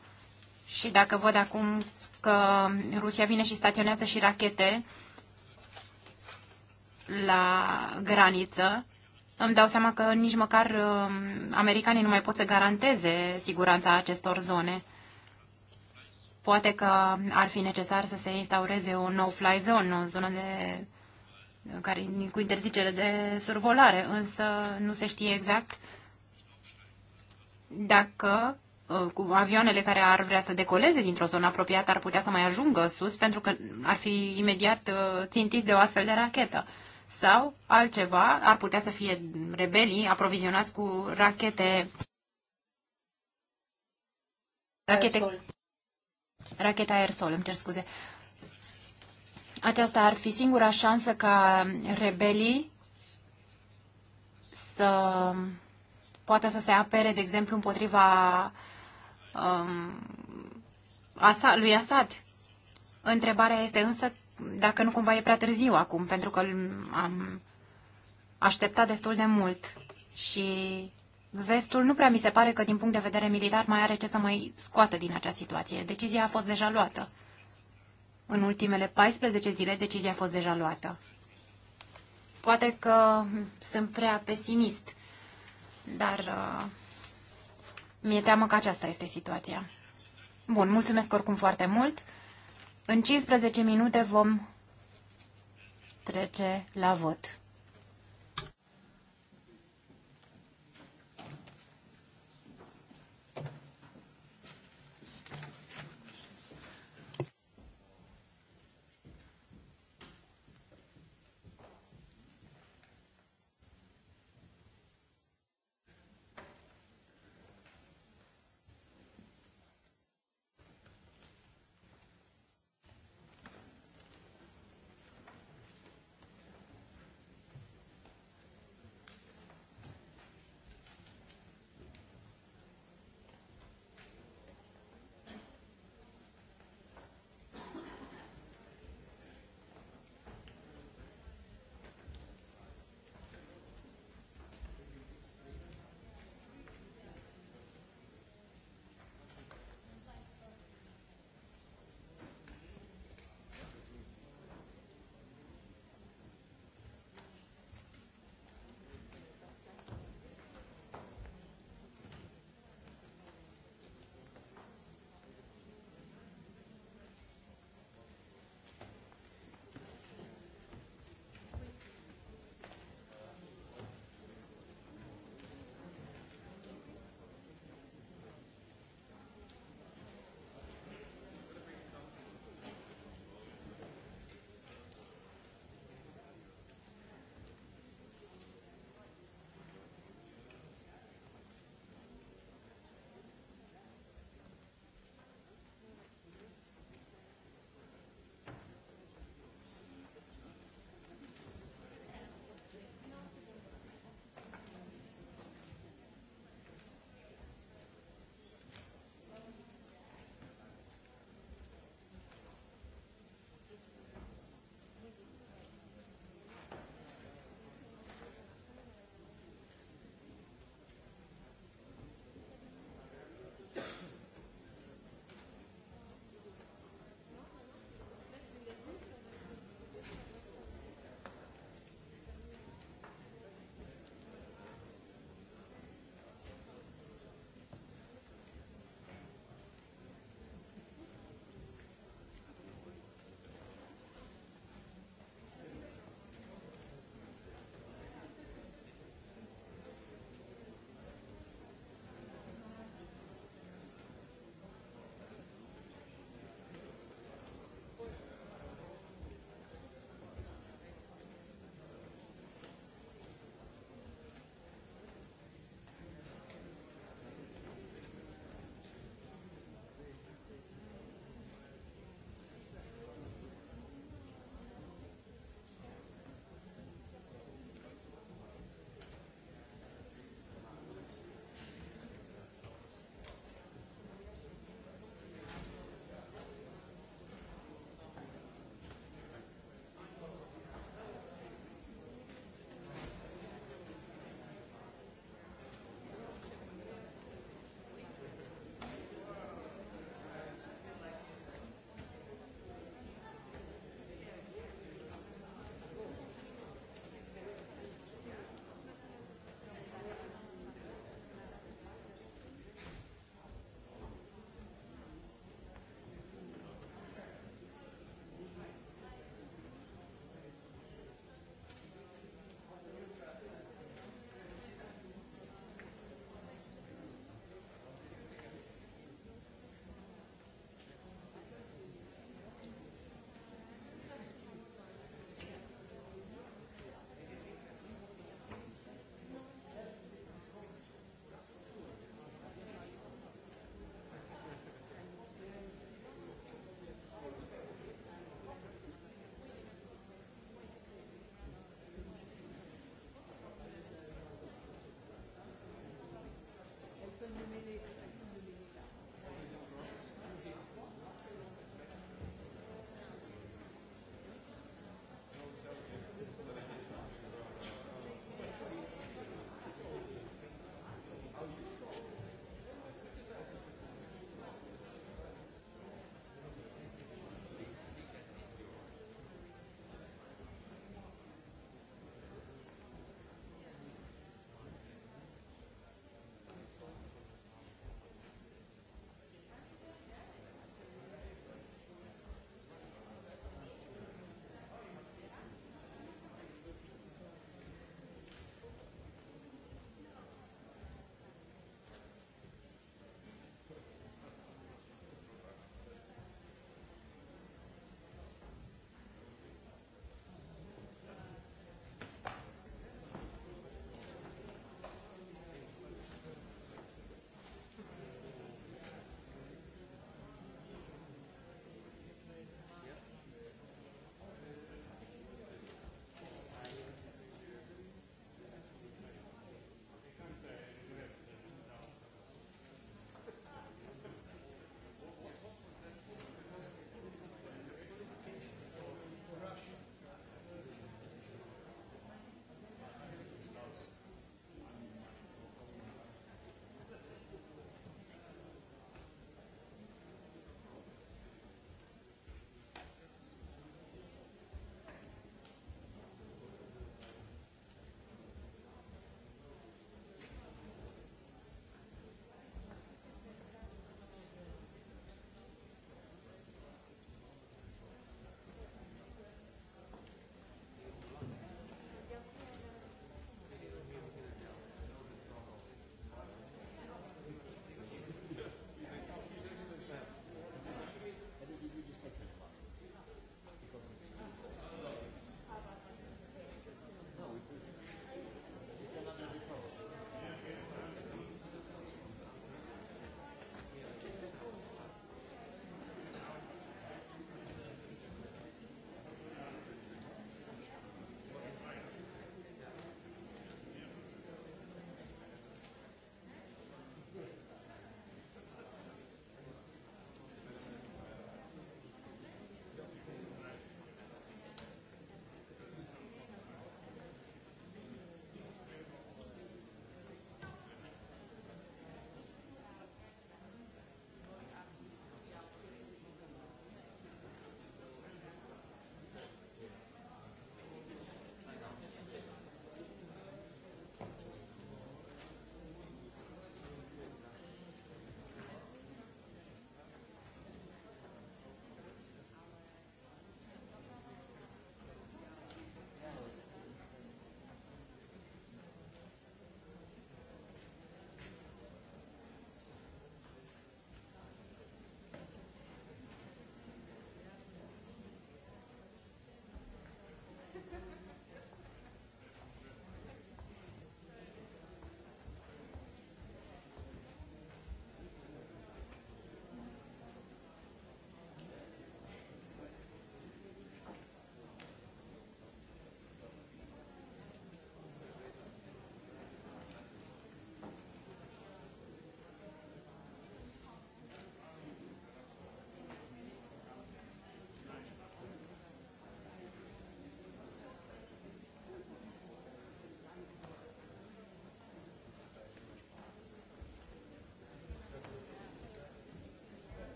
Și dacă văd acum că Rusia vine și staționează și rachete la graniță, îmi dau seama că nici măcar uh, americanii nu mai pot să garanteze siguranța acestor zone. Poate că ar fi necesar să se instaureze o no-fly zone, o zonă de, care, cu interzicere de survolare, însă nu se știe exact dacă uh, cu avioanele care ar vrea să decoleze dintr-o zonă apropiată ar putea să mai ajungă sus pentru că ar fi imediat uh, țintiți de o astfel de rachetă. Sau altceva, ar putea să fie rebelii aprovizionați cu rachete rachete racheta aerosol, îmi cer scuze. Aceasta ar fi singura șansă ca rebelii să poată să se apere, de exemplu, împotriva um, Asa, lui Assad. Întrebarea este însă dacă nu cumva e prea târziu acum, pentru că am așteptat destul de mult și vestul nu prea mi se pare că din punct de vedere militar mai are ce să mai scoată din acea situație. Decizia a fost deja luată. În ultimele 14 zile decizia a fost deja luată. Poate că sunt prea pesimist, dar uh, mi-e teamă că aceasta este situația. Bun, mulțumesc oricum foarte mult. În 15 minute vom trece la vot.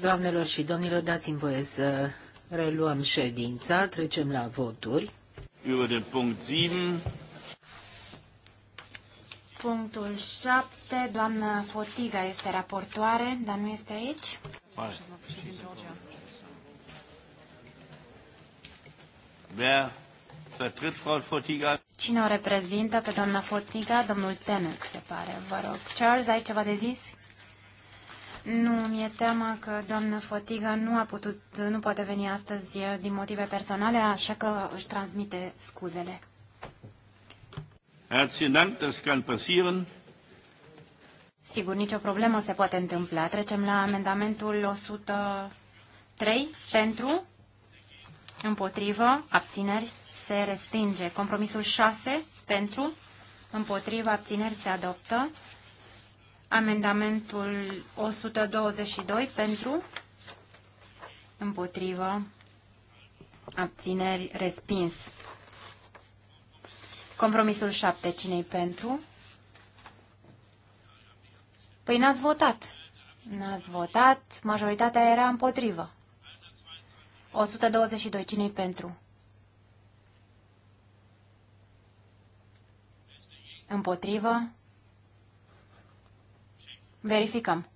Doamnelor și domnilor, dați-mi voie să reluăm ședința, trecem la voturi. Über den Punkt 7. Punctul 7, doamna Fotiga este raportoare, dar nu este aici. Wer vertritt Frau Fotiga? Cine o reprezintă pe doamna Fotiga? Domnul Tenec, se pare. Vă rog. Charles, ai ceva de zis? Nu, mi-e teamă că doamna Fotiga nu a putut, nu poate veni astăzi din motive personale, așa că își transmite scuzele. Herzlichen Dank, das kann passieren. Sigur, nicio problemă se poate întâmpla. Trecem la amendamentul 103 pentru, împotrivă, abțineri, se respinge. Compromisul 6 pentru, împotriva, abțineri se adoptă. Amendamentul 122 pentru, împotriva, abțineri, respins. Compromisul 7, cine pentru? Păi n-ați votat. N-ați votat, majoritatea era împotrivă. 122, cine pentru? Împotrivă? Verificăm.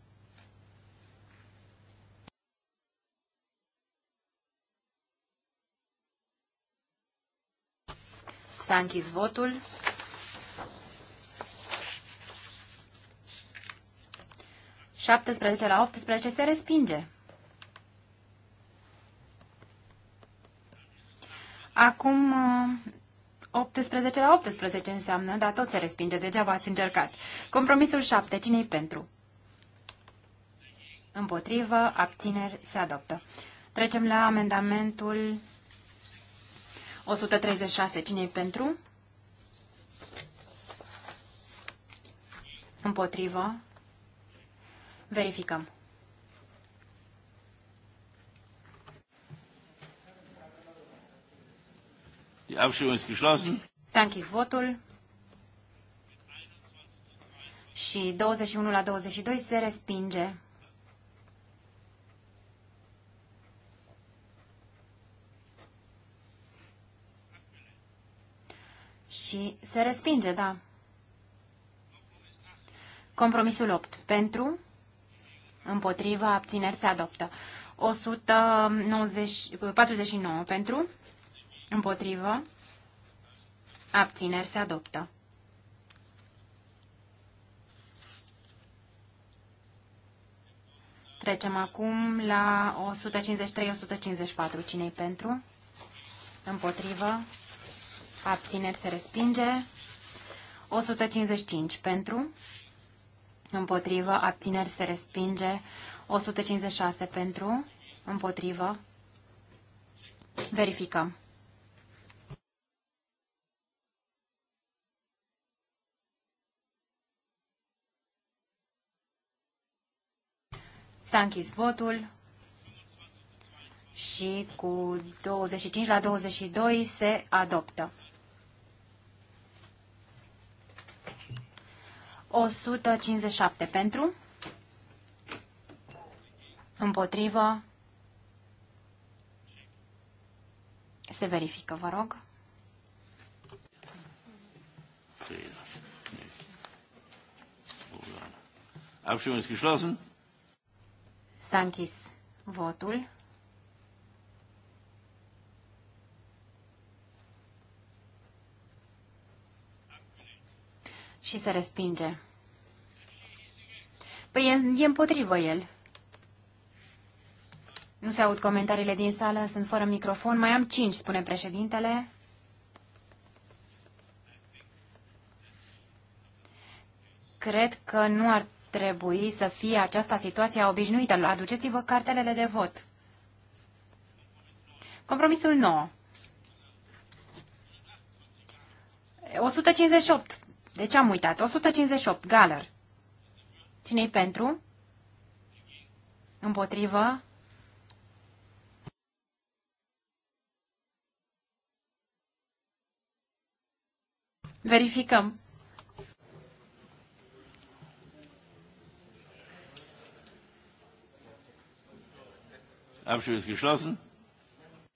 S-a închis votul. Șaptesprezece la optsprezece se respinge. Acum uh, 18 la 18 înseamnă, dar tot se respinge, degeaba ați încercat. Compromisul 7, cine-i pentru? Împotrivă, abțineri, se adoptă. Trecem la amendamentul 136, cine-i pentru? Împotrivă, verificăm. Die Abstimmung ist geschlossen. s votul. Și 21 la 22 se respinge. Și se respinge, da. Compromisul 8. Pentru, împotriva, abțineri se adoptă. 149 pentru, Împotrivă. Abțineri se adoptă. Trecem acum la 153-154. cine pentru? Împotrivă. Abțineri se respinge. 155 pentru. Împotrivă. Abțineri se respinge. 156 pentru. Împotrivă. Verificăm. S-a închis votul și cu 25 la 22 se adoptă. 157 pentru, împotrivă, se verifică, vă rog. Abstimmung ist geschlossen. S-a închis votul. Și se respinge. Păi e, e împotrivă el. Nu se aud comentariile din sală, sunt fără microfon. Mai am cinci, spune președintele. Cred că nu ar trebui să fie aceasta situația obișnuită. Aduceți-vă cartelele de vot. Compromisul 9. 158. De ce am uitat? 158. Galer. Cine-i pentru? Împotrivă? Verificăm. Abstimmung ist geschlossen.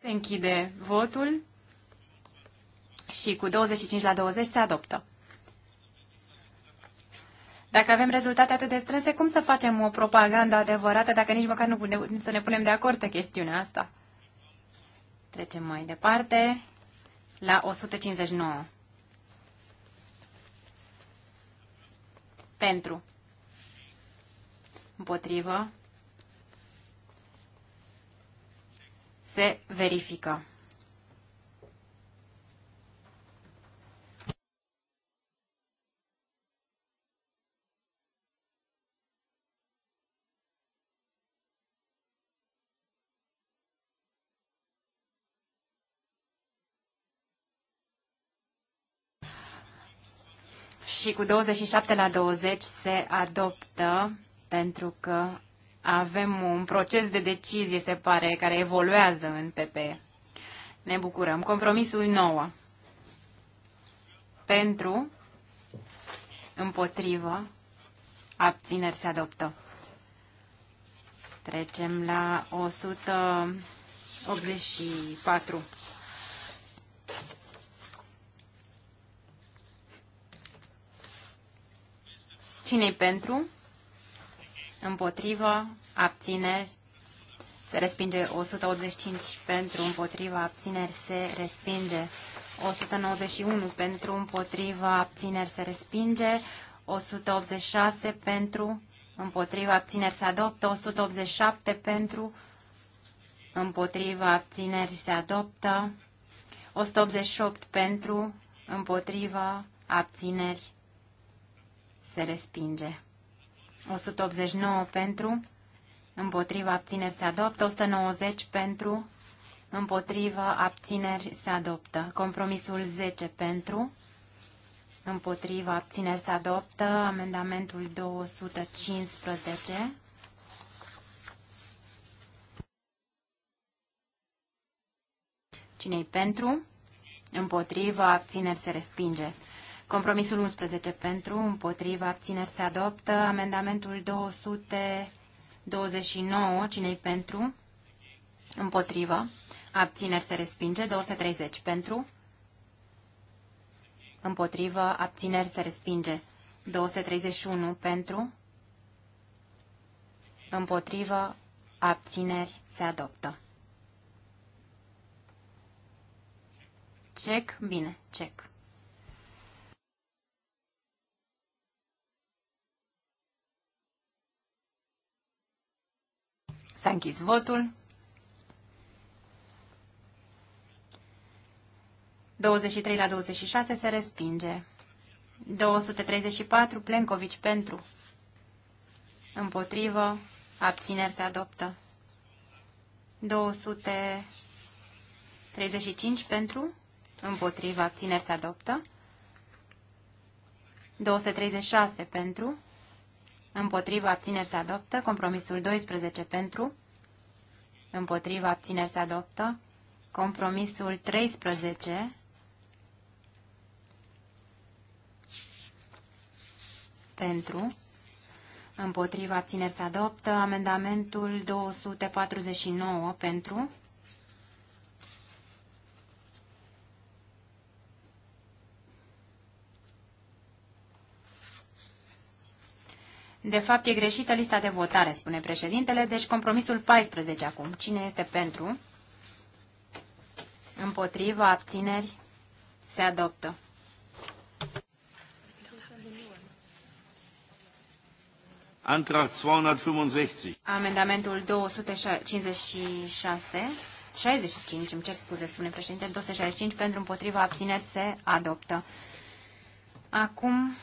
Se închide votul și cu 25 la 20 se adoptă. Dacă avem rezultate atât de strânse, cum să facem o propagandă adevărată dacă nici măcar nu putem să ne punem de acord pe chestiunea asta? Trecem mai departe la 159. Pentru. Împotrivă. se verifică. și cu 27 la 20 se adoptă pentru că avem un proces de decizie, se pare, care evoluează în PP. Ne bucurăm. Compromisul nouă. Pentru, împotrivă, abțineri se adoptă. Trecem la 184. Cine-i pentru? împotrivă, abțineri, se respinge 185 pentru, împotrivă, abțineri, se respinge 191 pentru, împotrivă, abțineri, se respinge 186 pentru, împotrivă, abțineri, se adoptă 187 pentru, împotrivă, abțineri, se adoptă 188 pentru, împotrivă, abțineri, se respinge. 189 pentru, împotriva abțineri se adoptă, 190 pentru, împotriva abțineri se adoptă. Compromisul 10 pentru, împotriva abțineri se adoptă, amendamentul 215. Cine-i pentru? Împotriva, abțineri se respinge. Compromisul 11 pentru, împotriva, abțineri se adoptă. Amendamentul 229, cine pentru? împotriva Abțineri se respinge. 230 pentru. împotriva Abțineri se respinge. 231 pentru. împotriva Abțineri se adoptă. Check, Bine. check. S-a închis votul. 23 la 26 se respinge. 234 Plencovici pentru. Împotrivă. Abțineri se adoptă. 235 pentru. Împotrivă. Abțineri se adoptă. 236 pentru. Împotriva abțineri se adoptă. Compromisul 12 pentru. Împotriva abțineri se adoptă. Compromisul 13. Pentru. Împotriva abțineri se adoptă. Amendamentul 249 pentru. De fapt, e greșită lista de votare, spune președintele, deci compromisul 14 acum. Cine este pentru? Împotrivă, abțineri, se adoptă. Antrag 265. Amendamentul 256, 65, îmi cer scuze, spune președinte, 265 pentru împotriva abțineri se adoptă. Acum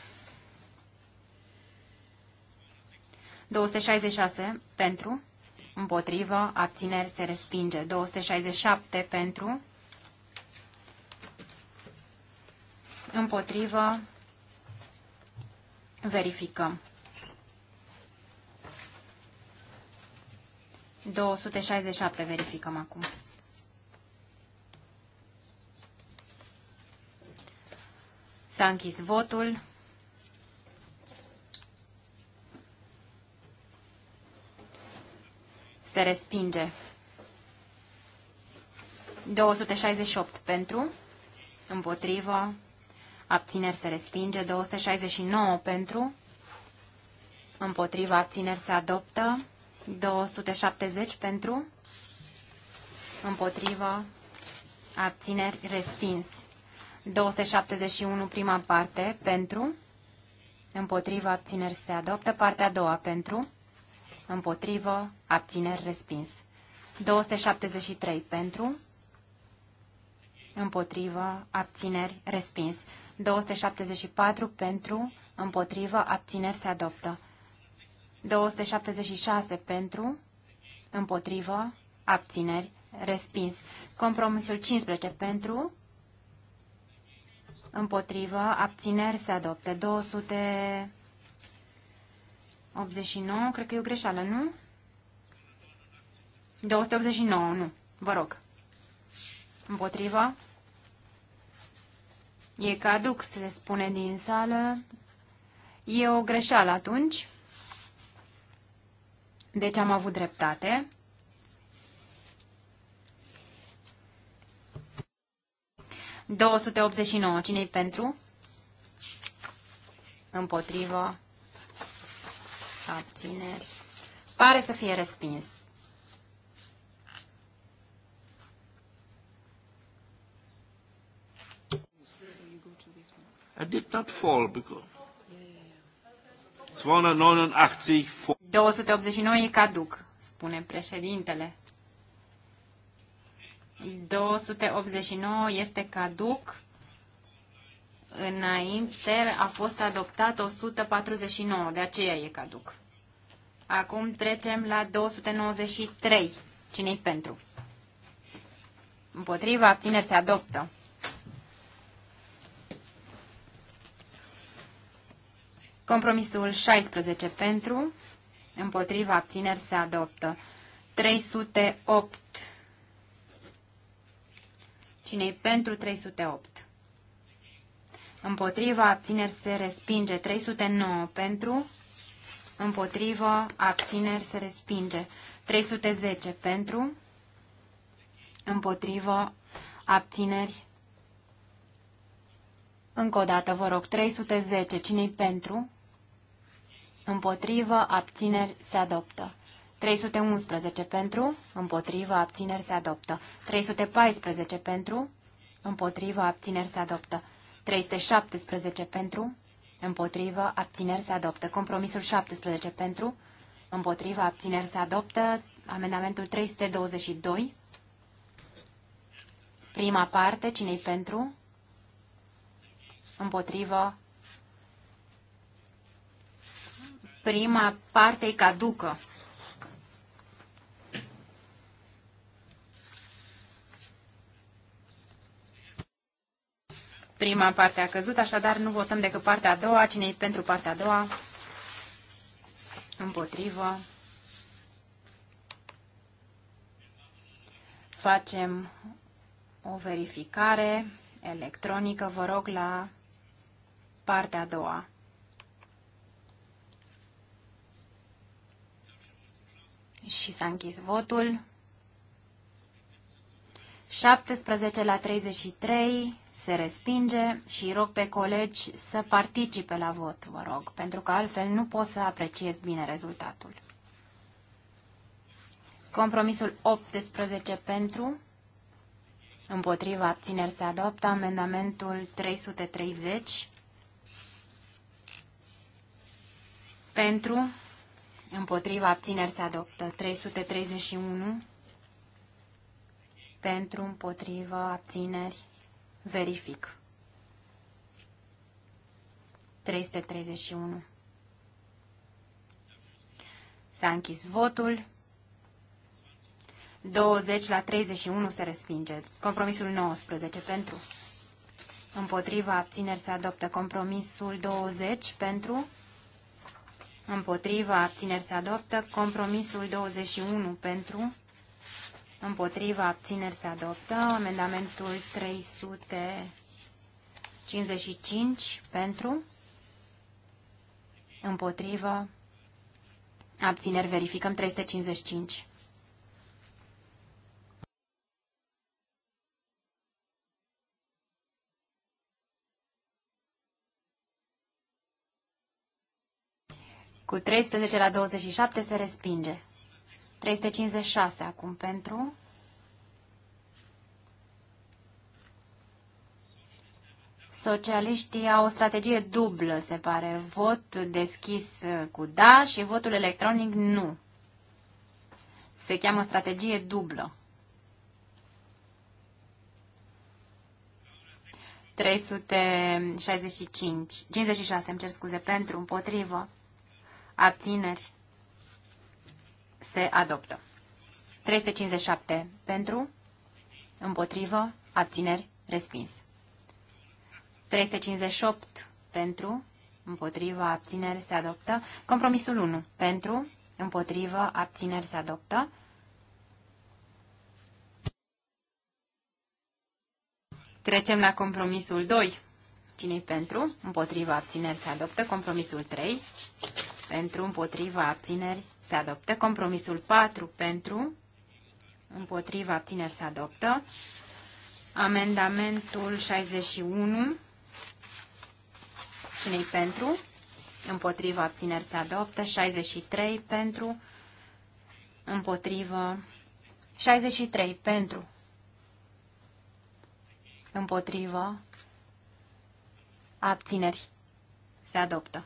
266 pentru, împotrivă, abțineri se respinge. 267 pentru, împotrivă, verificăm. 267 verificăm acum. S-a închis votul. se respinge. 268 pentru, împotrivă, abțineri se respinge. 269 pentru, împotrivă, abțineri se adoptă. 270 pentru, împotrivă, abțineri respins. 271 prima parte pentru, împotrivă, abțineri se adoptă. Partea a doua pentru, împotrivă, abțineri, respins. 273 pentru, împotrivă, abțineri, respins. 274 pentru, împotrivă, abțineri, se adoptă. 276 pentru, împotrivă, abțineri, respins. Compromisul 15 pentru, împotrivă, abțineri, se adoptă. 200 289, cred că e o greșeală, nu? 289, nu. Vă rog. Împotriva. E caduc, se spune din sală. E o greșeală atunci. Deci am avut dreptate. ...289. Cine-i pentru? Împotrivă abțineri. Pare să fie respins. I did not fall because 289 289 e caduc, spune președintele. 289 este caduc Înainte a fost adoptat 149, de aceea e caduc. Acum trecem la 293. Cine-i pentru? Împotriva, abțineri, se adoptă. Compromisul 16 pentru, împotriva, abțineri, se adoptă. 308. Cine-i pentru 308? împotriva, abțineri se respinge. 309 pentru, împotriva, abțineri se respinge. 310 pentru, împotriva, abțineri. Încă o dată, vă rog, 310, cine-i pentru? Împotrivă, abțineri, se adoptă. 311 pentru, împotrivă, abțineri, se adoptă. 314 pentru, împotrivă, abțineri, se adoptă. 317 pentru, împotrivă, abțineri se adoptă. Compromisul 17 pentru, împotrivă, abțineri se adoptă. Amendamentul 322, prima parte, cine-i pentru, împotrivă, prima parte e caducă. Prima parte a căzut, așadar nu votăm decât partea a doua. cine e pentru partea a doua? Împotrivă. Facem o verificare electronică, vă rog, la partea a doua. Și s-a închis votul. 17 la 33 se respinge și rog pe colegi să participe la vot, vă rog, pentru că altfel nu pot să apreciez bine rezultatul. Compromisul 18 pentru, împotriva abțineri se adoptă, amendamentul 330 pentru, împotriva abțineri se adoptă, 331 pentru, împotriva abțineri Verific. 331. S-a închis votul. 20 la 31 se respinge. Compromisul 19 pentru. Împotriva abțineri se adoptă compromisul 20 pentru. Împotriva abțineri se adoptă compromisul 21 pentru. Împotriva abțineri se adoptă. Amendamentul 355 pentru. Împotriva. Abțineri verificăm 355. Cu 13 la 27 se respinge. 356 acum pentru. Socialiștii au o strategie dublă, se pare. Vot deschis cu da și votul electronic nu. Se cheamă strategie dublă. 365, 56, îmi cer scuze, pentru, împotrivă, abțineri, se adoptă. 357 pentru, împotrivă, abțineri, respins. 358 pentru, împotrivă, abțineri, se adoptă. Compromisul 1 pentru, împotrivă, abțineri, se adoptă. Trecem la compromisul 2. Cine-i pentru? Împotriva abțineri se adoptă. Compromisul 3. Pentru, împotriva abțineri se adoptă. Compromisul 4 pentru, împotriva abțineri, se adoptă. Amendamentul 61, cine pentru? împotriva abțineri, se adoptă. 63 pentru, împotrivă, 63 pentru, împotrivă, abțineri, se adoptă.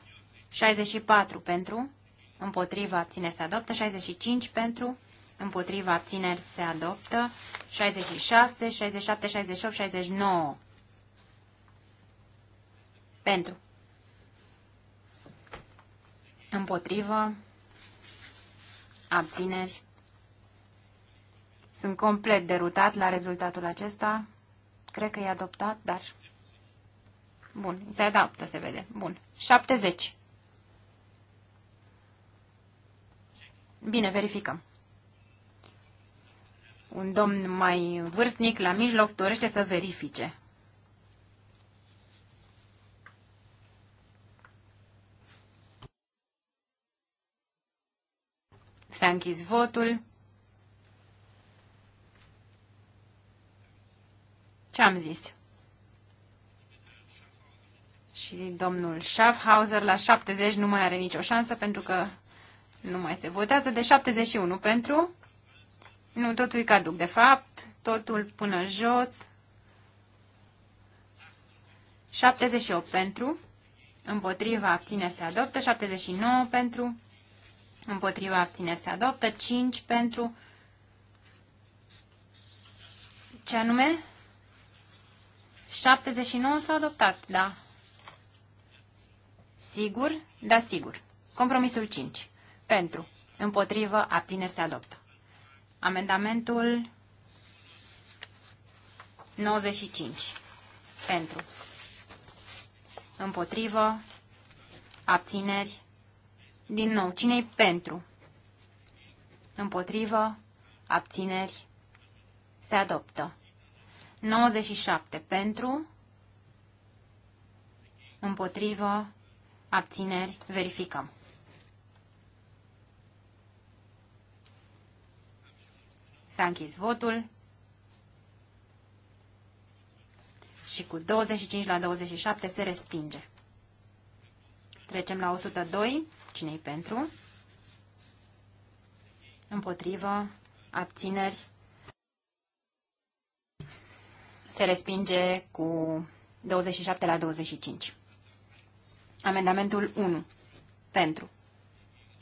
64 pentru, Împotrivă abțineri se adoptă, 65 pentru, Împotrivă abțineri se adoptă, 66, 67, 68, 69 pentru, împotrivă, abțineri. Sunt complet derutat la rezultatul acesta. Cred că e adoptat, dar... Bun, se adaptă, se vede. Bun. 70. Bine, verificăm. Un domn mai vârstnic la mijloc dorește să verifice. S-a închis votul. Ce am zis? Și domnul Schaffhauser la 70 nu mai are nicio șansă pentru că nu mai se votează. De deci 71 pentru. Nu, totul e caduc, de fapt. Totul până jos. 78 pentru. Împotriva abține se adoptă. 79 pentru. Împotriva abține se adoptă. 5 pentru. Ce anume? 79 s-a adoptat, da. Sigur? Da, sigur. Compromisul 5. Pentru. Împotrivă. Abțineri se adoptă. Amendamentul 95. Pentru. Împotrivă. Abțineri. Din nou, cine-i pentru? Împotrivă. Abțineri. Se adoptă. 97. Pentru. Împotrivă. Abțineri. Verificăm. S-a închis votul. Și cu 25 la 27 se respinge. Trecem la 102. Cine-i pentru? Împotrivă. Abțineri. Se respinge cu 27 la 25. Amendamentul 1. Pentru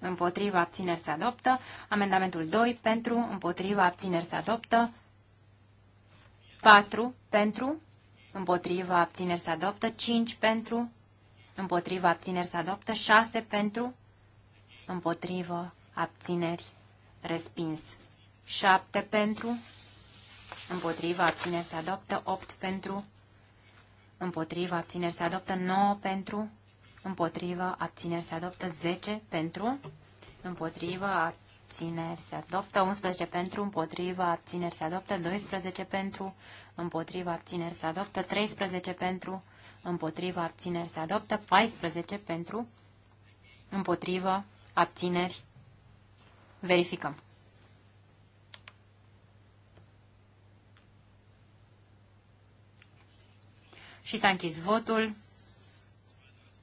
împotriva abțineri se adoptă. Amendamentul 2 pentru, împotriva abțineri se adoptă. 4 pentru, împotriva abțineri se adoptă. 5 pentru, împotriva abțineri se adoptă. 6 pentru, împotriva abțineri respins. 7 pentru, împotriva abțineri se adoptă. 8 pentru, împotriva abțineri se adoptă. 9 pentru, împotrivă, abțineri se adoptă 10 pentru, împotrivă, abțineri se adoptă 11 pentru, împotrivă, abțineri se adoptă 12 pentru, împotrivă, abțineri se adoptă 13 pentru, împotrivă, abțineri se adoptă 14 pentru, împotrivă, abțineri, verificăm. Și s-a închis votul.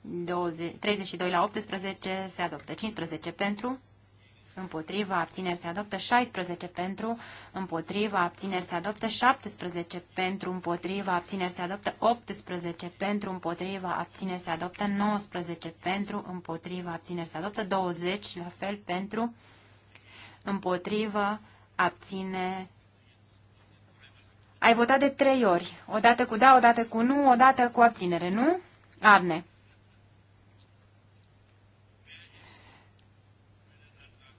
20, 32 la 18 se adoptă. 15 pentru, împotriva, abțineri se adoptă. 16 pentru, împotriva, abțineri se adoptă. 17 pentru, împotriva, abțineri se adoptă. 18 pentru, împotriva, abțineri se adoptă. 19 pentru, împotriva, abțineri se adoptă. 20 la fel pentru, împotriva, abține. Ai votat de trei ori. Odată cu da, odată cu nu, odată cu abținere, nu? Arne.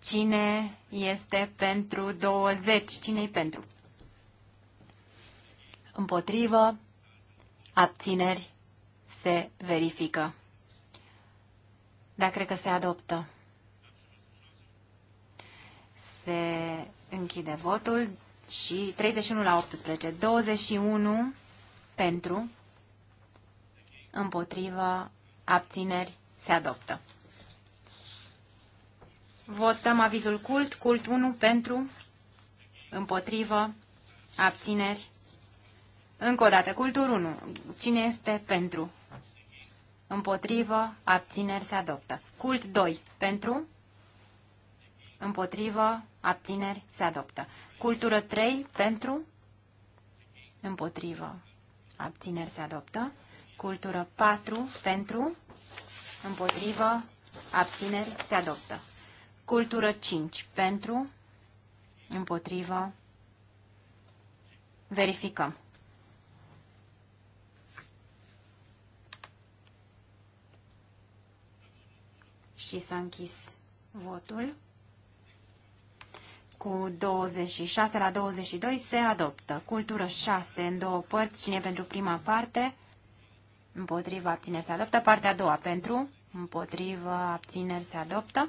Cine este pentru 20? cine e pentru? Împotrivă, abțineri, se verifică. Dar cred că se adoptă. Se închide votul și 31 la 18. 21 pentru, împotrivă, abțineri, se adoptă. Votăm avizul cult, cult 1 pentru, împotrivă, abțineri. Încă o dată, cultul 1. Cine este pentru? Împotrivă, abțineri se adoptă. Cult 2. Pentru? Împotrivă, abțineri se adoptă. Cultură 3. Pentru? Împotrivă, abțineri se adoptă. Cultură 4. Pentru? Împotrivă, abțineri se adoptă. Cultură 5. Pentru, împotrivă, verificăm. Și s-a închis votul. Cu 26 la 22 se adoptă. Cultură 6 în două părți. Cine pentru prima parte? Împotrivă, abțineri se adoptă. Partea a doua pentru, împotrivă, abțineri se adoptă.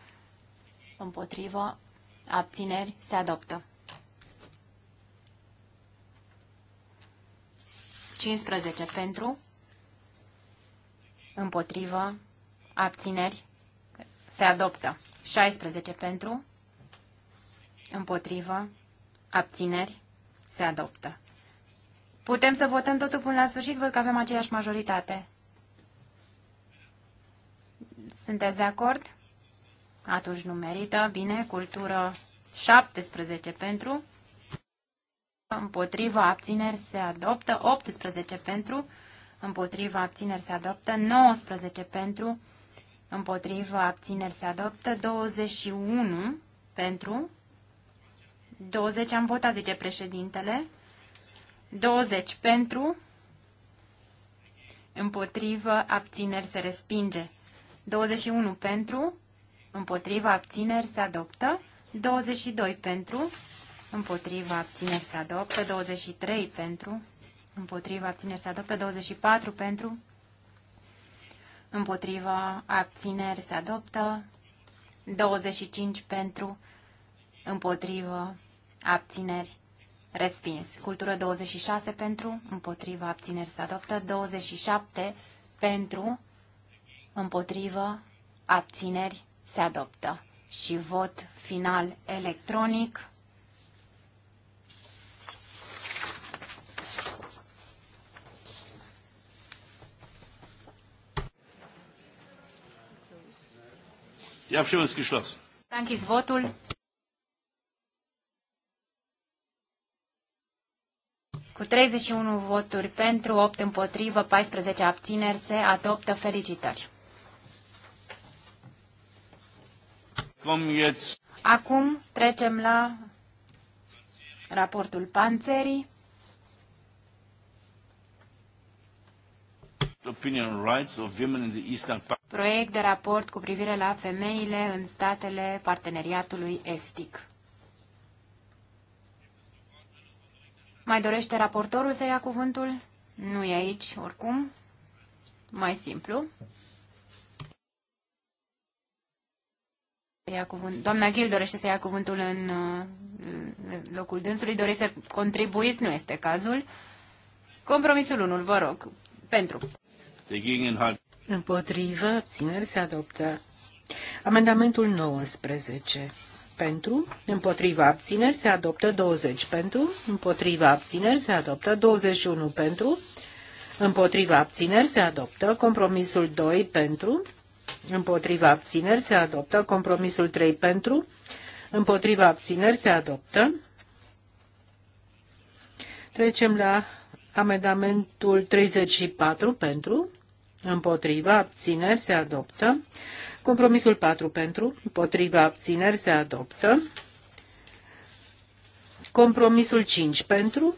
împotrivă, abțineri, se adoptă. 15 pentru, împotrivă, abțineri, se adoptă. 16 pentru, împotrivă, abțineri, se adoptă. Putem să votăm totul până la sfârșit, văd că avem aceeași majoritate. Sunteți de acord? atunci nu merită. Bine, cultură 17 pentru, împotriva abțineri se adoptă, 18 pentru, împotriva abțineri se adoptă, 19 pentru, împotriva abțineri se adoptă, 21 pentru, 20 am votat, zice președintele, 20 pentru, împotrivă, abțineri se respinge, 21 pentru, împotriva abțineri se adoptă, 22 pentru, împotriva abțineri se adoptă, 23 pentru, împotriva abțineri se adoptă, 24 pentru, împotriva abțineri se adoptă, 25 pentru, Împotriva abțineri, respins. Cultură 26 pentru, Împotriva abțineri se adoptă, 27 pentru, Împotriva abțineri, se adoptă. Și vot final electronic. Ja, Abstimmung ist geschlossen. S-a închis votul. Cu 31 voturi pentru, 8 împotrivă, 14 abțineri, se adoptă felicitări. Acum trecem la raportul Panțerii. Proiect de raport cu privire la femeile în statele parteneriatului estic. Mai dorește raportorul să ia cuvântul? Nu e aici, oricum. Mai simplu. ia cuvânt. Doamna Ghil dorește să ia cuvântul în, uh, locul dânsului. Dorește să contribuiți? Nu este cazul. Compromisul 1, vă rog. Pentru. Împotrivă, țineri se adoptă. Amendamentul 19. Pentru, împotriva abțineri se adoptă 20 pentru, împotriva abțineri se adoptă 21 pentru, împotriva abțineri se adoptă compromisul 2 pentru, împotriva abțineri se adoptă. Compromisul 3 pentru, împotriva abțineri se adoptă. Trecem la amendamentul 34 pentru, împotriva abțineri se adoptă. Compromisul 4 pentru, împotriva abțineri se adoptă. Compromisul 5 pentru,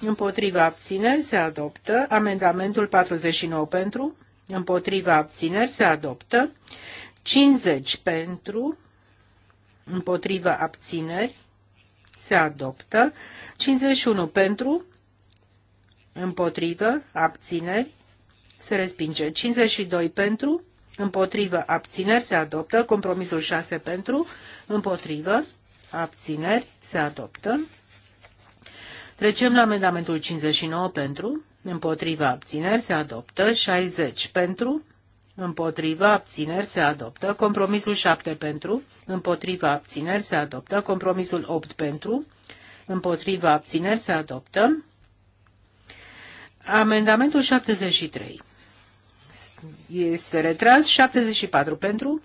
împotriva abțineri se adoptă. Amendamentul 49 pentru, împotriva abțineri se adoptă, 50 pentru, împotriva abțineri se adoptă, 51 pentru, împotriva abțineri, se respinge, 52 pentru, împotriva abțineri, se adoptă, compromisul 6 pentru, împotriva abțineri, se adoptă. Trecem la amendamentul 59 pentru, împotriva abțineri se adoptă, 60 pentru, împotriva abțineri se adoptă, compromisul 7 pentru, împotriva abțineri se adoptă, compromisul 8 pentru, împotriva abțineri se adoptă, amendamentul 73 este retras, 74 pentru,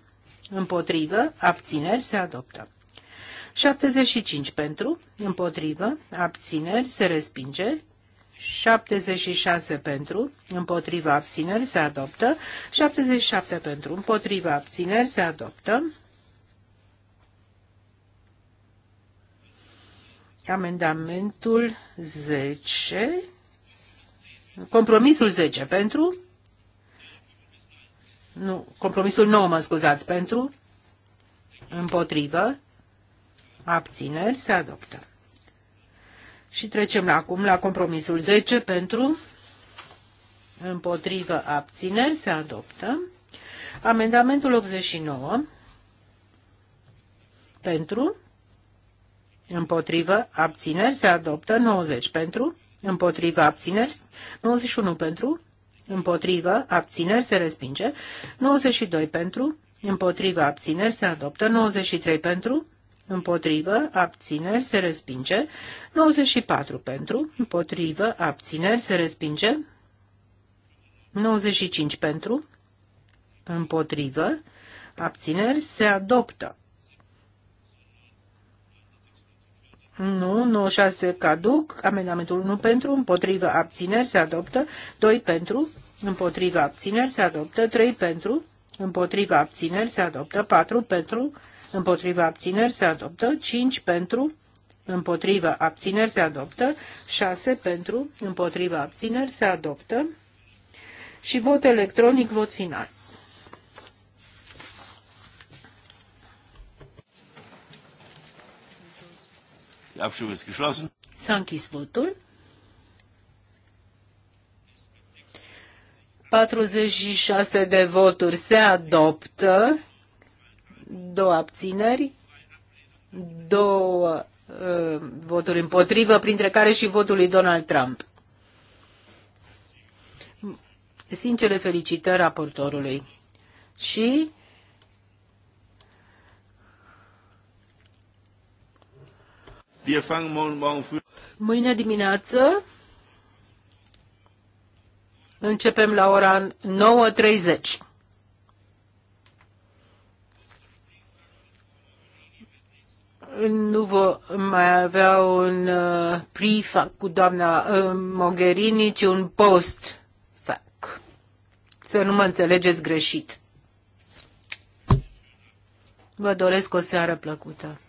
împotrivă, abțineri se adoptă. 75 pentru, împotrivă, abțineri se respinge, 76 pentru, împotriva abțineri se adoptă, 77 pentru, împotriva abțineri se adoptă. Amendamentul 10, compromisul 10 pentru, nu, compromisul 9, mă scuzați, pentru, împotrivă, abțineri se adoptă. Și trecem acum la compromisul 10 pentru împotrivă abțineri se adoptă. Amendamentul 89 pentru împotrivă abțineri se adoptă 90 pentru împotrivă abțineri 91 pentru împotrivă abțineri se respinge 92 pentru împotrivă abțineri se adoptă 93 pentru împotrivă, abțineri, se respinge. 94 pentru, împotrivă, abțineri, se respinge. 95 pentru, împotrivă, abțineri, se adoptă. Nu, 96 caduc, amendamentul 1 pentru, împotrivă, abțineri, se adoptă. 2 pentru, împotrivă, abțineri, se adoptă. 3 pentru, împotrivă, abțineri, se adoptă. 4 pentru, împotriva abțineri se adoptă, 5 pentru, împotriva abțineri se adoptă, 6 pentru, împotriva abțineri se adoptă și vot electronic, vot final. S-a închis votul. 46 de voturi se adoptă două abțineri, două uh, voturi împotrivă, printre care și votul lui Donald Trump. Sincere felicitări raportorului. Și Mâine dimineață începem la ora 9.30. nu vă mai avea un uh, prefac cu doamna uh, Mogherini, ci un post-fac. Să nu mă înțelegeți greșit. Vă doresc o seară plăcută.